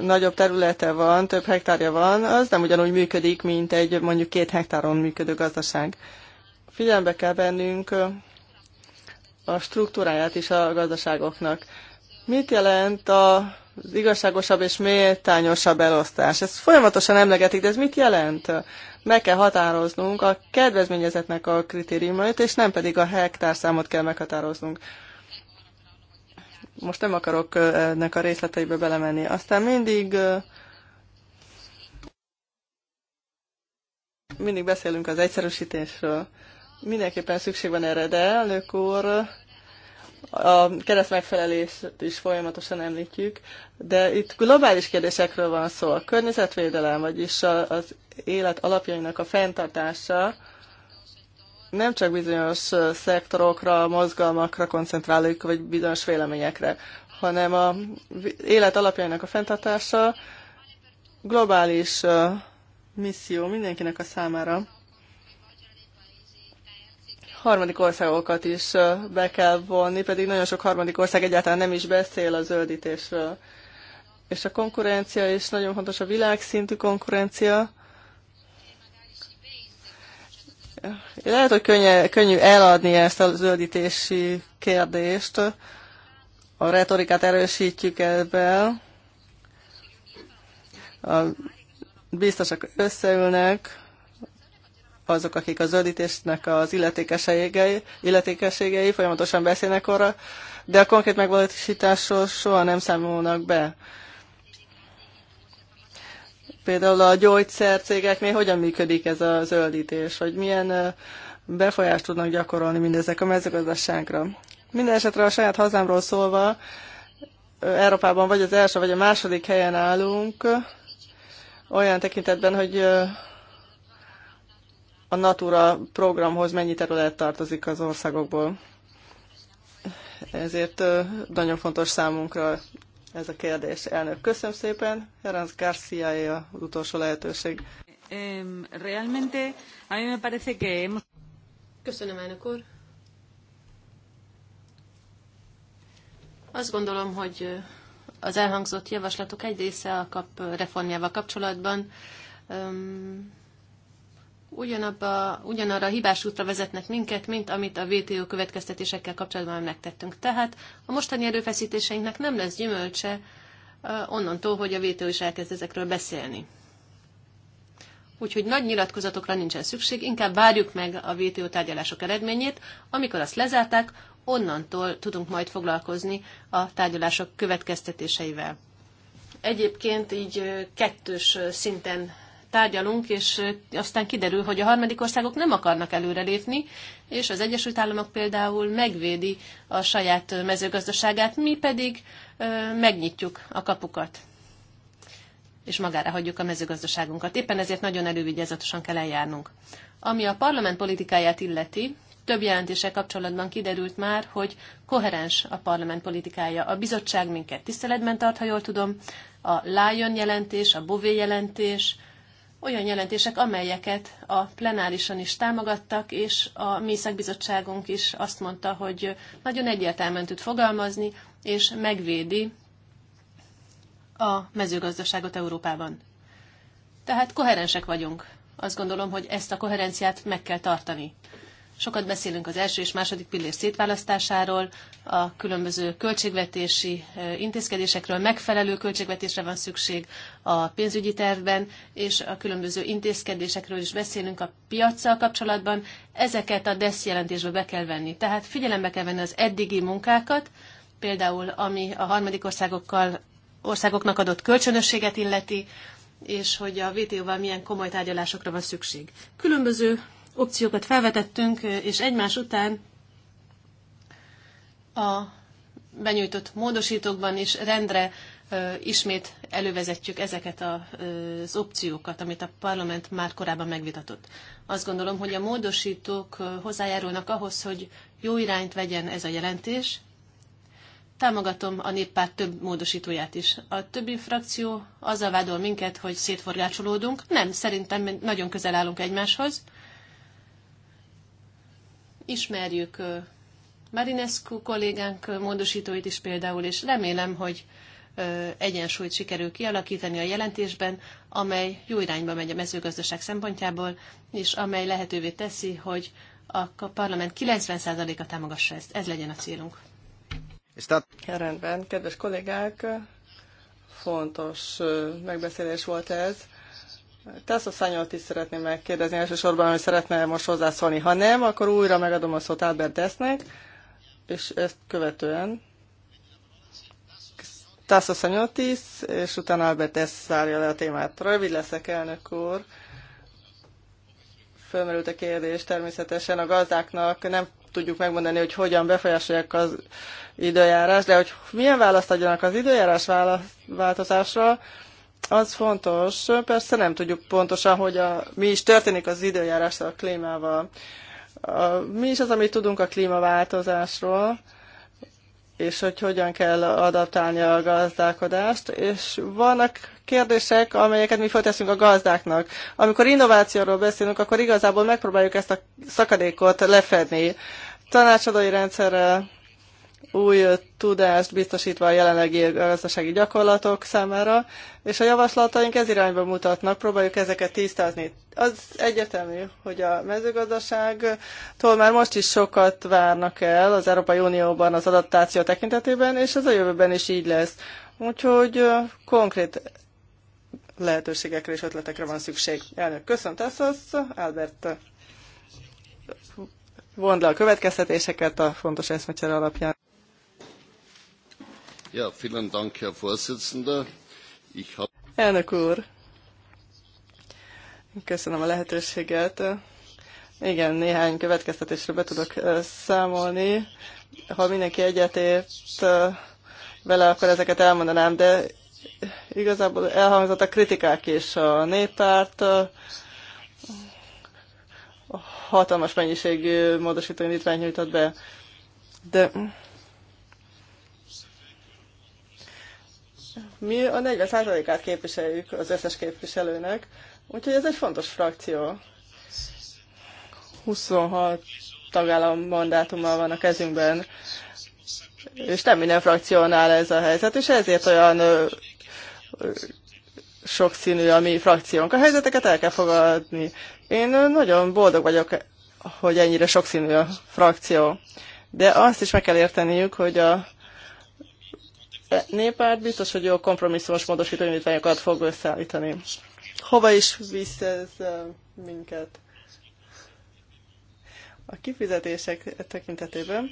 nagyobb területe van, több hektárja van, az nem ugyanúgy működik, mint egy mondjuk két hektáron működő gazdaság. Figyelembe kell vennünk a struktúráját is a gazdaságoknak. Mit jelent az igazságosabb és méltányosabb elosztás? Ezt folyamatosan emlegetik, de ez mit jelent? meg kell határoznunk a kedvezményezetnek a kritériumait, és nem pedig a hektárszámot kell meghatároznunk. Most nem akarok ennek a részleteibe belemenni. Aztán mindig mindig beszélünk az egyszerűsítésről. Mindenképpen szükség van erre, de elnök úr a kereszt megfelelést is folyamatosan említjük, de itt globális kérdésekről van szó. A környezetvédelem, vagyis az élet alapjainak a fenntartása nem csak bizonyos szektorokra, mozgalmakra koncentrálódik, vagy bizonyos véleményekre, hanem a élet alapjainak a fenntartása globális misszió mindenkinek a számára harmadik országokat is be kell vonni, pedig nagyon sok harmadik ország egyáltalán nem is beszél a zöldítésről. És a konkurencia is nagyon fontos, a világszintű konkurencia. Lehet, hogy könnye, könnyű eladni ezt a zöldítési kérdést. A retorikát erősítjük ebben. A biztosak összeülnek, azok, akik a zöldítésnek az illetékességei, illetékességei folyamatosan beszélnek arra, de a konkrét megvalósításról soha nem számolnak be. Például a mi hogyan működik ez a zöldítés, hogy milyen befolyást tudnak gyakorolni mindezek a mezőgazdaságra. Minden esetre a saját hazámról szólva, Európában vagy az első, vagy a második helyen állunk, olyan tekintetben, hogy a Natura programhoz mennyi terület tartozik az országokból. Ezért nagyon fontos számunkra ez a kérdés. Elnök, köszönöm szépen. Herenc Garcia az utolsó lehetőség. Realmente, a mí me parece que... Köszönöm, elnök úr. Azt gondolom, hogy az elhangzott javaslatok egy része a kap reformjával kapcsolatban um, ugyanabba, ugyanarra a hibás útra vezetnek minket, mint amit a WTO következtetésekkel kapcsolatban megtettünk. Tehát a mostani erőfeszítéseinknek nem lesz gyümölcse onnantól, hogy a WTO is elkezd ezekről beszélni. Úgyhogy nagy nyilatkozatokra nincsen szükség, inkább várjuk meg a WTO tárgyalások eredményét, amikor azt lezárták, onnantól tudunk majd foglalkozni a tárgyalások következtetéseivel. Egyébként így kettős szinten tárgyalunk, és aztán kiderül, hogy a harmadik országok nem akarnak előrelépni, és az Egyesült Államok például megvédi a saját mezőgazdaságát, mi pedig megnyitjuk a kapukat és magára hagyjuk a mezőgazdaságunkat. Éppen ezért nagyon elővigyázatosan kell eljárnunk. Ami a parlament politikáját illeti, több jelentése kapcsolatban kiderült már, hogy koherens a parlament politikája. A bizottság minket tiszteletben tart, ha jól tudom. A Lion jelentés, a Bové jelentés, olyan jelentések, amelyeket a plenárisan is támogattak, és a Mészekbizottságunk is azt mondta, hogy nagyon egyértelműen tud fogalmazni, és megvédi a mezőgazdaságot Európában. Tehát koherensek vagyunk. Azt gondolom, hogy ezt a koherenciát meg kell tartani. Sokat beszélünk az első és második pillér szétválasztásáról, a különböző költségvetési intézkedésekről, megfelelő költségvetésre van szükség a pénzügyi tervben, és a különböző intézkedésekről is beszélünk a piaccal kapcsolatban. Ezeket a DESZ jelentésbe be kell venni. Tehát figyelembe kell venni az eddigi munkákat, például ami a harmadik országokkal, országoknak adott kölcsönösséget illeti, és hogy a vto val milyen komoly tárgyalásokra van szükség. Különböző opciókat felvetettünk, és egymás után a benyújtott módosítókban is rendre ismét elővezetjük ezeket az opciókat, amit a parlament már korábban megvitatott. Azt gondolom, hogy a módosítók hozzájárulnak ahhoz, hogy jó irányt vegyen ez a jelentés. Támogatom a néppárt több módosítóját is. A többi frakció azzal vádol minket, hogy szétforgácsolódunk. Nem, szerintem nagyon közel állunk egymáshoz ismerjük Marinescu kollégánk módosítóit is például, és remélem, hogy egyensúlyt sikerül kialakítani a jelentésben, amely jó irányba megy a mezőgazdaság szempontjából, és amely lehetővé teszi, hogy a parlament 90%-a támogassa ezt. Ez legyen a célunk. rendben, kedves kollégák, fontos megbeszélés volt ez szanyót is szeretném megkérdezni elsősorban, hogy szeretne most hozzászólni. Ha nem, akkor újra megadom a szót Albert Desznek, és ezt követően Tászorszányot is, és utána Albert Desz zárja le a témát. Rövid leszek, elnök úr. Fölmerült a kérdés természetesen a gazdáknak, nem tudjuk megmondani, hogy hogyan befolyásolják az időjárás, de hogy milyen választ adjanak az időjárás változásra, az fontos, persze nem tudjuk pontosan, hogy a, mi is történik az időjárással, a klímával. A, mi is az, amit tudunk a klímaváltozásról, és hogy hogyan kell adaptálni a gazdálkodást, és vannak kérdések, amelyeket mi felteszünk a gazdáknak. Amikor innovációról beszélünk, akkor igazából megpróbáljuk ezt a szakadékot lefedni. Tanácsadói rendszerrel, új tudást biztosítva a jelenlegi gazdasági gyakorlatok számára, és a javaslataink ez irányba mutatnak, próbáljuk ezeket tisztázni. Az egyetemű, hogy a mezőgazdaságtól már most is sokat várnak el az Európai Unióban az adaptáció tekintetében, és ez a jövőben is így lesz. Úgyhogy konkrét lehetőségekre és ötletekre van szükség. Elnök, köszönöm, az, Albert vond le a következtetéseket a fontos eszmecsere alapján. Ja, vielen Dank, Herr Vorsitzender. Ich hab... Elnök úr, köszönöm a lehetőséget. Igen, néhány következtetésre be tudok számolni. Ha mindenki egyetért vele, akkor ezeket elmondanám, de igazából elhangzott a kritikák is a néppárt, hatalmas mennyiségű módosító indítvány nyújtott be. De Mi a 40%-át képviseljük az összes képviselőnek, úgyhogy ez egy fontos frakció. 26 tagállam mandátummal van a kezünkben, és nem minden frakciónál ez a helyzet, és ezért olyan sokszínű a mi frakciónk. A helyzeteket el kell fogadni. Én nagyon boldog vagyok, hogy ennyire sokszínű a frakció. De azt is meg kell érteniük, hogy a néppárt biztos, hogy jó kompromisszumos módosítványokat fog összeállítani. Hova is visz ez minket? A kifizetések tekintetében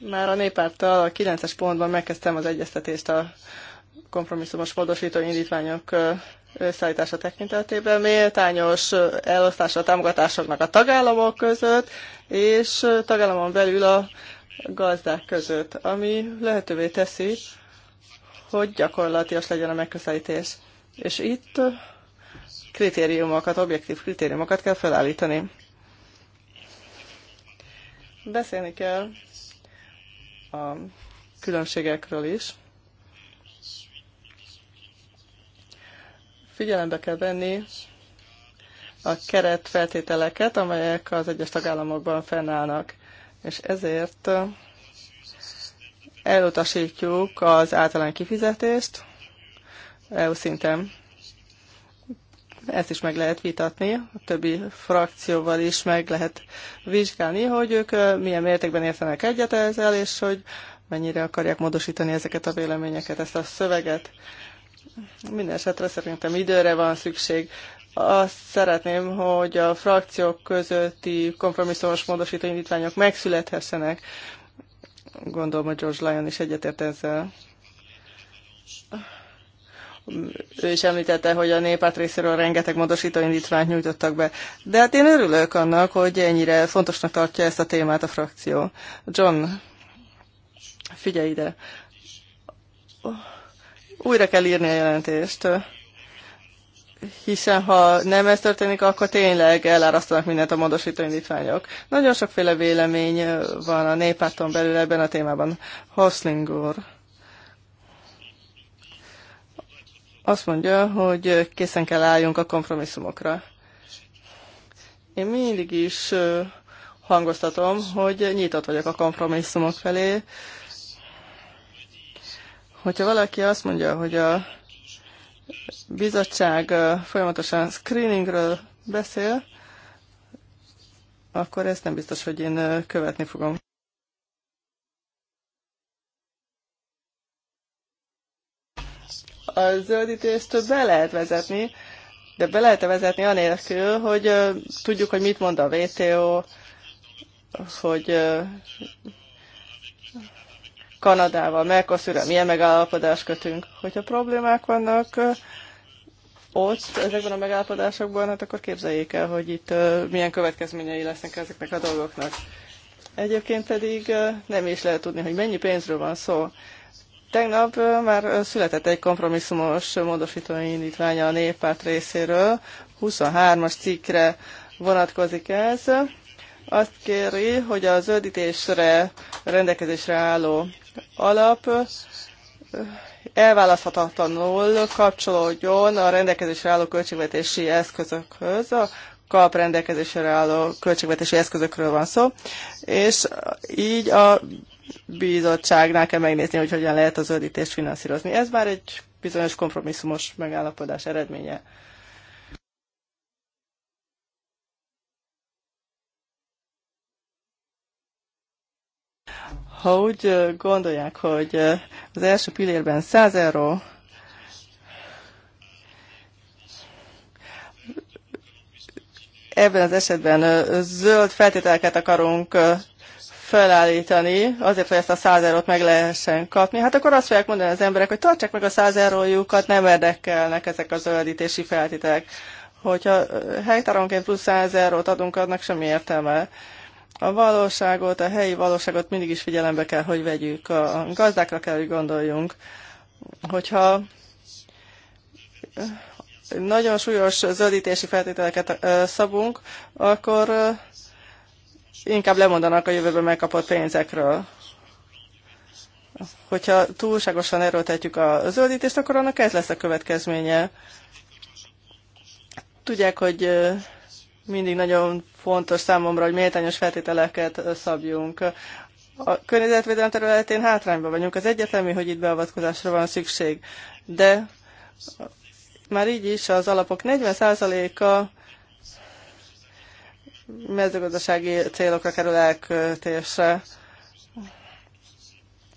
már a néppárttal a 9-es pontban megkezdtem az egyeztetést a kompromisszumos módosító indítványok összeállítása tekintetében, méltányos elosztása a támogatásoknak a tagállamok között, és tagállamon belül a gazdák között, ami lehetővé teszi, hogy gyakorlatias legyen a megközelítés. És itt kritériumokat, objektív kritériumokat kell felállítani. Beszélni kell a különbségekről is. Figyelembe kell venni a keretfeltételeket, amelyek az egyes tagállamokban fennállnak és ezért elutasítjuk az általán kifizetést EU szinten. Ezt is meg lehet vitatni, a többi frakcióval is meg lehet vizsgálni, hogy ők milyen mértékben értenek egyet ezzel, és hogy mennyire akarják módosítani ezeket a véleményeket, ezt a szöveget. Minden esetre szerintem időre van szükség azt szeretném, hogy a frakciók közötti kompromisszumos módosító indítványok megszülethessenek. Gondolom, hogy George Lyon is egyetért ezzel. Ő is említette, hogy a néppárt részéről rengeteg módosító indítványt nyújtottak be. De hát én örülök annak, hogy ennyire fontosnak tartja ezt a témát a frakció. John, figyelj ide. Újra kell írni a jelentést hiszen ha nem ez történik, akkor tényleg elárasztanak mindent a módosító indítványok. Nagyon sokféle vélemény van a néppárton belül ebben a témában. Hosling úr azt mondja, hogy készen kell álljunk a kompromisszumokra. Én mindig is hangoztatom, hogy nyitott vagyok a kompromisszumok felé. Hogyha valaki azt mondja, hogy a bizottság folyamatosan screeningről beszél, akkor ezt nem biztos, hogy én követni fogom. A zöldítést be lehet vezetni, de be lehet vezetni anélkül, hogy tudjuk, hogy mit mond a WTO, hogy Kanadával, Mercosurral milyen megállapodást kötünk. Hogyha problémák vannak ott, ezekben a megállapodásokban, hát akkor képzeljék el, hogy itt milyen következményei lesznek ezeknek a dolgoknak. Egyébként pedig nem is lehet tudni, hogy mennyi pénzről van szó. Tegnap már született egy kompromisszumos módosítói indítványa a néppárt részéről, 23-as cikkre vonatkozik ez azt kéri, hogy a zöldítésre rendelkezésre álló alap elválaszthatatlanul kapcsolódjon a rendelkezésre álló költségvetési eszközökhöz, a kap rendelkezésre álló költségvetési eszközökről van szó, és így a bizottságnál kell megnézni, hogy hogyan lehet a zöldítést finanszírozni. Ez már egy bizonyos kompromisszumos megállapodás eredménye. Ha úgy gondolják, hogy az első pillérben 100 euró, ebben az esetben zöld feltételeket akarunk felállítani, azért, hogy ezt a 100 eurót meg lehessen kapni, hát akkor azt fogják mondani az emberek, hogy tartsák meg a 100 eurójukat, nem érdekelnek ezek a zöldítési feltételek. Hogyha hektáronként plusz 100 eurót adunk, adnak semmi értelme. A valóságot, a helyi valóságot mindig is figyelembe kell, hogy vegyük. A gazdákra kell, hogy gondoljunk. Hogyha nagyon súlyos zöldítési feltételeket szabunk, akkor inkább lemondanak a jövőben megkapott pénzekről. Hogyha túlságosan erőltetjük a zöldítést, akkor annak ez lesz a következménye. Tudják, hogy mindig nagyon fontos számomra, hogy méltányos feltételeket szabjunk. A környezetvédelem területén hátrányban vagyunk. Az egyetemi, hogy itt beavatkozásra van szükség. De már így is az alapok 40%-a mezőgazdasági célokra kerül elköltésre.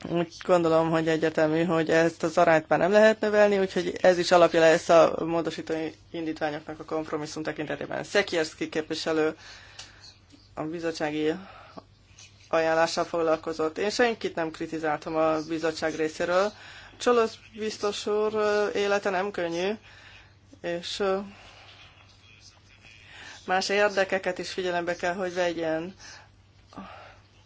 Úgy gondolom, hogy egyetemű, hogy ezt az arányt már nem lehet növelni, úgyhogy ez is alapja lesz a módosító indítványoknak a kompromisszum tekintetében. Szekierszki képviselő a bizottsági ajánlással foglalkozott. Én senkit nem kritizáltam a bizottság részéről. Csolosz biztos úr élete nem könnyű, és más érdekeket is figyelembe kell, hogy vegyen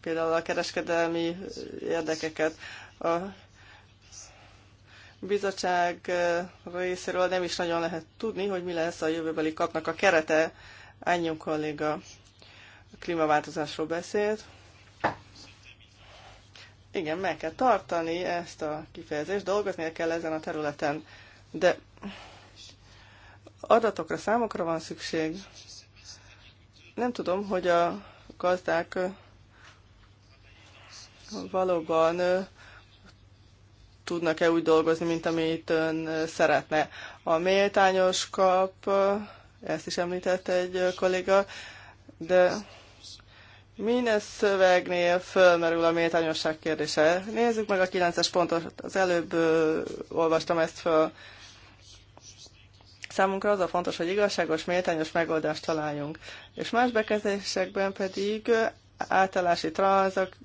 például a kereskedelmi érdekeket. A bizottság részéről nem is nagyon lehet tudni, hogy mi lesz a jövőbeli kapnak a kerete. Ányú kolléga a klímaváltozásról beszélt. Igen, meg kell tartani ezt a kifejezést, dolgozni kell ezen a területen, de adatokra, számokra van szükség. Nem tudom, hogy a gazdák valóban tudnak-e úgy dolgozni, mint amit ön szeretne. A méltányos kap, ezt is említette egy kolléga, de minden szövegnél fölmerül a méltányosság kérdése. Nézzük meg a 9-es pontot, az előbb ö, olvastam ezt föl. Számunkra az a fontos, hogy igazságos, méltányos megoldást találjunk. És más bekezdésekben pedig általási tranzak,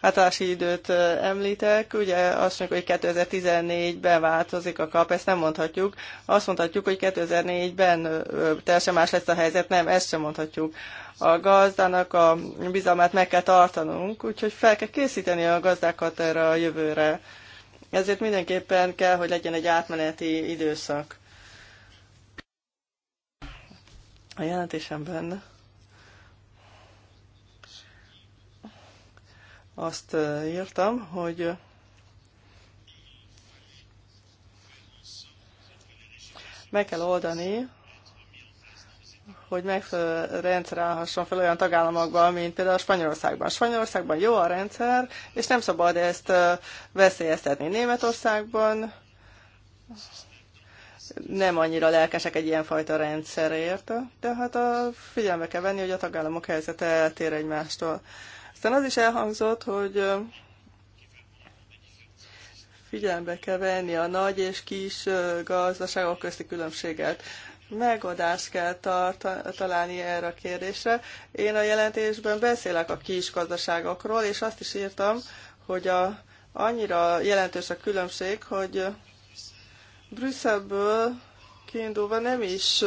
Hatási időt említek, ugye azt mondjuk, hogy 2014-ben változik a kap, ezt nem mondhatjuk. Azt mondhatjuk, hogy 2004-ben teljesen más lesz a helyzet, nem, ezt sem mondhatjuk. A gazdának a bizalmát meg kell tartanunk, úgyhogy fel kell készíteni a gazdákat erre a jövőre. Ezért mindenképpen kell, hogy legyen egy átmeneti időszak. A benne. azt írtam, hogy meg kell oldani, hogy megfelelő rendszer állhasson fel olyan tagállamokban, mint például Spanyolországban. Spanyolországban jó a rendszer, és nem szabad ezt veszélyeztetni. Németországban nem annyira lelkesek egy ilyenfajta rendszerért, de hát a, figyelme kell venni, hogy a tagállamok helyzete eltér egymástól. Aztán az is elhangzott, hogy figyelembe kell venni a nagy és kis gazdaságok közti különbséget. Megadást kell tart találni erre a kérdésre. Én a jelentésben beszélek a kis gazdaságokról, és azt is írtam, hogy a, annyira jelentős a különbség, hogy Brüsszelből kiindulva nem is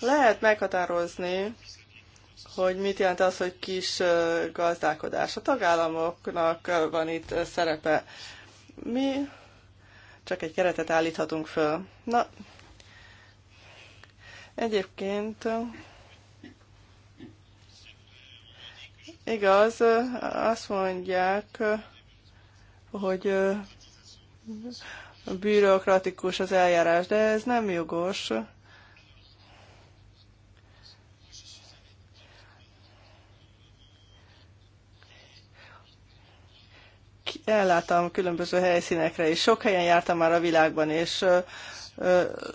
lehet meghatározni hogy mit jelent az, hogy kis gazdálkodás. A tagállamoknak van itt szerepe. Mi csak egy keretet állíthatunk föl. Na, egyébként igaz, azt mondják, hogy bürokratikus az eljárás, de ez nem jogos elláttam különböző helyszínekre, és sok helyen jártam már a világban, és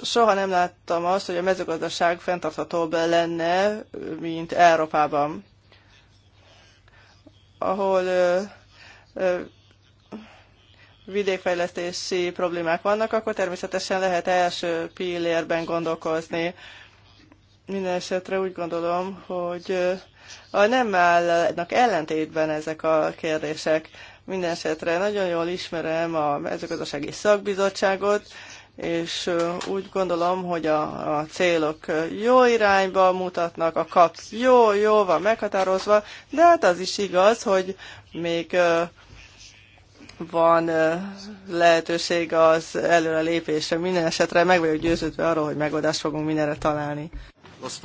soha nem láttam azt, hogy a mezőgazdaság fenntarthatóbb lenne, mint Európában, ahol vidékfejlesztési problémák vannak, akkor természetesen lehet első pillérben gondolkozni. Minden esetre úgy gondolom, hogy nem állnak ellentétben ezek a kérdések. Mindenesetre esetre nagyon jól ismerem a mezőgazdasági szakbizottságot, és úgy gondolom, hogy a, a célok jó irányba mutatnak, a kap jó, jó van meghatározva, de hát az is igaz, hogy még van lehetőség az előrelépésre. Minden esetre meg vagyok győződve arról, hogy megoldást fogunk mindenre találni. Az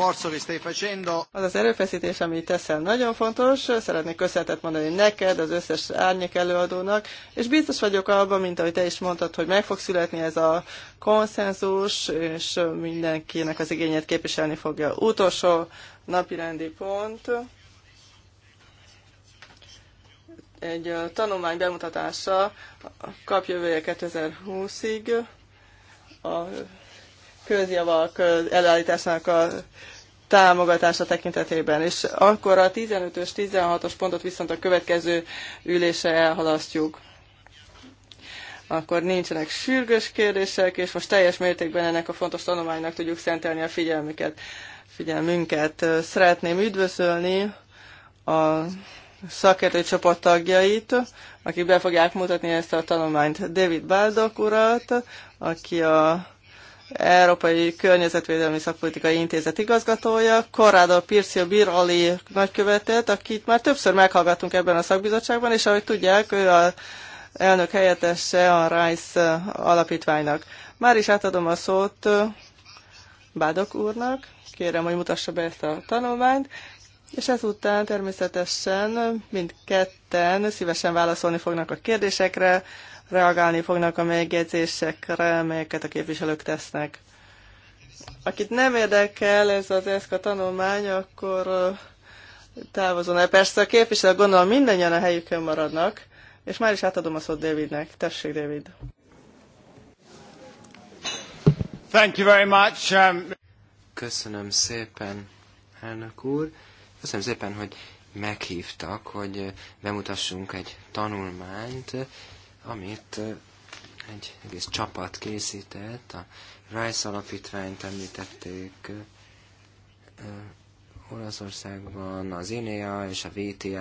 az erőfeszítés, amit teszel, nagyon fontos. Szeretnék köszönetet mondani neked, az összes árnyék előadónak, és biztos vagyok abban, mint ahogy te is mondtad, hogy meg fog születni ez a konszenzus, és mindenkinek az igényét képviselni fogja. Utolsó napirendi pont egy tanulmány bemutatása kap jövője 2020-ig a közjavak elállításának a támogatása tekintetében. És akkor a 15-ös, 16-os pontot viszont a következő ülése elhalasztjuk. Akkor nincsenek sürgős kérdések, és most teljes mértékben ennek a fontos tanulmánynak tudjuk szentelni a figyelmüket. figyelmünket. Szeretném üdvözölni a szakértői csoport tagjait, akik be fogják mutatni ezt a tanulmányt. David Baldock urat, aki a Európai Környezetvédelmi Szakpolitikai Intézet igazgatója, Corrado Pircio Biroli nagykövetet, akit már többször meghallgattunk ebben a szakbizottságban, és ahogy tudják, ő a elnök helyettese a Rice alapítványnak. Már is átadom a szót Bádok úrnak, kérem, hogy mutassa be ezt a tanulmányt, és ezután természetesen mindketten szívesen válaszolni fognak a kérdésekre, reagálni fognak a megjegyzésekre, melyeket a képviselők tesznek. Akit nem érdekel ez az ESZKA tanulmány, akkor távozom el. Persze a képviselők gondolom mindannyian a helyükön maradnak, és már is átadom a szót Davidnek. Tessék, David! Thank you very much. Um... Köszönöm szépen, elnök úr. Köszönöm szépen, hogy meghívtak, hogy bemutassunk egy tanulmányt, amit egy egész csapat készített, a Rice alapítványt említették, Olaszországban, az INEA és a VTI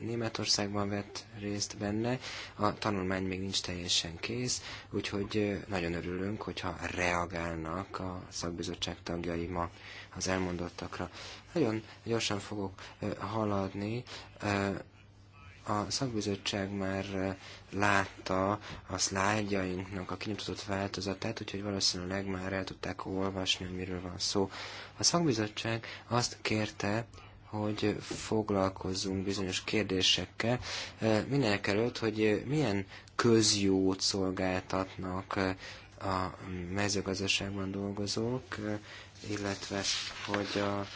Németországban vett részt benne. A tanulmány még nincs teljesen kész, úgyhogy nagyon örülünk, hogyha reagálnak a szakbizottság tagjai ma az elmondottakra. Nagyon gyorsan fogok haladni. A szakbizottság már eh, látta a szlájdjainknak a kinyitott változatát, úgyhogy valószínűleg már el tudták olvasni, hogy miről van szó. A szakbizottság azt kérte, hogy foglalkozzunk bizonyos kérdésekkel. Eh, mindenek előtt, hogy milyen közjót szolgáltatnak eh, a mezőgazdaságban dolgozók, illetve hogy a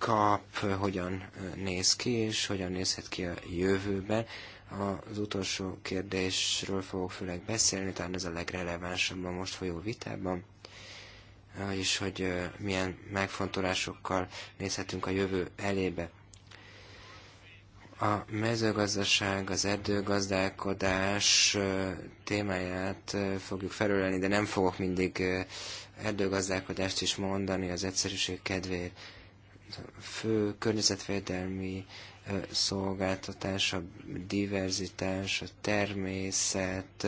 kap hogyan néz ki, és hogyan nézhet ki a jövőben. Az utolsó kérdésről fogok főleg beszélni, talán ez a legrelevánsabb a most folyó vitában, és hogy milyen megfontolásokkal nézhetünk a jövő elébe. A mezőgazdaság, az erdőgazdálkodás témáját fogjuk felölelni, de nem fogok mindig erdőgazdálkodást is mondani az egyszerűség kedvéért fő környezetvédelmi szolgáltatás, a diverzitás, a természet,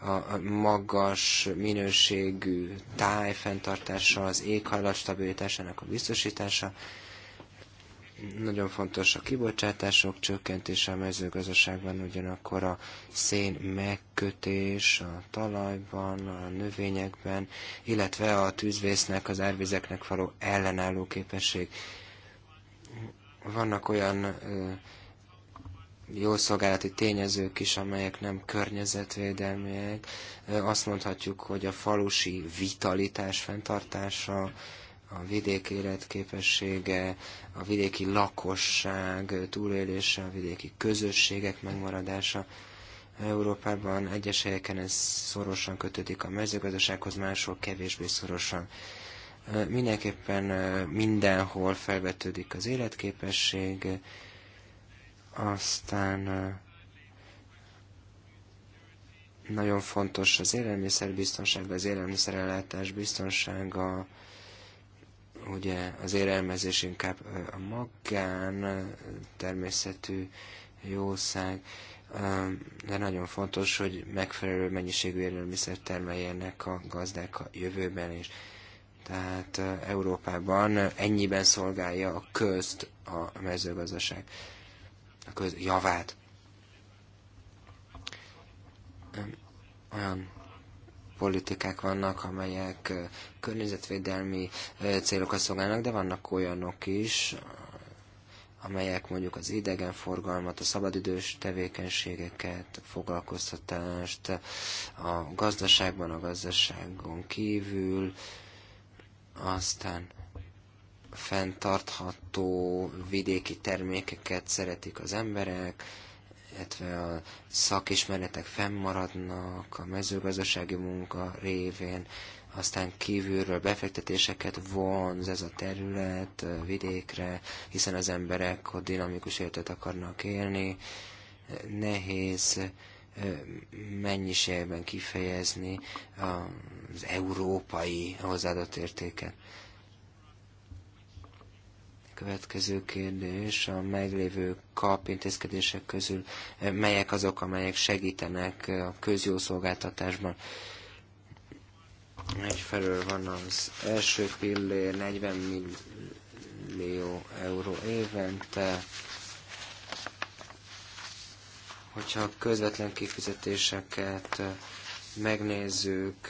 a magas minőségű táj fenntartása, az éghajlat stabilitásának a biztosítása, nagyon fontos a kibocsátások csökkentése a mezőgazdaságban, ugyanakkor a szén megkötés a talajban, a növényekben, illetve a tűzvésznek, az árvizeknek való ellenálló képesség. Vannak olyan jószolgálati tényezők is, amelyek nem környezetvédelmiek. Azt mondhatjuk, hogy a falusi vitalitás fenntartása, a vidék életképessége, a vidéki lakosság túlélése, a vidéki közösségek megmaradása. Európában egyes helyeken ez szorosan kötődik a mezőgazdasághoz, máshol kevésbé szorosan. Mindenképpen mindenhol felvetődik az életképesség, aztán nagyon fontos az élelmiszerbiztonság, az élelmiszerellátás biztonsága, ugye az érelmezés inkább a magán természetű jószág, de nagyon fontos, hogy megfelelő mennyiségű élelmiszer termeljenek a gazdák a jövőben is. Tehát Európában ennyiben szolgálja a közt a mezőgazdaság, a köz javát. Olyan politikák vannak, amelyek környezetvédelmi célokat szolgálnak, de vannak olyanok is, amelyek mondjuk az idegenforgalmat, a szabadidős tevékenységeket, a foglalkoztatást, a gazdaságban, a gazdaságon kívül, aztán fenntartható vidéki termékeket szeretik az emberek, illetve a szakismeretek fennmaradnak a mezőgazdasági munka révén, aztán kívülről befektetéseket vonz ez a terület vidékre, hiszen az emberek ott dinamikus életet akarnak élni, nehéz mennyiségben kifejezni az európai hozzáadott értéket. Következő kérdés, a meglévő kap intézkedések közül eh, melyek azok, amelyek segítenek eh, a közjószolgáltatásban? Egyfelől van az első pillér, 40 millió euró évente, hogyha a közvetlen kifizetéseket eh, megnézzük,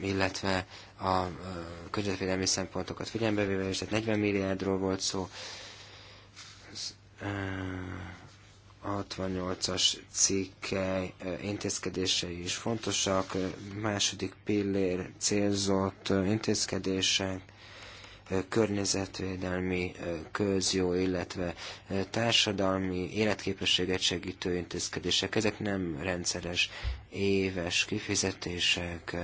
illetve a környezetvédelmi szempontokat figyelembe véve, és tehát 40 milliárdról volt szó. 68-as cikkei intézkedései is fontosak, második pillér célzott intézkedések, környezetvédelmi, közjó, illetve társadalmi életképességet segítő intézkedések. Ezek nem rendszeres éves kifizetések,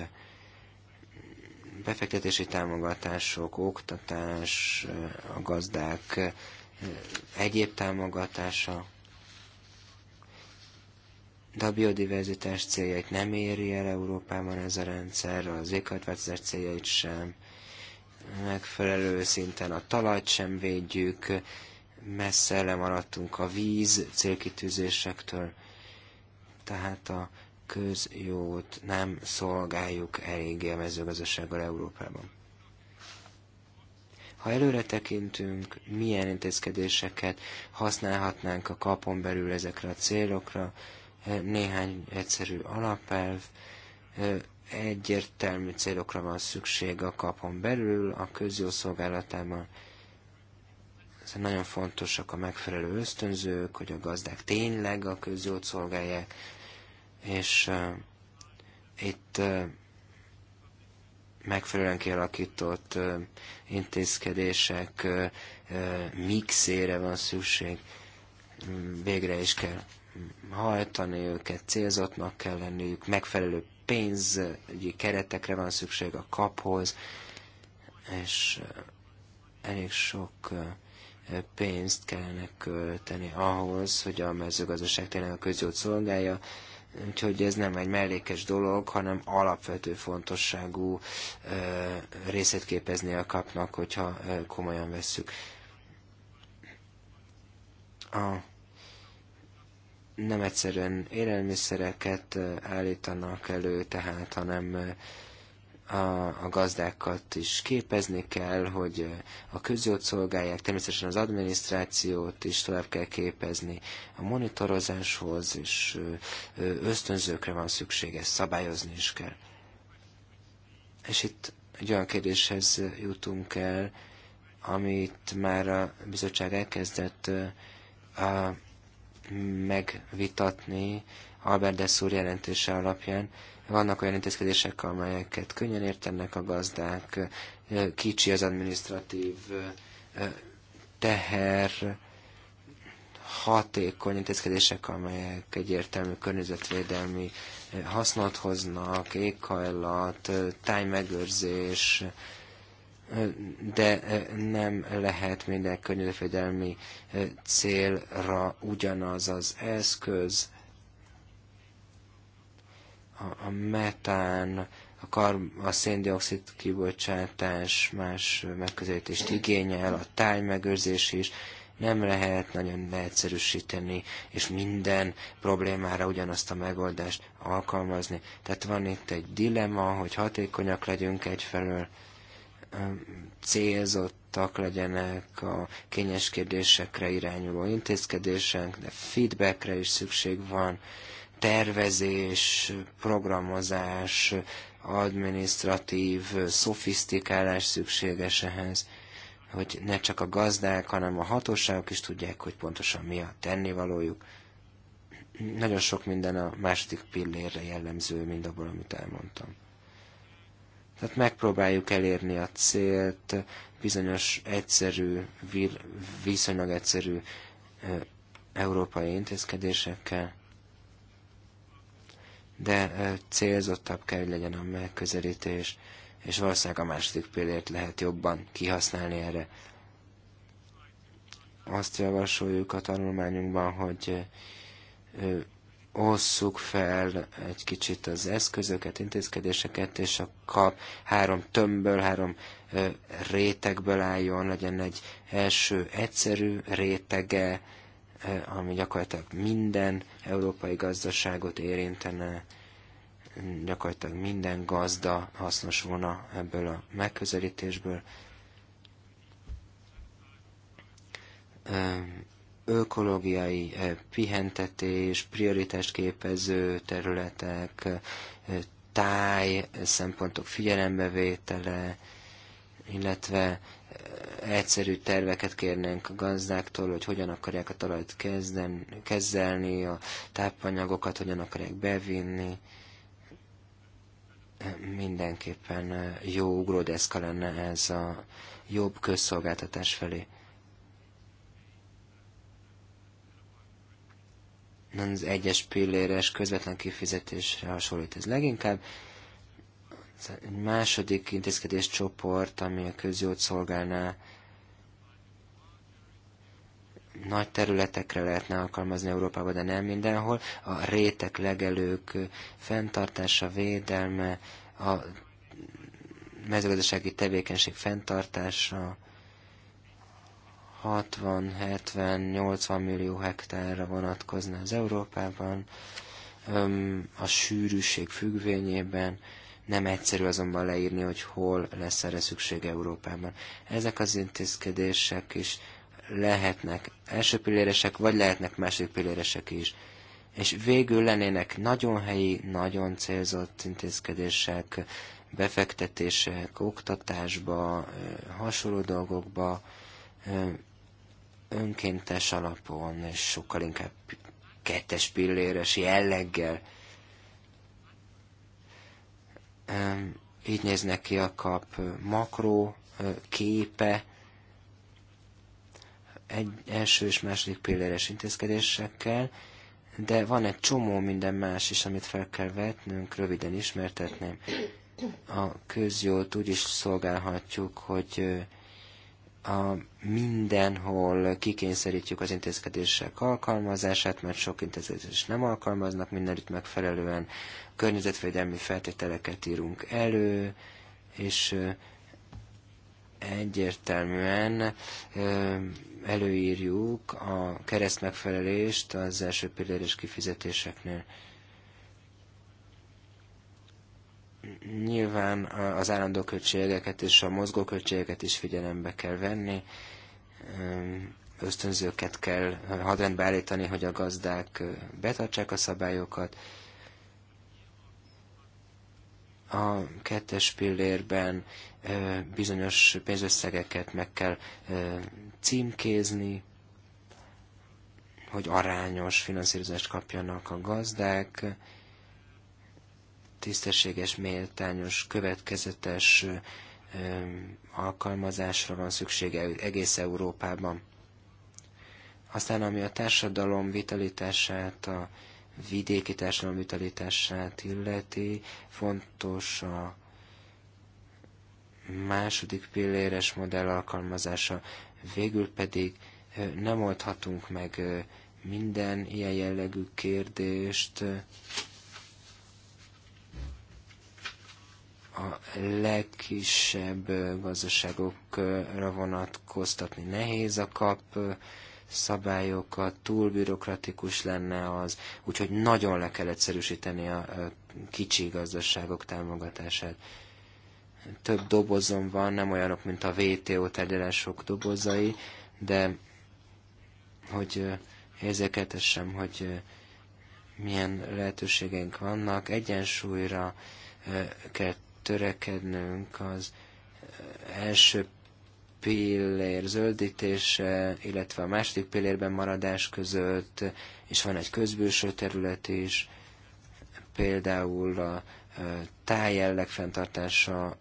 Befektetési támogatások, oktatás, a gazdák eh, egyéb támogatása, de a biodiverzitás céljait nem éri el Európában ez a rendszer, az éghajlatváltozás céljait sem, megfelelő szinten a talajt sem védjük, messze lemaradtunk a víz célkitűzésektől, tehát a közjót nem szolgáljuk eléggé a mezőgazdasággal Európában. Ha előre tekintünk, milyen intézkedéseket használhatnánk a kapon belül ezekre a célokra, néhány egyszerű alapelv, egyértelmű célokra van szükség a kapon belül, a közjó szolgálatában Ez nagyon fontosak a megfelelő ösztönzők, hogy a gazdák tényleg a közjót szolgálják, és eh, itt eh, megfelelően kialakított eh, intézkedések mixére van szükség, végre is kell hajtani őket, célzottnak kell lenniük, megfelelő pénzügyi keretekre van szükség a kaphoz, és elég sok pénzt kellene költeni ahhoz, hogy a mezőgazdaság tényleg a közjót szolgálja, Úgyhogy ez nem egy mellékes dolog, hanem alapvető fontosságú részét képezni a kapnak, hogyha komolyan vesszük. A nem egyszerűen élelmiszereket állítanak elő, tehát, hanem a, a gazdákat is képezni kell, hogy a közjót szolgálják, természetesen az adminisztrációt is tovább kell képezni, a monitorozáshoz és ösztönzőkre van szüksége, szabályozni is kell. És itt egy olyan kérdéshez jutunk el, amit már a bizottság elkezdett a, megvitatni Albert Dessur jelentése alapján, vannak olyan intézkedések, amelyeket könnyen értenek a gazdák, kicsi az administratív teher, hatékony intézkedések, amelyek egyértelmű környezetvédelmi hasznot hoznak, éghajlat, tájmegőrzés, de nem lehet minden környezetvédelmi célra ugyanaz az eszköz a metán, a, kar, a széndiokszid kibocsátás más megközelítést igényel, a táj megőrzés is, nem lehet nagyon leegyszerűsíteni, és minden problémára ugyanazt a megoldást alkalmazni. Tehát van itt egy dilema, hogy hatékonyak legyünk egyfelől, célzottak legyenek a kényes kérdésekre irányuló intézkedések, de feedbackre is szükség van, tervezés, programozás, administratív szofisztikálás szükséges ehhez, hogy ne csak a gazdák, hanem a hatóságok is tudják, hogy pontosan mi a tennivalójuk. Nagyon sok minden a második pillérre jellemző, mint abból, amit elmondtam. Tehát megpróbáljuk elérni a célt, bizonyos egyszerű, viszonylag egyszerű európai intézkedésekkel, de célzottabb kell, hogy legyen a megközelítés, és valószínűleg a második pillért lehet jobban kihasználni erre. Azt javasoljuk a tanulmányunkban, hogy osszuk fel egy kicsit az eszközöket, intézkedéseket, és a kap három tömbből, három rétegből álljon, legyen egy első egyszerű rétege, Eh, ami gyakorlatilag minden európai gazdaságot érintene, gyakorlatilag minden gazda hasznos volna ebből a megközelítésből. Eh, ökológiai eh, pihentetés, prioritást képező területek, táj szempontok figyelembevétele, illetve egyszerű terveket kérnénk a gazdáktól, hogy hogyan akarják a talajt kezden, kezelni, a tápanyagokat hogyan akarják bevinni. Mindenképpen jó ugródeszka lenne ez a jobb közszolgáltatás felé. az egyes pilléres közvetlen kifizetésre hasonlít ez leginkább. Egy második intézkedés csoport, ami a közjót szolgálná, nagy területekre lehetne alkalmazni Európában, de nem mindenhol. A rétek legelők fenntartása, védelme, a mezőgazdasági tevékenység fenntartása, 60-70-80 millió hektárra vonatkozna az Európában, a sűrűség függvényében, nem egyszerű azonban leírni, hogy hol lesz erre szükség Európában. Ezek az intézkedések is lehetnek első pilléresek, vagy lehetnek második pilléresek is. És végül lennének nagyon helyi, nagyon célzott intézkedések, befektetések, oktatásba, hasonló dolgokba, önkéntes alapon, és sokkal inkább kettes pilléres jelleggel így néznek ki a kap makró képe, egy első és második pilléres intézkedésekkel, de van egy csomó minden más is, amit fel kell vetnünk, röviden ismertetném. A közjót úgy is szolgálhatjuk, hogy a mindenhol kikényszerítjük az intézkedések alkalmazását, mert sok intézkedés nem alkalmaznak mindenütt megfelelően, környezetvédelmi feltételeket írunk elő, és egyértelműen előírjuk a keresztmegfelelést az első pilléres kifizetéseknél. Nyilván az állandó költségeket és a mozgó költségeket is figyelembe kell venni, ösztönzőket kell hadrendbe állítani, hogy a gazdák betartsák a szabályokat, a kettes pillérben bizonyos pénzösszegeket meg kell címkézni, hogy arányos finanszírozást kapjanak a gazdák, tisztességes, méltányos, következetes alkalmazásra van szüksége egész Európában. Aztán, ami a társadalom vitalitását, a vidéki társadalom ütelítását illeti, fontos a második pilléres modell alkalmazása, végül pedig nem oldhatunk meg minden ilyen jellegű kérdést, a legkisebb gazdaságokra vonatkoztatni nehéz a kap szabályokat, túl bürokratikus lenne az, úgyhogy nagyon le kell egyszerűsíteni a, a kicsi gazdaságok támogatását. Több dobozom van, nem olyanok, mint a WTO tárgyalások dobozai, de hogy érzékeltessem, hogy milyen lehetőségeink vannak, egyensúlyra kell törekednünk az első pillér zöldítése, illetve a második pillérben maradás között, és van egy közbőső terület is, például a tájjelleg fenntartása,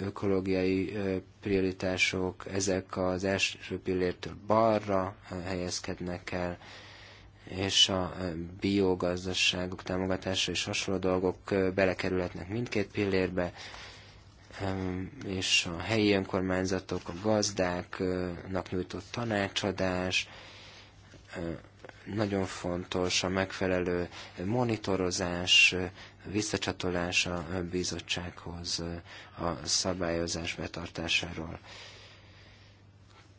ökológiai prioritások, ezek az első pillértől balra helyezkednek el, és a biogazdaságok támogatása és hasonló dolgok belekerülhetnek mindkét pillérbe, és a helyi önkormányzatok, a gazdáknak nyújtott tanácsadás, nagyon fontos a megfelelő monitorozás, visszacsatolás a bizottsághoz a szabályozás betartásáról.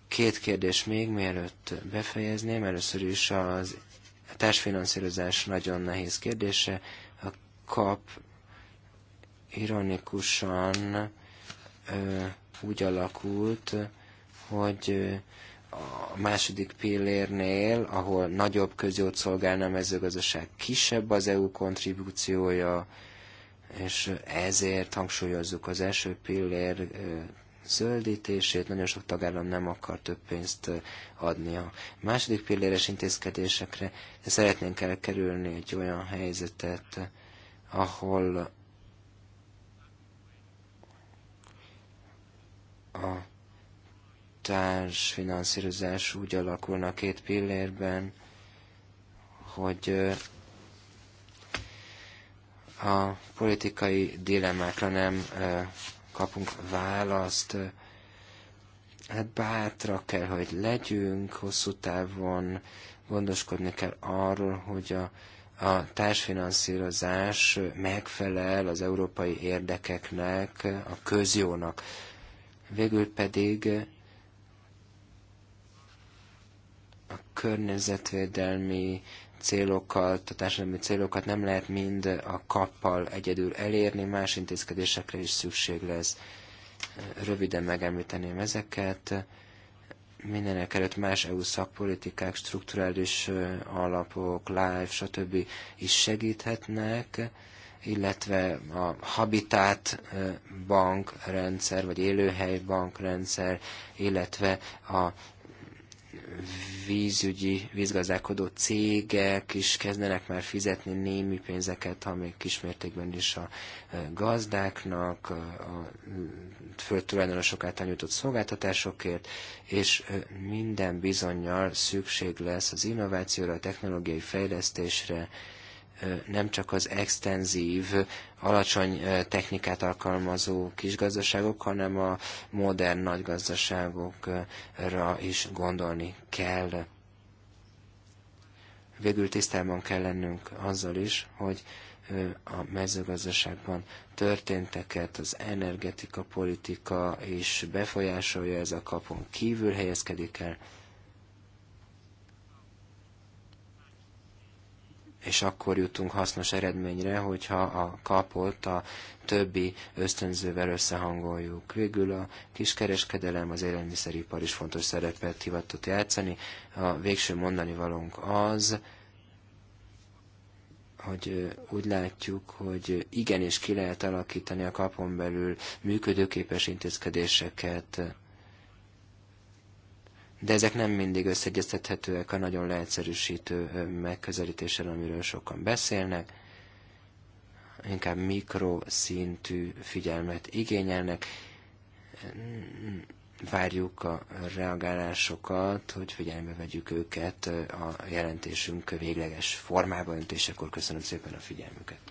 Két kérdés még, mielőtt befejezném. Először is az társfinanszírozás nagyon nehéz kérdése. A kap ironikusan úgy alakult, hogy a második pillérnél, ahol nagyobb közjót szolgálna a mezőgazdaság, kisebb az EU kontribúciója, és ezért hangsúlyozzuk az első pillér zöldítését, nagyon sok tagállam nem akar több pénzt adni a második pilléres intézkedésekre, de szeretnénk elkerülni egy olyan helyzetet, ahol a társfinanszírozás úgy alakulna két pillérben, hogy a politikai dilemmákra nem kapunk választ. Hát bátrak kell, hogy legyünk hosszú távon, gondoskodni kell arról, hogy a, a társfinanszírozás megfelel az európai érdekeknek, a közjónak Végül pedig a környezetvédelmi célokat, a társadalmi célokat nem lehet mind a kappal egyedül elérni, más intézkedésekre is szükség lesz. Röviden megemlíteném ezeket. Mindenek előtt más EU szakpolitikák, strukturális alapok, live, stb. is segíthetnek illetve a Habitat bankrendszer, vagy élőhely bankrendszer, illetve a vízügyi, vízgazdálkodó cégek is kezdenek már fizetni némi pénzeket, ha még kismértékben is a gazdáknak, a földtulajdonosok által nyújtott szolgáltatásokért, és minden bizonyal szükség lesz az innovációra, a technológiai fejlesztésre, nem csak az extenzív, alacsony technikát alkalmazó kisgazdaságok, hanem a modern nagygazdaságokra is gondolni kell. Végül tisztában kell lennünk azzal is, hogy a mezőgazdaságban történteket az energetika politika is befolyásolja, ez a kapon kívül helyezkedik el. és akkor jutunk hasznos eredményre, hogyha a kapot a többi ösztönzővel összehangoljuk. Végül a kiskereskedelem, az élelmiszeripar is fontos szerepet hivatott játszani. A végső mondani valónk az, hogy úgy látjuk, hogy igenis ki lehet alakítani a kapon belül működőképes intézkedéseket, de ezek nem mindig összeegyeztethetőek a nagyon leegyszerűsítő megközelítéssel, amiről sokan beszélnek, inkább mikroszintű figyelmet igényelnek. Várjuk a reagálásokat, hogy figyelembe vegyük őket a jelentésünk végleges formába öntésekor. Köszönöm szépen a figyelmüket.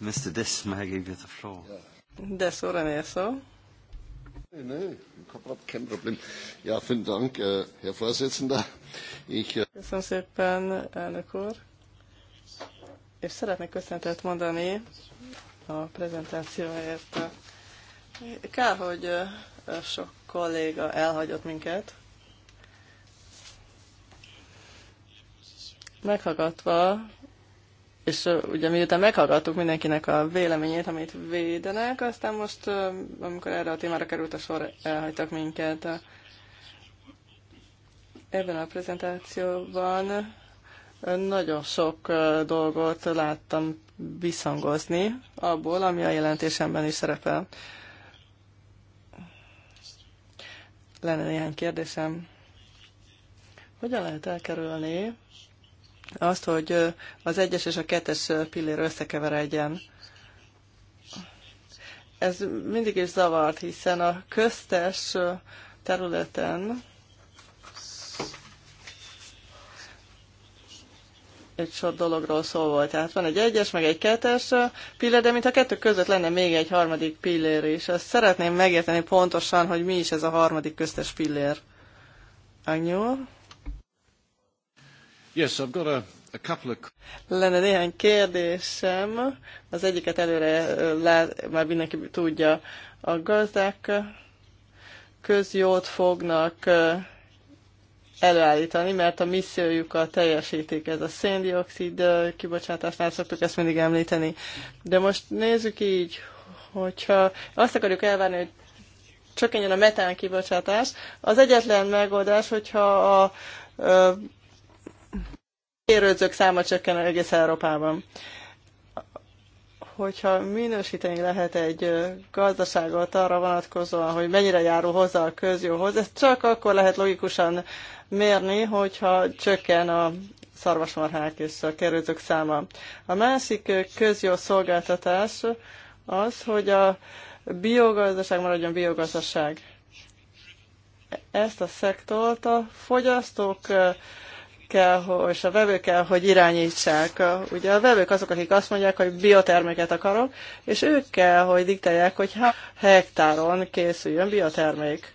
Mr. Dis, may I give you the floor? Dess, ora ne szó. Nein, kein Problem. Ja, vielen Dank, äh, Herr Vorsitzender. Ich, äh, Köszönöm szépen, elnök úr. És szeretnék köszönetet mondani a prezentációért. Kár, hogy sok kolléga elhagyott minket. Meghallgatva és ugye miután meghallgattuk mindenkinek a véleményét, amit védenek, aztán most, amikor erre a témára került a sor, elhagytak minket. Ebben a prezentációban nagyon sok dolgot láttam visszhangozni abból, ami a jelentésemben is szerepel. Lenne néhány kérdésem. Hogyan lehet elkerülni, azt, hogy az egyes és a kettes pillér összekeveredjen. Ez mindig is zavart, hiszen a köztes területen egy sor dologról szó volt. Tehát van egy egyes, meg egy kettes pillér, de mintha kettő között lenne még egy harmadik pillér is. Azt szeretném megérteni pontosan, hogy mi is ez a harmadik köztes pillér. Agnyúl? Yes, I've got a, a couple of... Lenne néhány kérdésem. Az egyiket előre lát, már mindenki tudja. A gazdák közjót fognak előállítani, mert a missziójukat teljesítik. Ez a széndiokszid kibocsátásnál szoktuk ezt mindig említeni. De most nézzük így, hogyha azt akarjuk elvárni, hogy csökkenjen a metán kibocsátás, az egyetlen megoldás, hogyha a mérődzők száma csökken egész Európában. Hogyha minősíteni lehet egy gazdaságot arra vonatkozóan, hogy mennyire járul hozzá a közjóhoz, ezt csak akkor lehet logikusan mérni, hogyha csökken a szarvasmarhák és a kerőzők száma. A másik közjó szolgáltatás az, hogy a biogazdaság maradjon biogazdaság. Ezt a szektort a fogyasztók kell, és a vevők kell, hogy irányítsák. Ugye a vevők azok, akik azt mondják, hogy bioterméket akarok, és ők kell, hogy diktálják, hogy ha hektáron készüljön biotermék.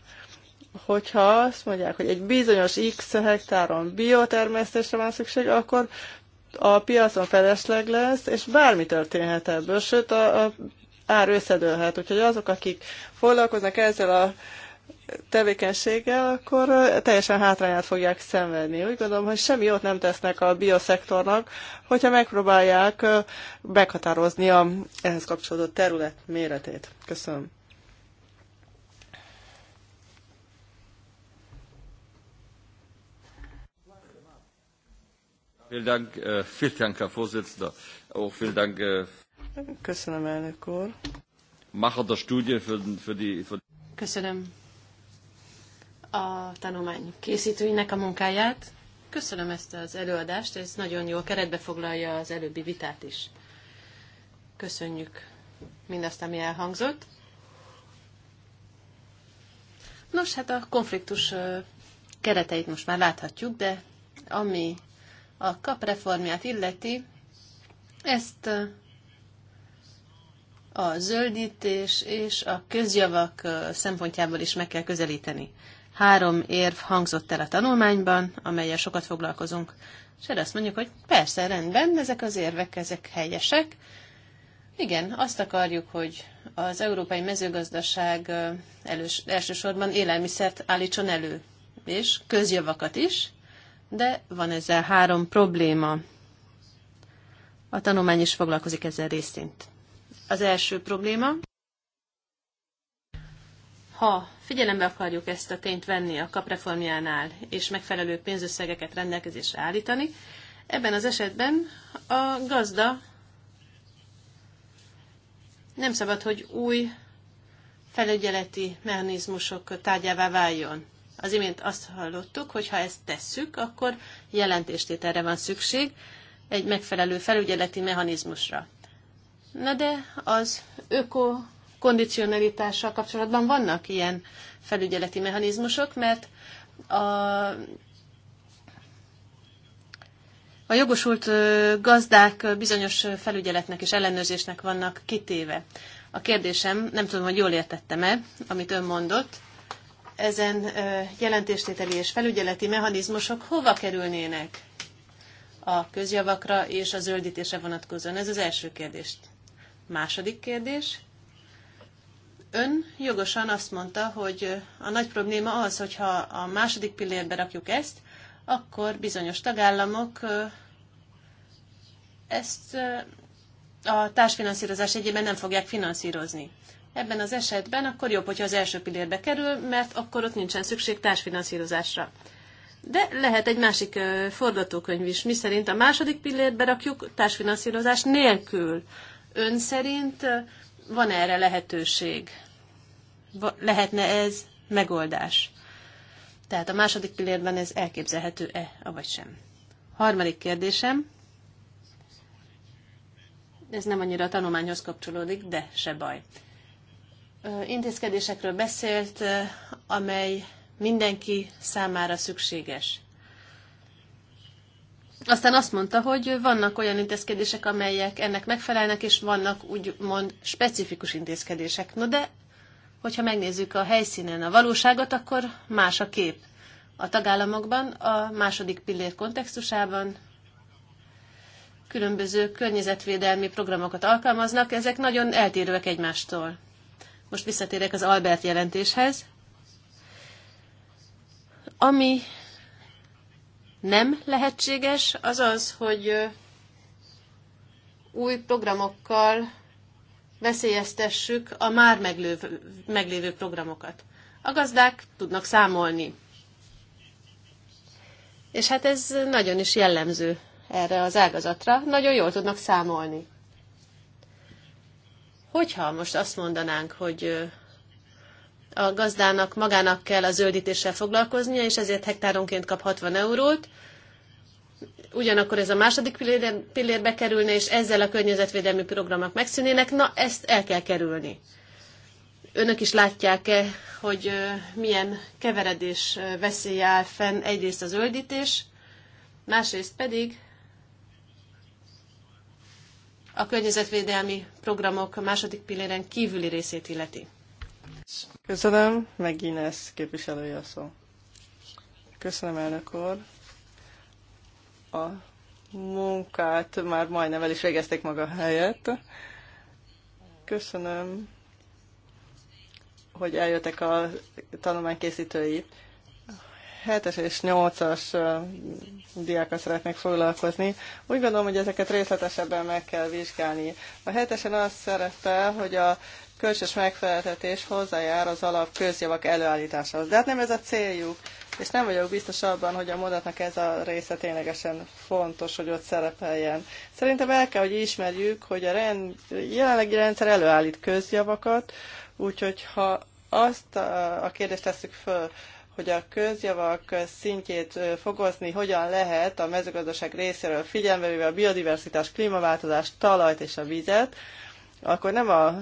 Hogyha azt mondják, hogy egy bizonyos X hektáron biotermesztésre van szükség, akkor a piacon felesleg lesz, és bármi történhet ebből, sőt a, a ár összedőlhet. Úgyhogy azok, akik foglalkoznak ezzel a tevékenységgel, akkor teljesen hátrányát fogják szenvedni. Úgy gondolom, hogy semmi jót nem tesznek a bioszektornak, hogyha megpróbálják meghatározni a ehhez kapcsolódó terület méretét. Köszönöm. Köszönöm, elnök úr. der Studie für, für die, Köszönöm a tanulmány készítőinek a munkáját. Köszönöm ezt az előadást, ez nagyon jól keretbe foglalja az előbbi vitát is. Köszönjük mindazt, ami elhangzott. Nos, hát a konfliktus kereteit most már láthatjuk, de ami a kap reformját illeti, ezt a zöldítés és a közjavak szempontjából is meg kell közelíteni. Három érv hangzott el a tanulmányban, amelyel sokat foglalkozunk. És erre hát azt mondjuk, hogy persze, rendben, ezek az érvek, ezek helyesek. Igen, azt akarjuk, hogy az európai mezőgazdaság elős, elsősorban élelmiszert állítson elő, és közjavakat is, de van ezzel három probléma. A tanulmány is foglalkozik ezzel részint. Az első probléma, ha figyelembe akarjuk ezt a tényt venni a kapreformjánál, és megfelelő pénzösszegeket rendelkezésre állítani, ebben az esetben a gazda nem szabad, hogy új felügyeleti mechanizmusok tárgyává váljon. Az imént azt hallottuk, hogy ha ezt tesszük, akkor jelentéstételre van szükség egy megfelelő felügyeleti mechanizmusra. Na de az öko kondicionalitással kapcsolatban vannak ilyen felügyeleti mechanizmusok, mert a, a jogosult gazdák bizonyos felügyeletnek és ellenőrzésnek vannak kitéve. A kérdésem, nem tudom, hogy jól értettem-e, amit ön mondott, ezen jelentéstételi és felügyeleti mechanizmusok hova kerülnének a közjavakra és a zöldítése vonatkozóan? Ez az első kérdés. Második kérdés. Ön jogosan azt mondta, hogy a nagy probléma az, hogyha a második pillérbe rakjuk ezt, akkor bizonyos tagállamok ezt a társfinanszírozás egyében nem fogják finanszírozni. Ebben az esetben akkor jobb, hogyha az első pillérbe kerül, mert akkor ott nincsen szükség társfinanszírozásra. De lehet egy másik forgatókönyv is, mi szerint a második pillérbe rakjuk társfinanszírozás nélkül. Ön szerint van -e erre lehetőség? Lehetne ez megoldás? Tehát a második pillérben ez elképzelhető-e, vagy sem? Harmadik kérdésem. Ez nem annyira a tanulmányhoz kapcsolódik, de se baj. Intézkedésekről beszélt, amely mindenki számára szükséges. Aztán azt mondta, hogy vannak olyan intézkedések, amelyek ennek megfelelnek, és vannak úgymond specifikus intézkedések. No de, hogyha megnézzük a helyszínen a valóságot, akkor más a kép. A tagállamokban, a második pillér kontextusában különböző környezetvédelmi programokat alkalmaznak, ezek nagyon eltérőek egymástól. Most visszatérek az Albert jelentéshez. Ami nem lehetséges, az az, hogy új programokkal veszélyeztessük a már meglévő, meglévő programokat. A gazdák tudnak számolni. És hát ez nagyon is jellemző erre az ágazatra, nagyon jól tudnak számolni. Hogyha most azt mondanánk, hogy a gazdának magának kell a zöldítéssel foglalkoznia, és ezért hektáronként kap 60 eurót. Ugyanakkor ez a második pillér, pillérbe kerülne, és ezzel a környezetvédelmi programok megszűnének. Na, ezt el kell kerülni. Önök is látják-e, hogy milyen keveredés veszély áll fenn egyrészt a zöldítés, másrészt pedig a környezetvédelmi programok második pilléren kívüli részét illeti. Köszönöm, meg Ines képviselője a szó. Köszönöm, elnök úr. A munkát már majdnem el is végezték maga helyett. Köszönöm, hogy eljöttek a tanulmánykészítői. 7-es és 8-as diákkal szeretnék foglalkozni. Úgy gondolom, hogy ezeket részletesebben meg kell vizsgálni. A 7-esen azt szerette, hogy a kölcsös megfeleltetés hozzájár az alap közjavak előállításához. De hát nem ez a céljuk, és nem vagyok biztos abban, hogy a mondatnak ez a része ténylegesen fontos, hogy ott szerepeljen. Szerintem el kell, hogy ismerjük, hogy a rend, jelenlegi rendszer előállít közjavakat, úgyhogy ha azt a kérdést tesszük föl, hogy a közjavak szintjét fokozni hogyan lehet a mezőgazdaság részéről figyelmevéve a biodiversitás, klímaváltozást, talajt és a vizet, akkor nem a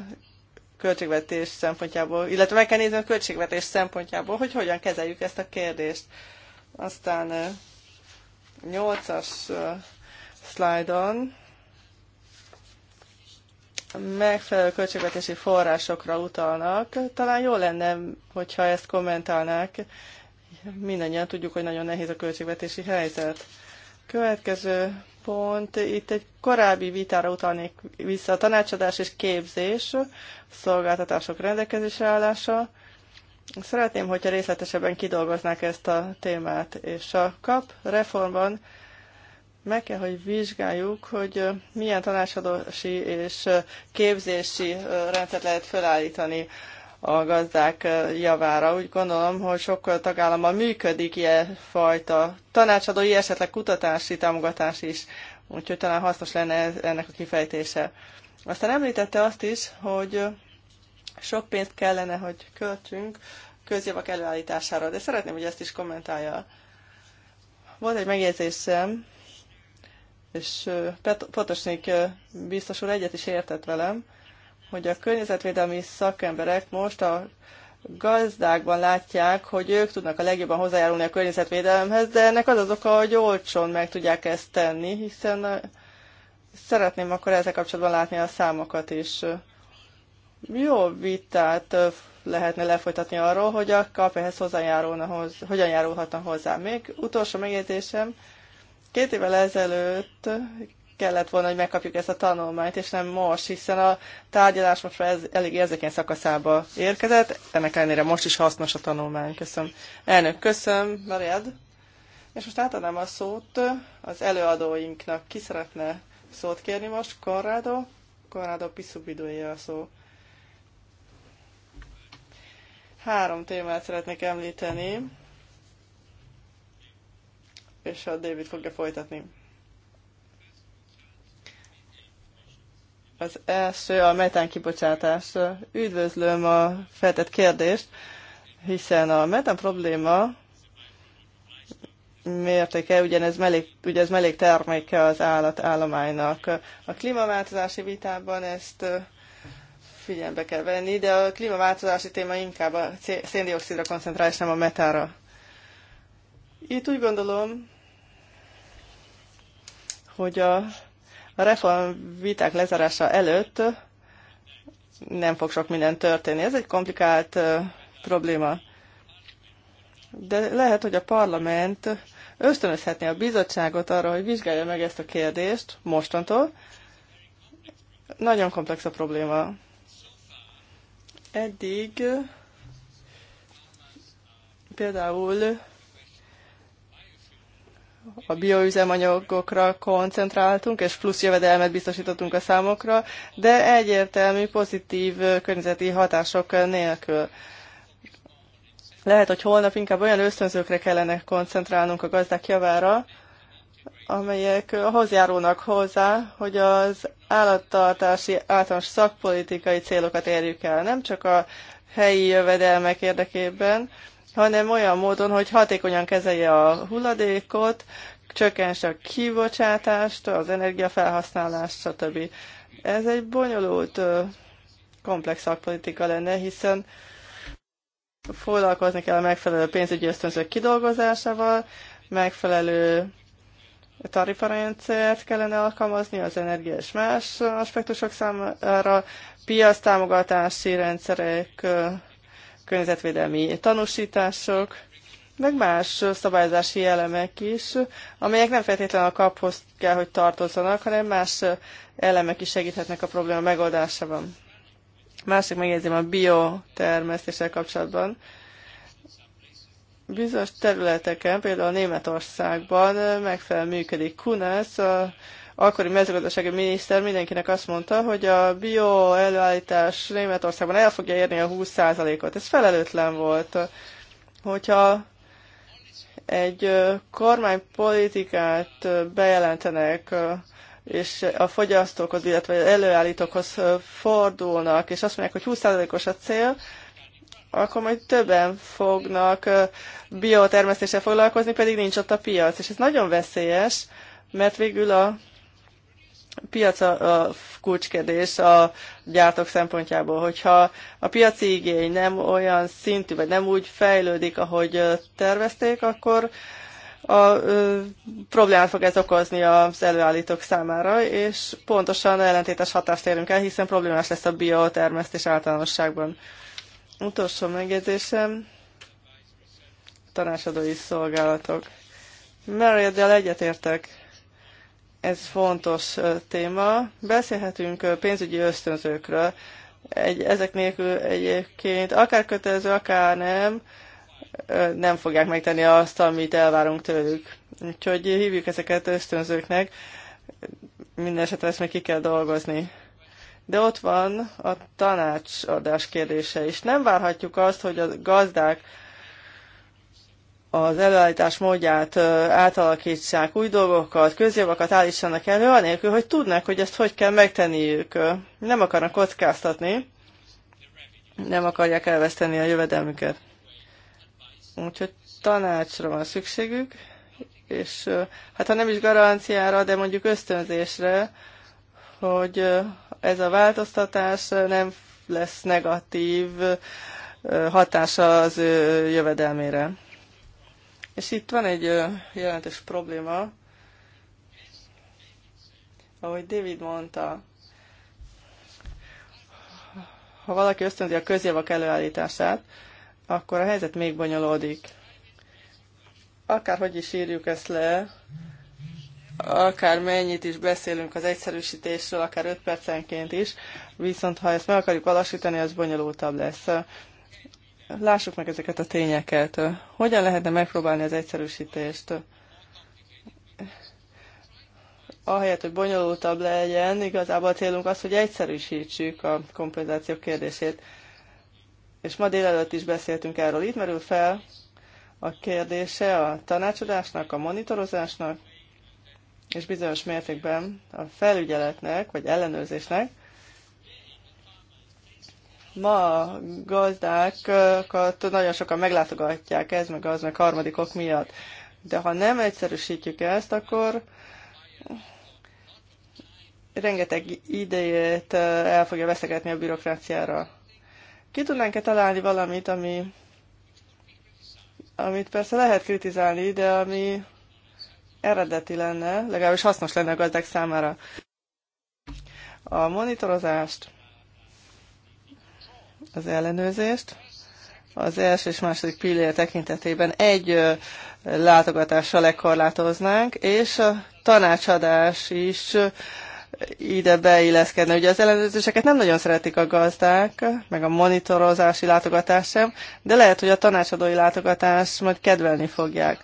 költségvetés szempontjából, illetve meg kell nézni a költségvetés szempontjából, hogy hogyan kezeljük ezt a kérdést. Aztán nyolcas szlájdon megfelelő költségvetési forrásokra utalnak. Talán jó lenne, hogyha ezt kommentálnák. Mindannyian tudjuk, hogy nagyon nehéz a költségvetési helyzet. Következő pont, itt egy korábbi vitára utalnék vissza, a tanácsadás és képzés, szolgáltatások rendelkezésre állása. Szeretném, hogyha részletesebben kidolgoznák ezt a témát, és a KAP reformban meg kell, hogy vizsgáljuk, hogy milyen tanácsadási és képzési rendszert lehet felállítani a gazdák javára. Úgy gondolom, hogy sok tagállamban működik ilyen fajta tanácsadói, esetleg kutatási támogatás is, úgyhogy talán hasznos lenne ez, ennek a kifejtése. Aztán említette azt is, hogy sok pénzt kellene, hogy költsünk közjavak előállítására, de szeretném, hogy ezt is kommentálja. Volt egy megjegyzésem, és Potosnik biztos úr egyet is értett velem, hogy a környezetvédelmi szakemberek most a gazdákban látják, hogy ők tudnak a legjobban hozzájárulni a környezetvédelemhez, de ennek az az oka, hogy olcsón meg tudják ezt tenni, hiszen szeretném akkor ezzel kapcsolatban látni a számokat is. Jó vitát lehetne lefolytatni arról, hogy a kap ehhez hozzájárulna, hogyan járulhatna hozzá. Még utolsó megjegyzésem, két évvel ezelőtt kellett volna, hogy megkapjuk ezt a tanulmányt, és nem most, hiszen a tárgyalás most már elég érzékeny szakaszába érkezett, ennek ellenére most is hasznos a tanulmány. Köszönöm. Elnök, köszönöm, Mariad. És most átadnám a szót az előadóinknak. Ki szeretne szót kérni most? Conrado? Conrado piszubidója a szó. Három témát szeretnék említeni, és a David fogja folytatni. Az első a metán kibocsátás. Üdvözlöm a feltett kérdést, hiszen a metán probléma mértéke, ugyanez mellék, ugye ez mellék terméke az állat állománynak. A klímaváltozási vitában ezt figyelembe kell venni, de a klímaváltozási téma inkább a széndiokszidra koncentrál, és nem a metára. Itt úgy gondolom, hogy a a reformviták lezárása előtt nem fog sok minden történni. Ez egy komplikált probléma. De lehet, hogy a parlament ösztönözhetné a bizottságot arra, hogy vizsgálja meg ezt a kérdést mostantól. Nagyon komplex a probléma. Eddig például a bioüzemanyagokra koncentráltunk, és plusz jövedelmet biztosítottunk a számokra, de egyértelmű pozitív környezeti hatások nélkül. Lehet, hogy holnap inkább olyan ösztönzőkre kellene koncentrálnunk a gazdák javára, amelyek hozzájárulnak hozzá, hogy az állattartási általános szakpolitikai célokat érjük el, nem csak a helyi jövedelmek érdekében, hanem olyan módon, hogy hatékonyan kezelje a hulladékot, csökkentse a kibocsátást, az energiafelhasználást, stb. Ez egy bonyolult, komplex szakpolitika lenne, hiszen foglalkozni kell a megfelelő pénzügyi ösztönzők kidolgozásával, megfelelő tarifarendszert kellene alkalmazni az energia és más aspektusok számára, piac támogatási rendszerek környezetvédelmi tanúsítások, meg más szabályozási elemek is, amelyek nem feltétlenül a kaphoz kell, hogy tartozzanak, hanem más elemek is segíthetnek a probléma megoldásában. Másik megjegyzem a biotermesztéssel kapcsolatban. Bizonyos területeken, például Németországban megfelelően működik Kunesz, akkori mezőgazdasági miniszter mindenkinek azt mondta, hogy a bio előállítás Németországban el fogja érni a 20%-ot. Ez felelőtlen volt. Hogyha egy kormánypolitikát bejelentenek, és a fogyasztókhoz, illetve előállítókhoz fordulnak, és azt mondják, hogy 20%-os a cél, akkor majd többen fognak biotermesztéssel foglalkozni, pedig nincs ott a piac. És ez nagyon veszélyes, mert végül a piac a, a kulcskedés a gyártók szempontjából. Hogyha a piaci igény nem olyan szintű, vagy nem úgy fejlődik, ahogy tervezték, akkor a ö, problémát fog ez okozni az előállítók számára, és pontosan ellentétes hatást érünk el, hiszen problémás lesz a biotermesztés általánosságban. Utolsó megjegyzésem, tanácsadói szolgálatok. Mert egyetértek ez fontos téma. Beszélhetünk pénzügyi ösztönzőkről. Egy, ezek nélkül egyébként akár kötelező, akár nem, nem fogják megtenni azt, amit elvárunk tőlük. Úgyhogy hívjuk ezeket ösztönzőknek. Minden esetre ezt még ki kell dolgozni. De ott van a tanácsadás kérdése is. Nem várhatjuk azt, hogy a gazdák az előállítás módját átalakítsák, új dolgokat, közjavakat állítsanak elő, anélkül, hogy tudnák, hogy ezt hogy kell megtenniük. Nem akarnak kockáztatni, nem akarják elveszteni a jövedelmüket. Úgyhogy tanácsra van szükségük, és hát ha nem is garanciára, de mondjuk ösztönzésre, hogy ez a változtatás nem lesz negatív hatása az jövedelmére. És itt van egy jelentős probléma, ahogy David mondta, ha valaki ösztönzi a közjavak előállítását, akkor a helyzet még bonyolódik. Akárhogy is írjuk ezt le, akár mennyit is beszélünk az egyszerűsítésről, akár 5 percenként is, viszont ha ezt meg akarjuk valósítani, az bonyolultabb lesz. Lássuk meg ezeket a tényeket. Hogyan lehetne megpróbálni az egyszerűsítést? Ahelyett, hogy bonyolultabb legyen, igazából a célunk az, hogy egyszerűsítsük a kompenzáció kérdését. És ma délelőtt is beszéltünk erről. Itt merül fel a kérdése a tanácsadásnak, a monitorozásnak, és bizonyos mértékben a felügyeletnek, vagy ellenőrzésnek, Ma a gazdákat nagyon sokan meglátogatják ez, meg az, meg harmadikok miatt. De ha nem egyszerűsítjük ezt, akkor rengeteg idejét eh, el fogja veszegetni a bürokráciára. Ki tudnánk-e találni valamit, ami, amit persze lehet kritizálni, de ami eredeti lenne, legalábbis hasznos lenne a gazdák számára. A monitorozást az ellenőrzést. Az első és második pillér tekintetében egy látogatással lekorlátoznánk, és a tanácsadás is ide beilleszkedne. Ugye az ellenőrzéseket nem nagyon szeretik a gazdák, meg a monitorozási látogatás sem, de lehet, hogy a tanácsadói látogatás majd kedvelni fogják.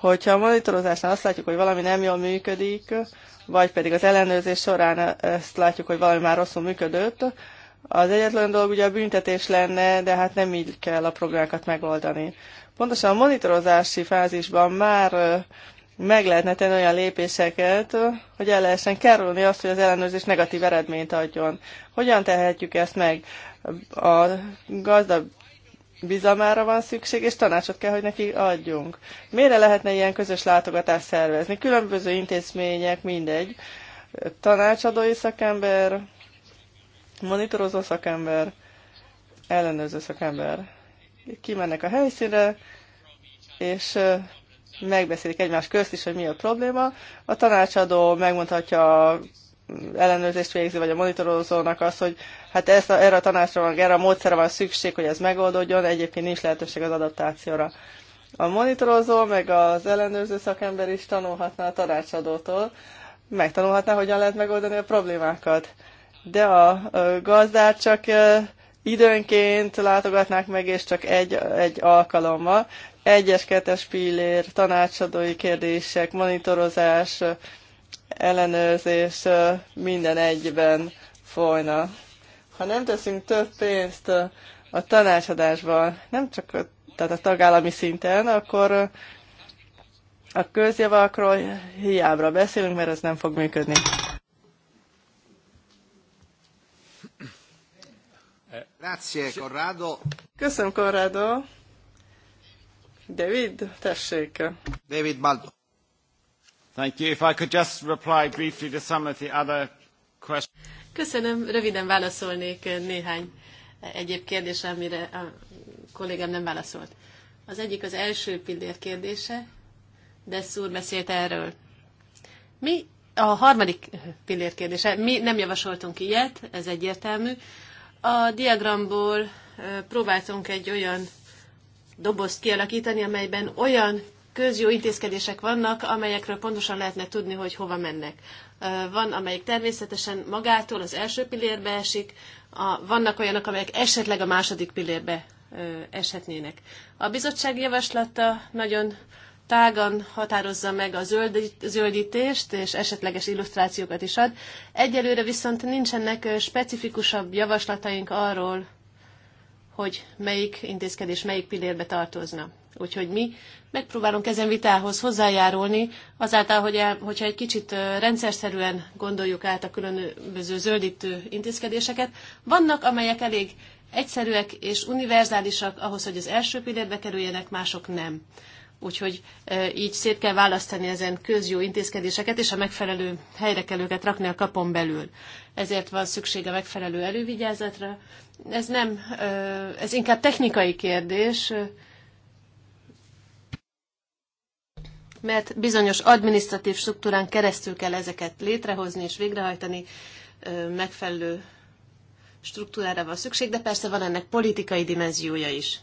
Hogyha a monitorozásnál azt látjuk, hogy valami nem jól működik, vagy pedig az ellenőrzés során ezt látjuk, hogy valami már rosszul működött, az egyetlen dolog ugye a büntetés lenne, de hát nem így kell a problémákat megoldani. Pontosan a monitorozási fázisban már meg lehetne tenni olyan lépéseket, hogy el lehessen kerülni azt, hogy az ellenőrzés negatív eredményt adjon. Hogyan tehetjük ezt meg? A gazda bizalmára van szükség, és tanácsot kell, hogy neki adjunk. Mire lehetne ilyen közös látogatást szervezni? Különböző intézmények, mindegy. Tanácsadói szakember, monitorozó szakember, ellenőrző szakember. Kimennek a helyszínre, és megbeszélik egymás közt is, hogy mi a probléma. A tanácsadó megmondhatja ellenőrzést végzi, vagy a monitorozónak az, hogy hát ezt a, erre a tanácsra van, erre a módszerre van szükség, hogy ez megoldódjon, egyébként nincs lehetőség az adaptációra. A monitorozó, meg az ellenőrző szakember is tanulhatna a tanácsadótól, megtanulhatná, hogyan lehet megoldani a problémákat de a gazdát csak időnként látogatnák meg, és csak egy, egy alkalommal. Egyes, kettes pillér, tanácsadói kérdések, monitorozás, ellenőrzés minden egyben folyna. Ha nem teszünk több pénzt a tanácsadásban, nem csak a, tehát a tagállami szinten, akkor a közjavakról hiábra beszélünk, mert ez nem fog működni. Grazie, Corrado. Köszönöm, Corrado. David, tessék. David Baldo. Thank you. If I could just reply briefly to some of the other questions. Köszönöm, röviden válaszolnék néhány egyéb kérdésre, amire a kollégám nem válaszolt. Az egyik az első pillér kérdése, de úr beszélt erről. Mi a harmadik pillér kérdése, mi nem javasoltunk ilyet, ez egyértelmű, a diagramból próbáltunk egy olyan dobozt kialakítani, amelyben olyan közjó intézkedések vannak, amelyekről pontosan lehetne tudni, hogy hova mennek. Van, amelyik természetesen magától az első pillérbe esik, a, vannak olyanok, amelyek esetleg a második pillérbe eshetnének. A bizottság javaslata nagyon tágan határozza meg a zöldítést, és esetleges illusztrációkat is ad. Egyelőre viszont nincsenek specifikusabb javaslataink arról, hogy melyik intézkedés melyik pillérbe tartozna. Úgyhogy mi megpróbálunk ezen vitához hozzájárulni, azáltal, hogy el, hogyha egy kicsit rendszerszerűen gondoljuk át a különböző zöldítő intézkedéseket, vannak, amelyek elég egyszerűek és univerzálisak ahhoz, hogy az első pillérbe kerüljenek, mások nem. Úgyhogy így szét kell választani ezen közjó intézkedéseket, és a megfelelő helyre kell őket rakni a kapon belül. Ezért van szükség a megfelelő elővigyázatra. Ez nem, ez inkább technikai kérdés, mert bizonyos adminisztratív struktúrán keresztül kell ezeket létrehozni és végrehajtani, megfelelő struktúrára van szükség, de persze van ennek politikai dimenziója is.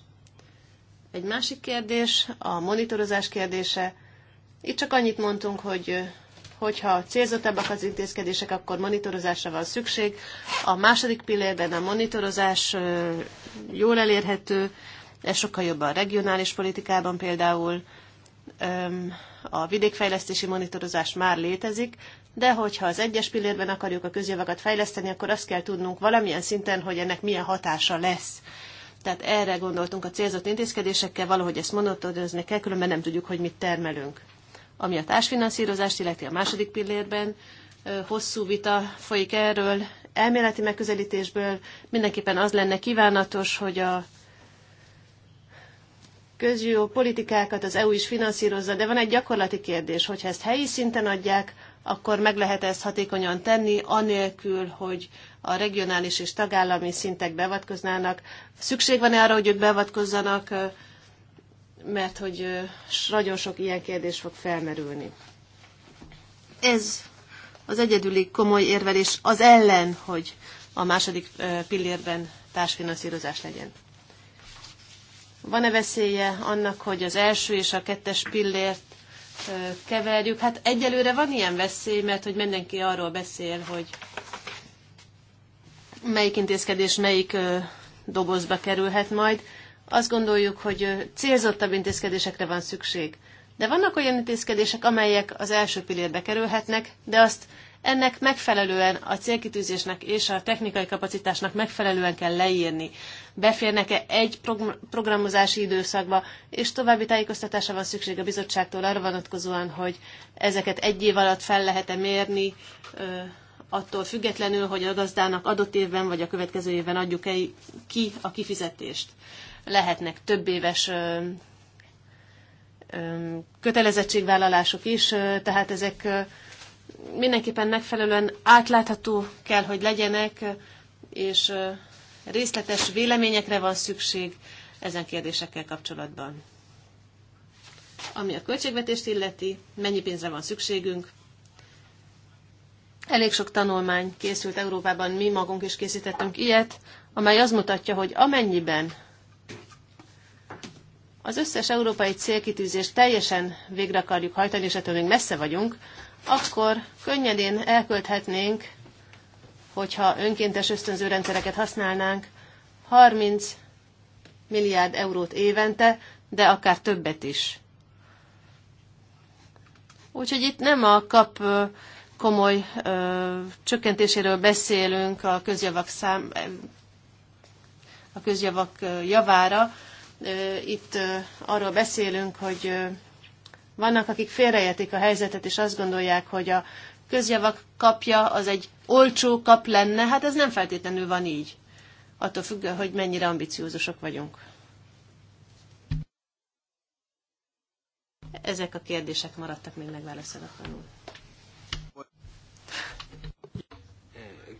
Egy másik kérdés, a monitorozás kérdése. Itt csak annyit mondtunk, hogy hogyha célzottabbak az intézkedések, akkor monitorozásra van szükség. A második pillérben a monitorozás jól elérhető, ez sokkal jobb a regionális politikában például. A vidékfejlesztési monitorozás már létezik, de hogyha az egyes pillérben akarjuk a közjavakat fejleszteni, akkor azt kell tudnunk valamilyen szinten, hogy ennek milyen hatása lesz tehát erre gondoltunk a célzott intézkedésekkel, valahogy ezt monitorozni kell, különben nem tudjuk, hogy mit termelünk. Ami a társfinanszírozást illeti a második pillérben, hosszú vita folyik erről, elméleti megközelítésből mindenképpen az lenne kívánatos, hogy a közjó politikákat az EU is finanszírozza, de van egy gyakorlati kérdés, hogyha ezt helyi szinten adják, akkor meg lehet ezt hatékonyan tenni, anélkül, hogy a regionális és tagállami szintek beavatkoznának. Szükség van-e arra, hogy ők beavatkozzanak, mert hogy nagyon sok ilyen kérdés fog felmerülni. Ez az egyedüli komoly érvelés az ellen, hogy a második pillérben társfinanszírozás legyen. Van-e veszélye annak, hogy az első és a kettes pillért keverjük. Hát egyelőre van ilyen veszély, mert hogy mindenki arról beszél, hogy melyik intézkedés melyik dobozba kerülhet majd. Azt gondoljuk, hogy célzottabb intézkedésekre van szükség. De vannak olyan intézkedések, amelyek az első pillérbe kerülhetnek, de azt ennek megfelelően a célkitűzésnek és a technikai kapacitásnak megfelelően kell leírni. Beférnek-e egy programozási időszakba, és további tájékoztatásra van szükség a bizottságtól arra vonatkozóan, hogy ezeket egy év alatt fel lehet-e mérni, attól függetlenül, hogy a gazdának adott évben vagy a következő évben adjuk-e ki a kifizetést. Lehetnek több éves kötelezettségvállalások is, tehát ezek mindenképpen megfelelően átlátható kell, hogy legyenek, és részletes véleményekre van szükség ezen kérdésekkel kapcsolatban. Ami a költségvetést illeti, mennyi pénzre van szükségünk. Elég sok tanulmány készült Európában, mi magunk is készítettünk ilyet, amely azt mutatja, hogy amennyiben az összes európai célkitűzést teljesen végre akarjuk hajtani, és ettől még messze vagyunk, akkor könnyedén elkölthetnénk, hogyha önkéntes ösztönző rendszereket használnánk, 30 milliárd eurót évente, de akár többet is. Úgyhogy itt nem a kap komoly ö, csökkentéséről beszélünk a közjavak, szám, a közjavak javára. Itt arról beszélünk, hogy vannak, akik félreértik a helyzetet, és azt gondolják, hogy a közjavak kapja az egy olcsó kap lenne, hát ez nem feltétlenül van így. Attól függ, hogy mennyire ambiciózusok vagyunk. Ezek a kérdések maradtak még megválaszolatlanul.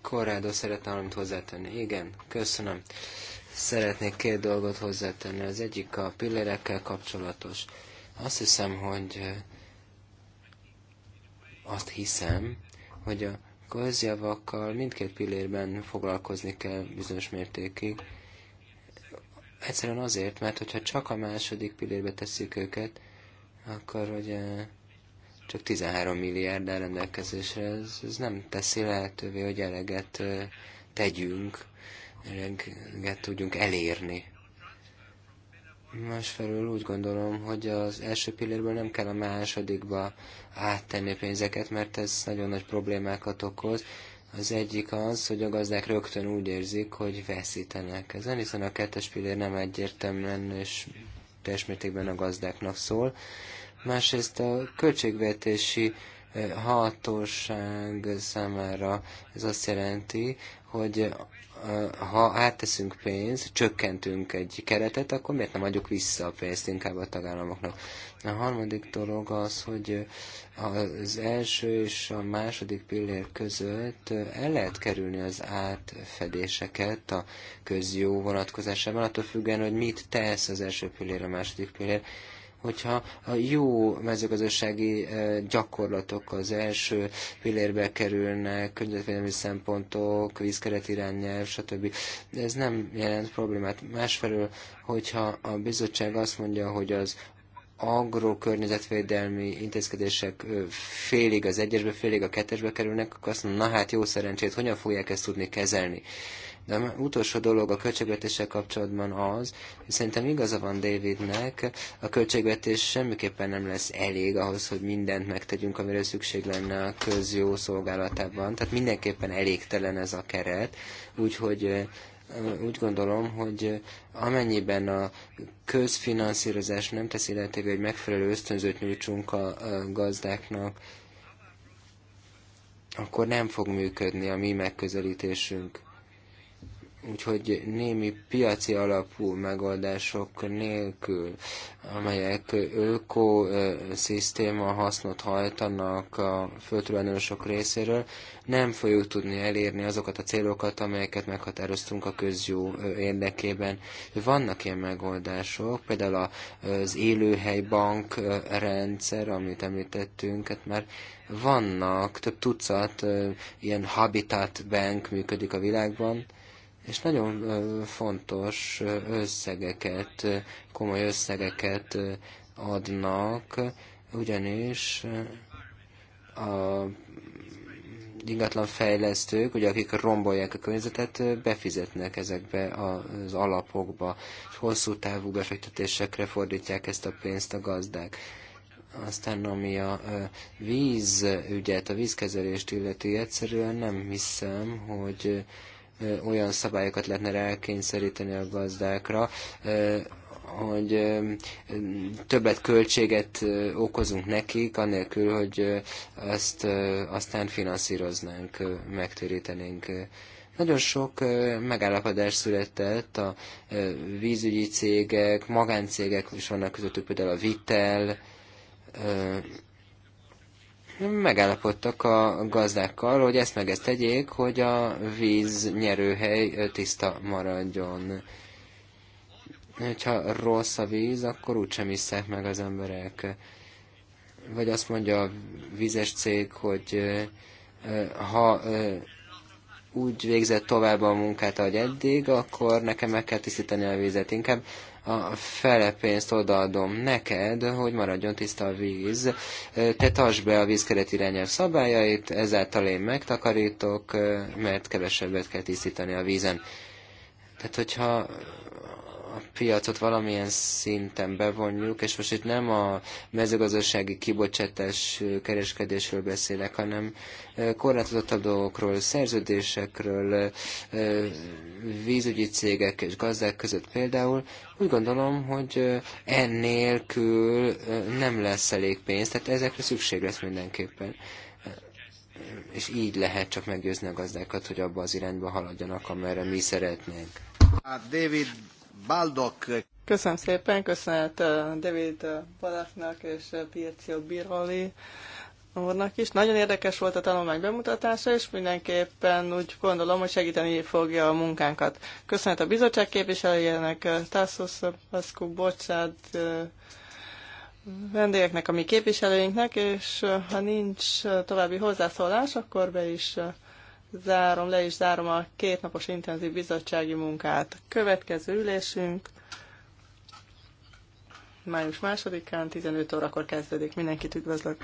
Korrádó szeretne valamit hozzátenni. Igen, köszönöm. Szeretnék két dolgot hozzátenni. Az egyik a pillérekkel kapcsolatos azt hiszem, hogy azt hiszem, hogy a közjavakkal mindkét pillérben foglalkozni kell bizonyos mértékig. Egyszerűen azért, mert hogyha csak a második pillérbe tesszük őket, akkor ugye csak 13 milliárd áll rendelkezésre, ez, ez nem teszi lehetővé, hogy eleget tegyünk, eleget tudjunk elérni. Másfelől úgy gondolom, hogy az első pillérből nem kell a másodikba áttenni pénzeket, mert ez nagyon nagy problémákat okoz. Az egyik az, hogy a gazdák rögtön úgy érzik, hogy veszítenek ezen, hiszen a kettes pillér nem egyértelműen és teljes mértékben a gazdáknak szól. Másrészt a költségvetési eh, hatóság számára ez azt jelenti, hogy Eh, ha átteszünk pénzt, csökkentünk egy keretet, akkor miért nem adjuk vissza a pénzt inkább a tagállamoknak? A harmadik dolog az, hogy eh, az első és a második pillér között eh, el lehet kerülni az átfedéseket a közjó vonatkozásában, attól függően, hogy mit tesz az első pillér, a második pillér hogyha a jó mezőgazdasági gyakorlatok az első pillérbe kerülnek, környezetvédelmi szempontok, vízkeret irányelv, stb. De ez nem jelent problémát. Másfelől, hogyha a bizottság azt mondja, hogy az agrokörnyezetvédelmi intézkedések félig az egyesbe, félig a kettesbe kerülnek, akkor azt mondom, na hát jó szerencsét, hogyan fogják ezt tudni kezelni. De utolsó dolog a költségvetéssel kapcsolatban az, hogy szerintem igaza van Davidnek, a költségvetés semmiképpen nem lesz elég ahhoz, hogy mindent megtegyünk, amire szükség lenne a közjó szolgálatában. Tehát mindenképpen elégtelen ez a keret, úgyhogy úgy gondolom, hogy amennyiben a közfinanszírozás nem teszi lehetővé, hogy megfelelő ösztönzőt nyújtsunk a gazdáknak, akkor nem fog működni a mi megközelítésünk. Úgyhogy némi piaci alapú megoldások nélkül, amelyek ökoszisztéma hasznot hajtanak a földtulajdonosok részéről, nem fogjuk tudni elérni azokat a célokat, amelyeket meghatároztunk a közjó érdekében. Vannak ilyen megoldások, például az élőhelybank rendszer, amit említettünk, hát már vannak több tucat ilyen habitat bank működik a világban, és nagyon fontos összegeket, komoly összegeket adnak, ugyanis a fejlesztők, ugye akik rombolják a környezetet, befizetnek ezekbe az alapokba, és hosszú távú befektetésekre fordítják ezt a pénzt a gazdák. Aztán ami a vízügyet, a vízkezelést illeti, egyszerűen nem hiszem, hogy olyan szabályokat lehetne rákényszeríteni a gazdákra, hogy többet költséget okozunk nekik, anélkül, hogy ezt aztán finanszíroznánk, megtérítenénk. Nagyon sok megállapodás született, a vízügyi cégek, magáncégek is vannak közöttük, például a Vitel, megállapodtak a gazdákkal, hogy ezt meg ezt tegyék, hogy a víz nyerőhely tiszta maradjon. Hogyha rossz a víz, akkor úgysem iszák meg az emberek. Vagy azt mondja a vízes cég, hogy ha úgy végzett tovább a munkát, ahogy eddig, akkor nekem meg kell tisztítani a vizet. Inkább a fele pénzt odaadom neked, hogy maradjon tiszta a víz. Te tartsd be a vízkeret irányelv szabályait, ezáltal én megtakarítok, mert kevesebbet kell tisztítani a vízen. Tehát, hogyha a piacot valamilyen szinten bevonjuk, és most itt nem a mezőgazdasági kibocsátás kereskedésről beszélek, hanem korlátozottabb dolgokról, szerződésekről, vízügyi cégek és gazdák között például. Úgy gondolom, hogy ennélkül nem lesz elég pénz, tehát ezekre szükség lesz mindenképpen és így lehet csak meggyőzni a gazdákat, hogy abba az irányba haladjanak, amerre mi szeretnénk. David Baldock. Köszönöm szépen, köszönet David Balaknak és Pircio Biroli úrnak is. Nagyon érdekes volt a tanulmány bemutatása, és mindenképpen úgy gondolom, hogy segíteni fogja a munkánkat. Köszönet a bizottság képviselőjének, Tassos Pascu, Bocsát, vendégeknek, a mi képviselőinknek, és ha nincs további hozzászólás, akkor be is zárom, le is zárom a kétnapos intenzív bizottsági munkát. Következő ülésünk május másodikán, 15 órakor kezdődik. Mindenkit üdvözlök!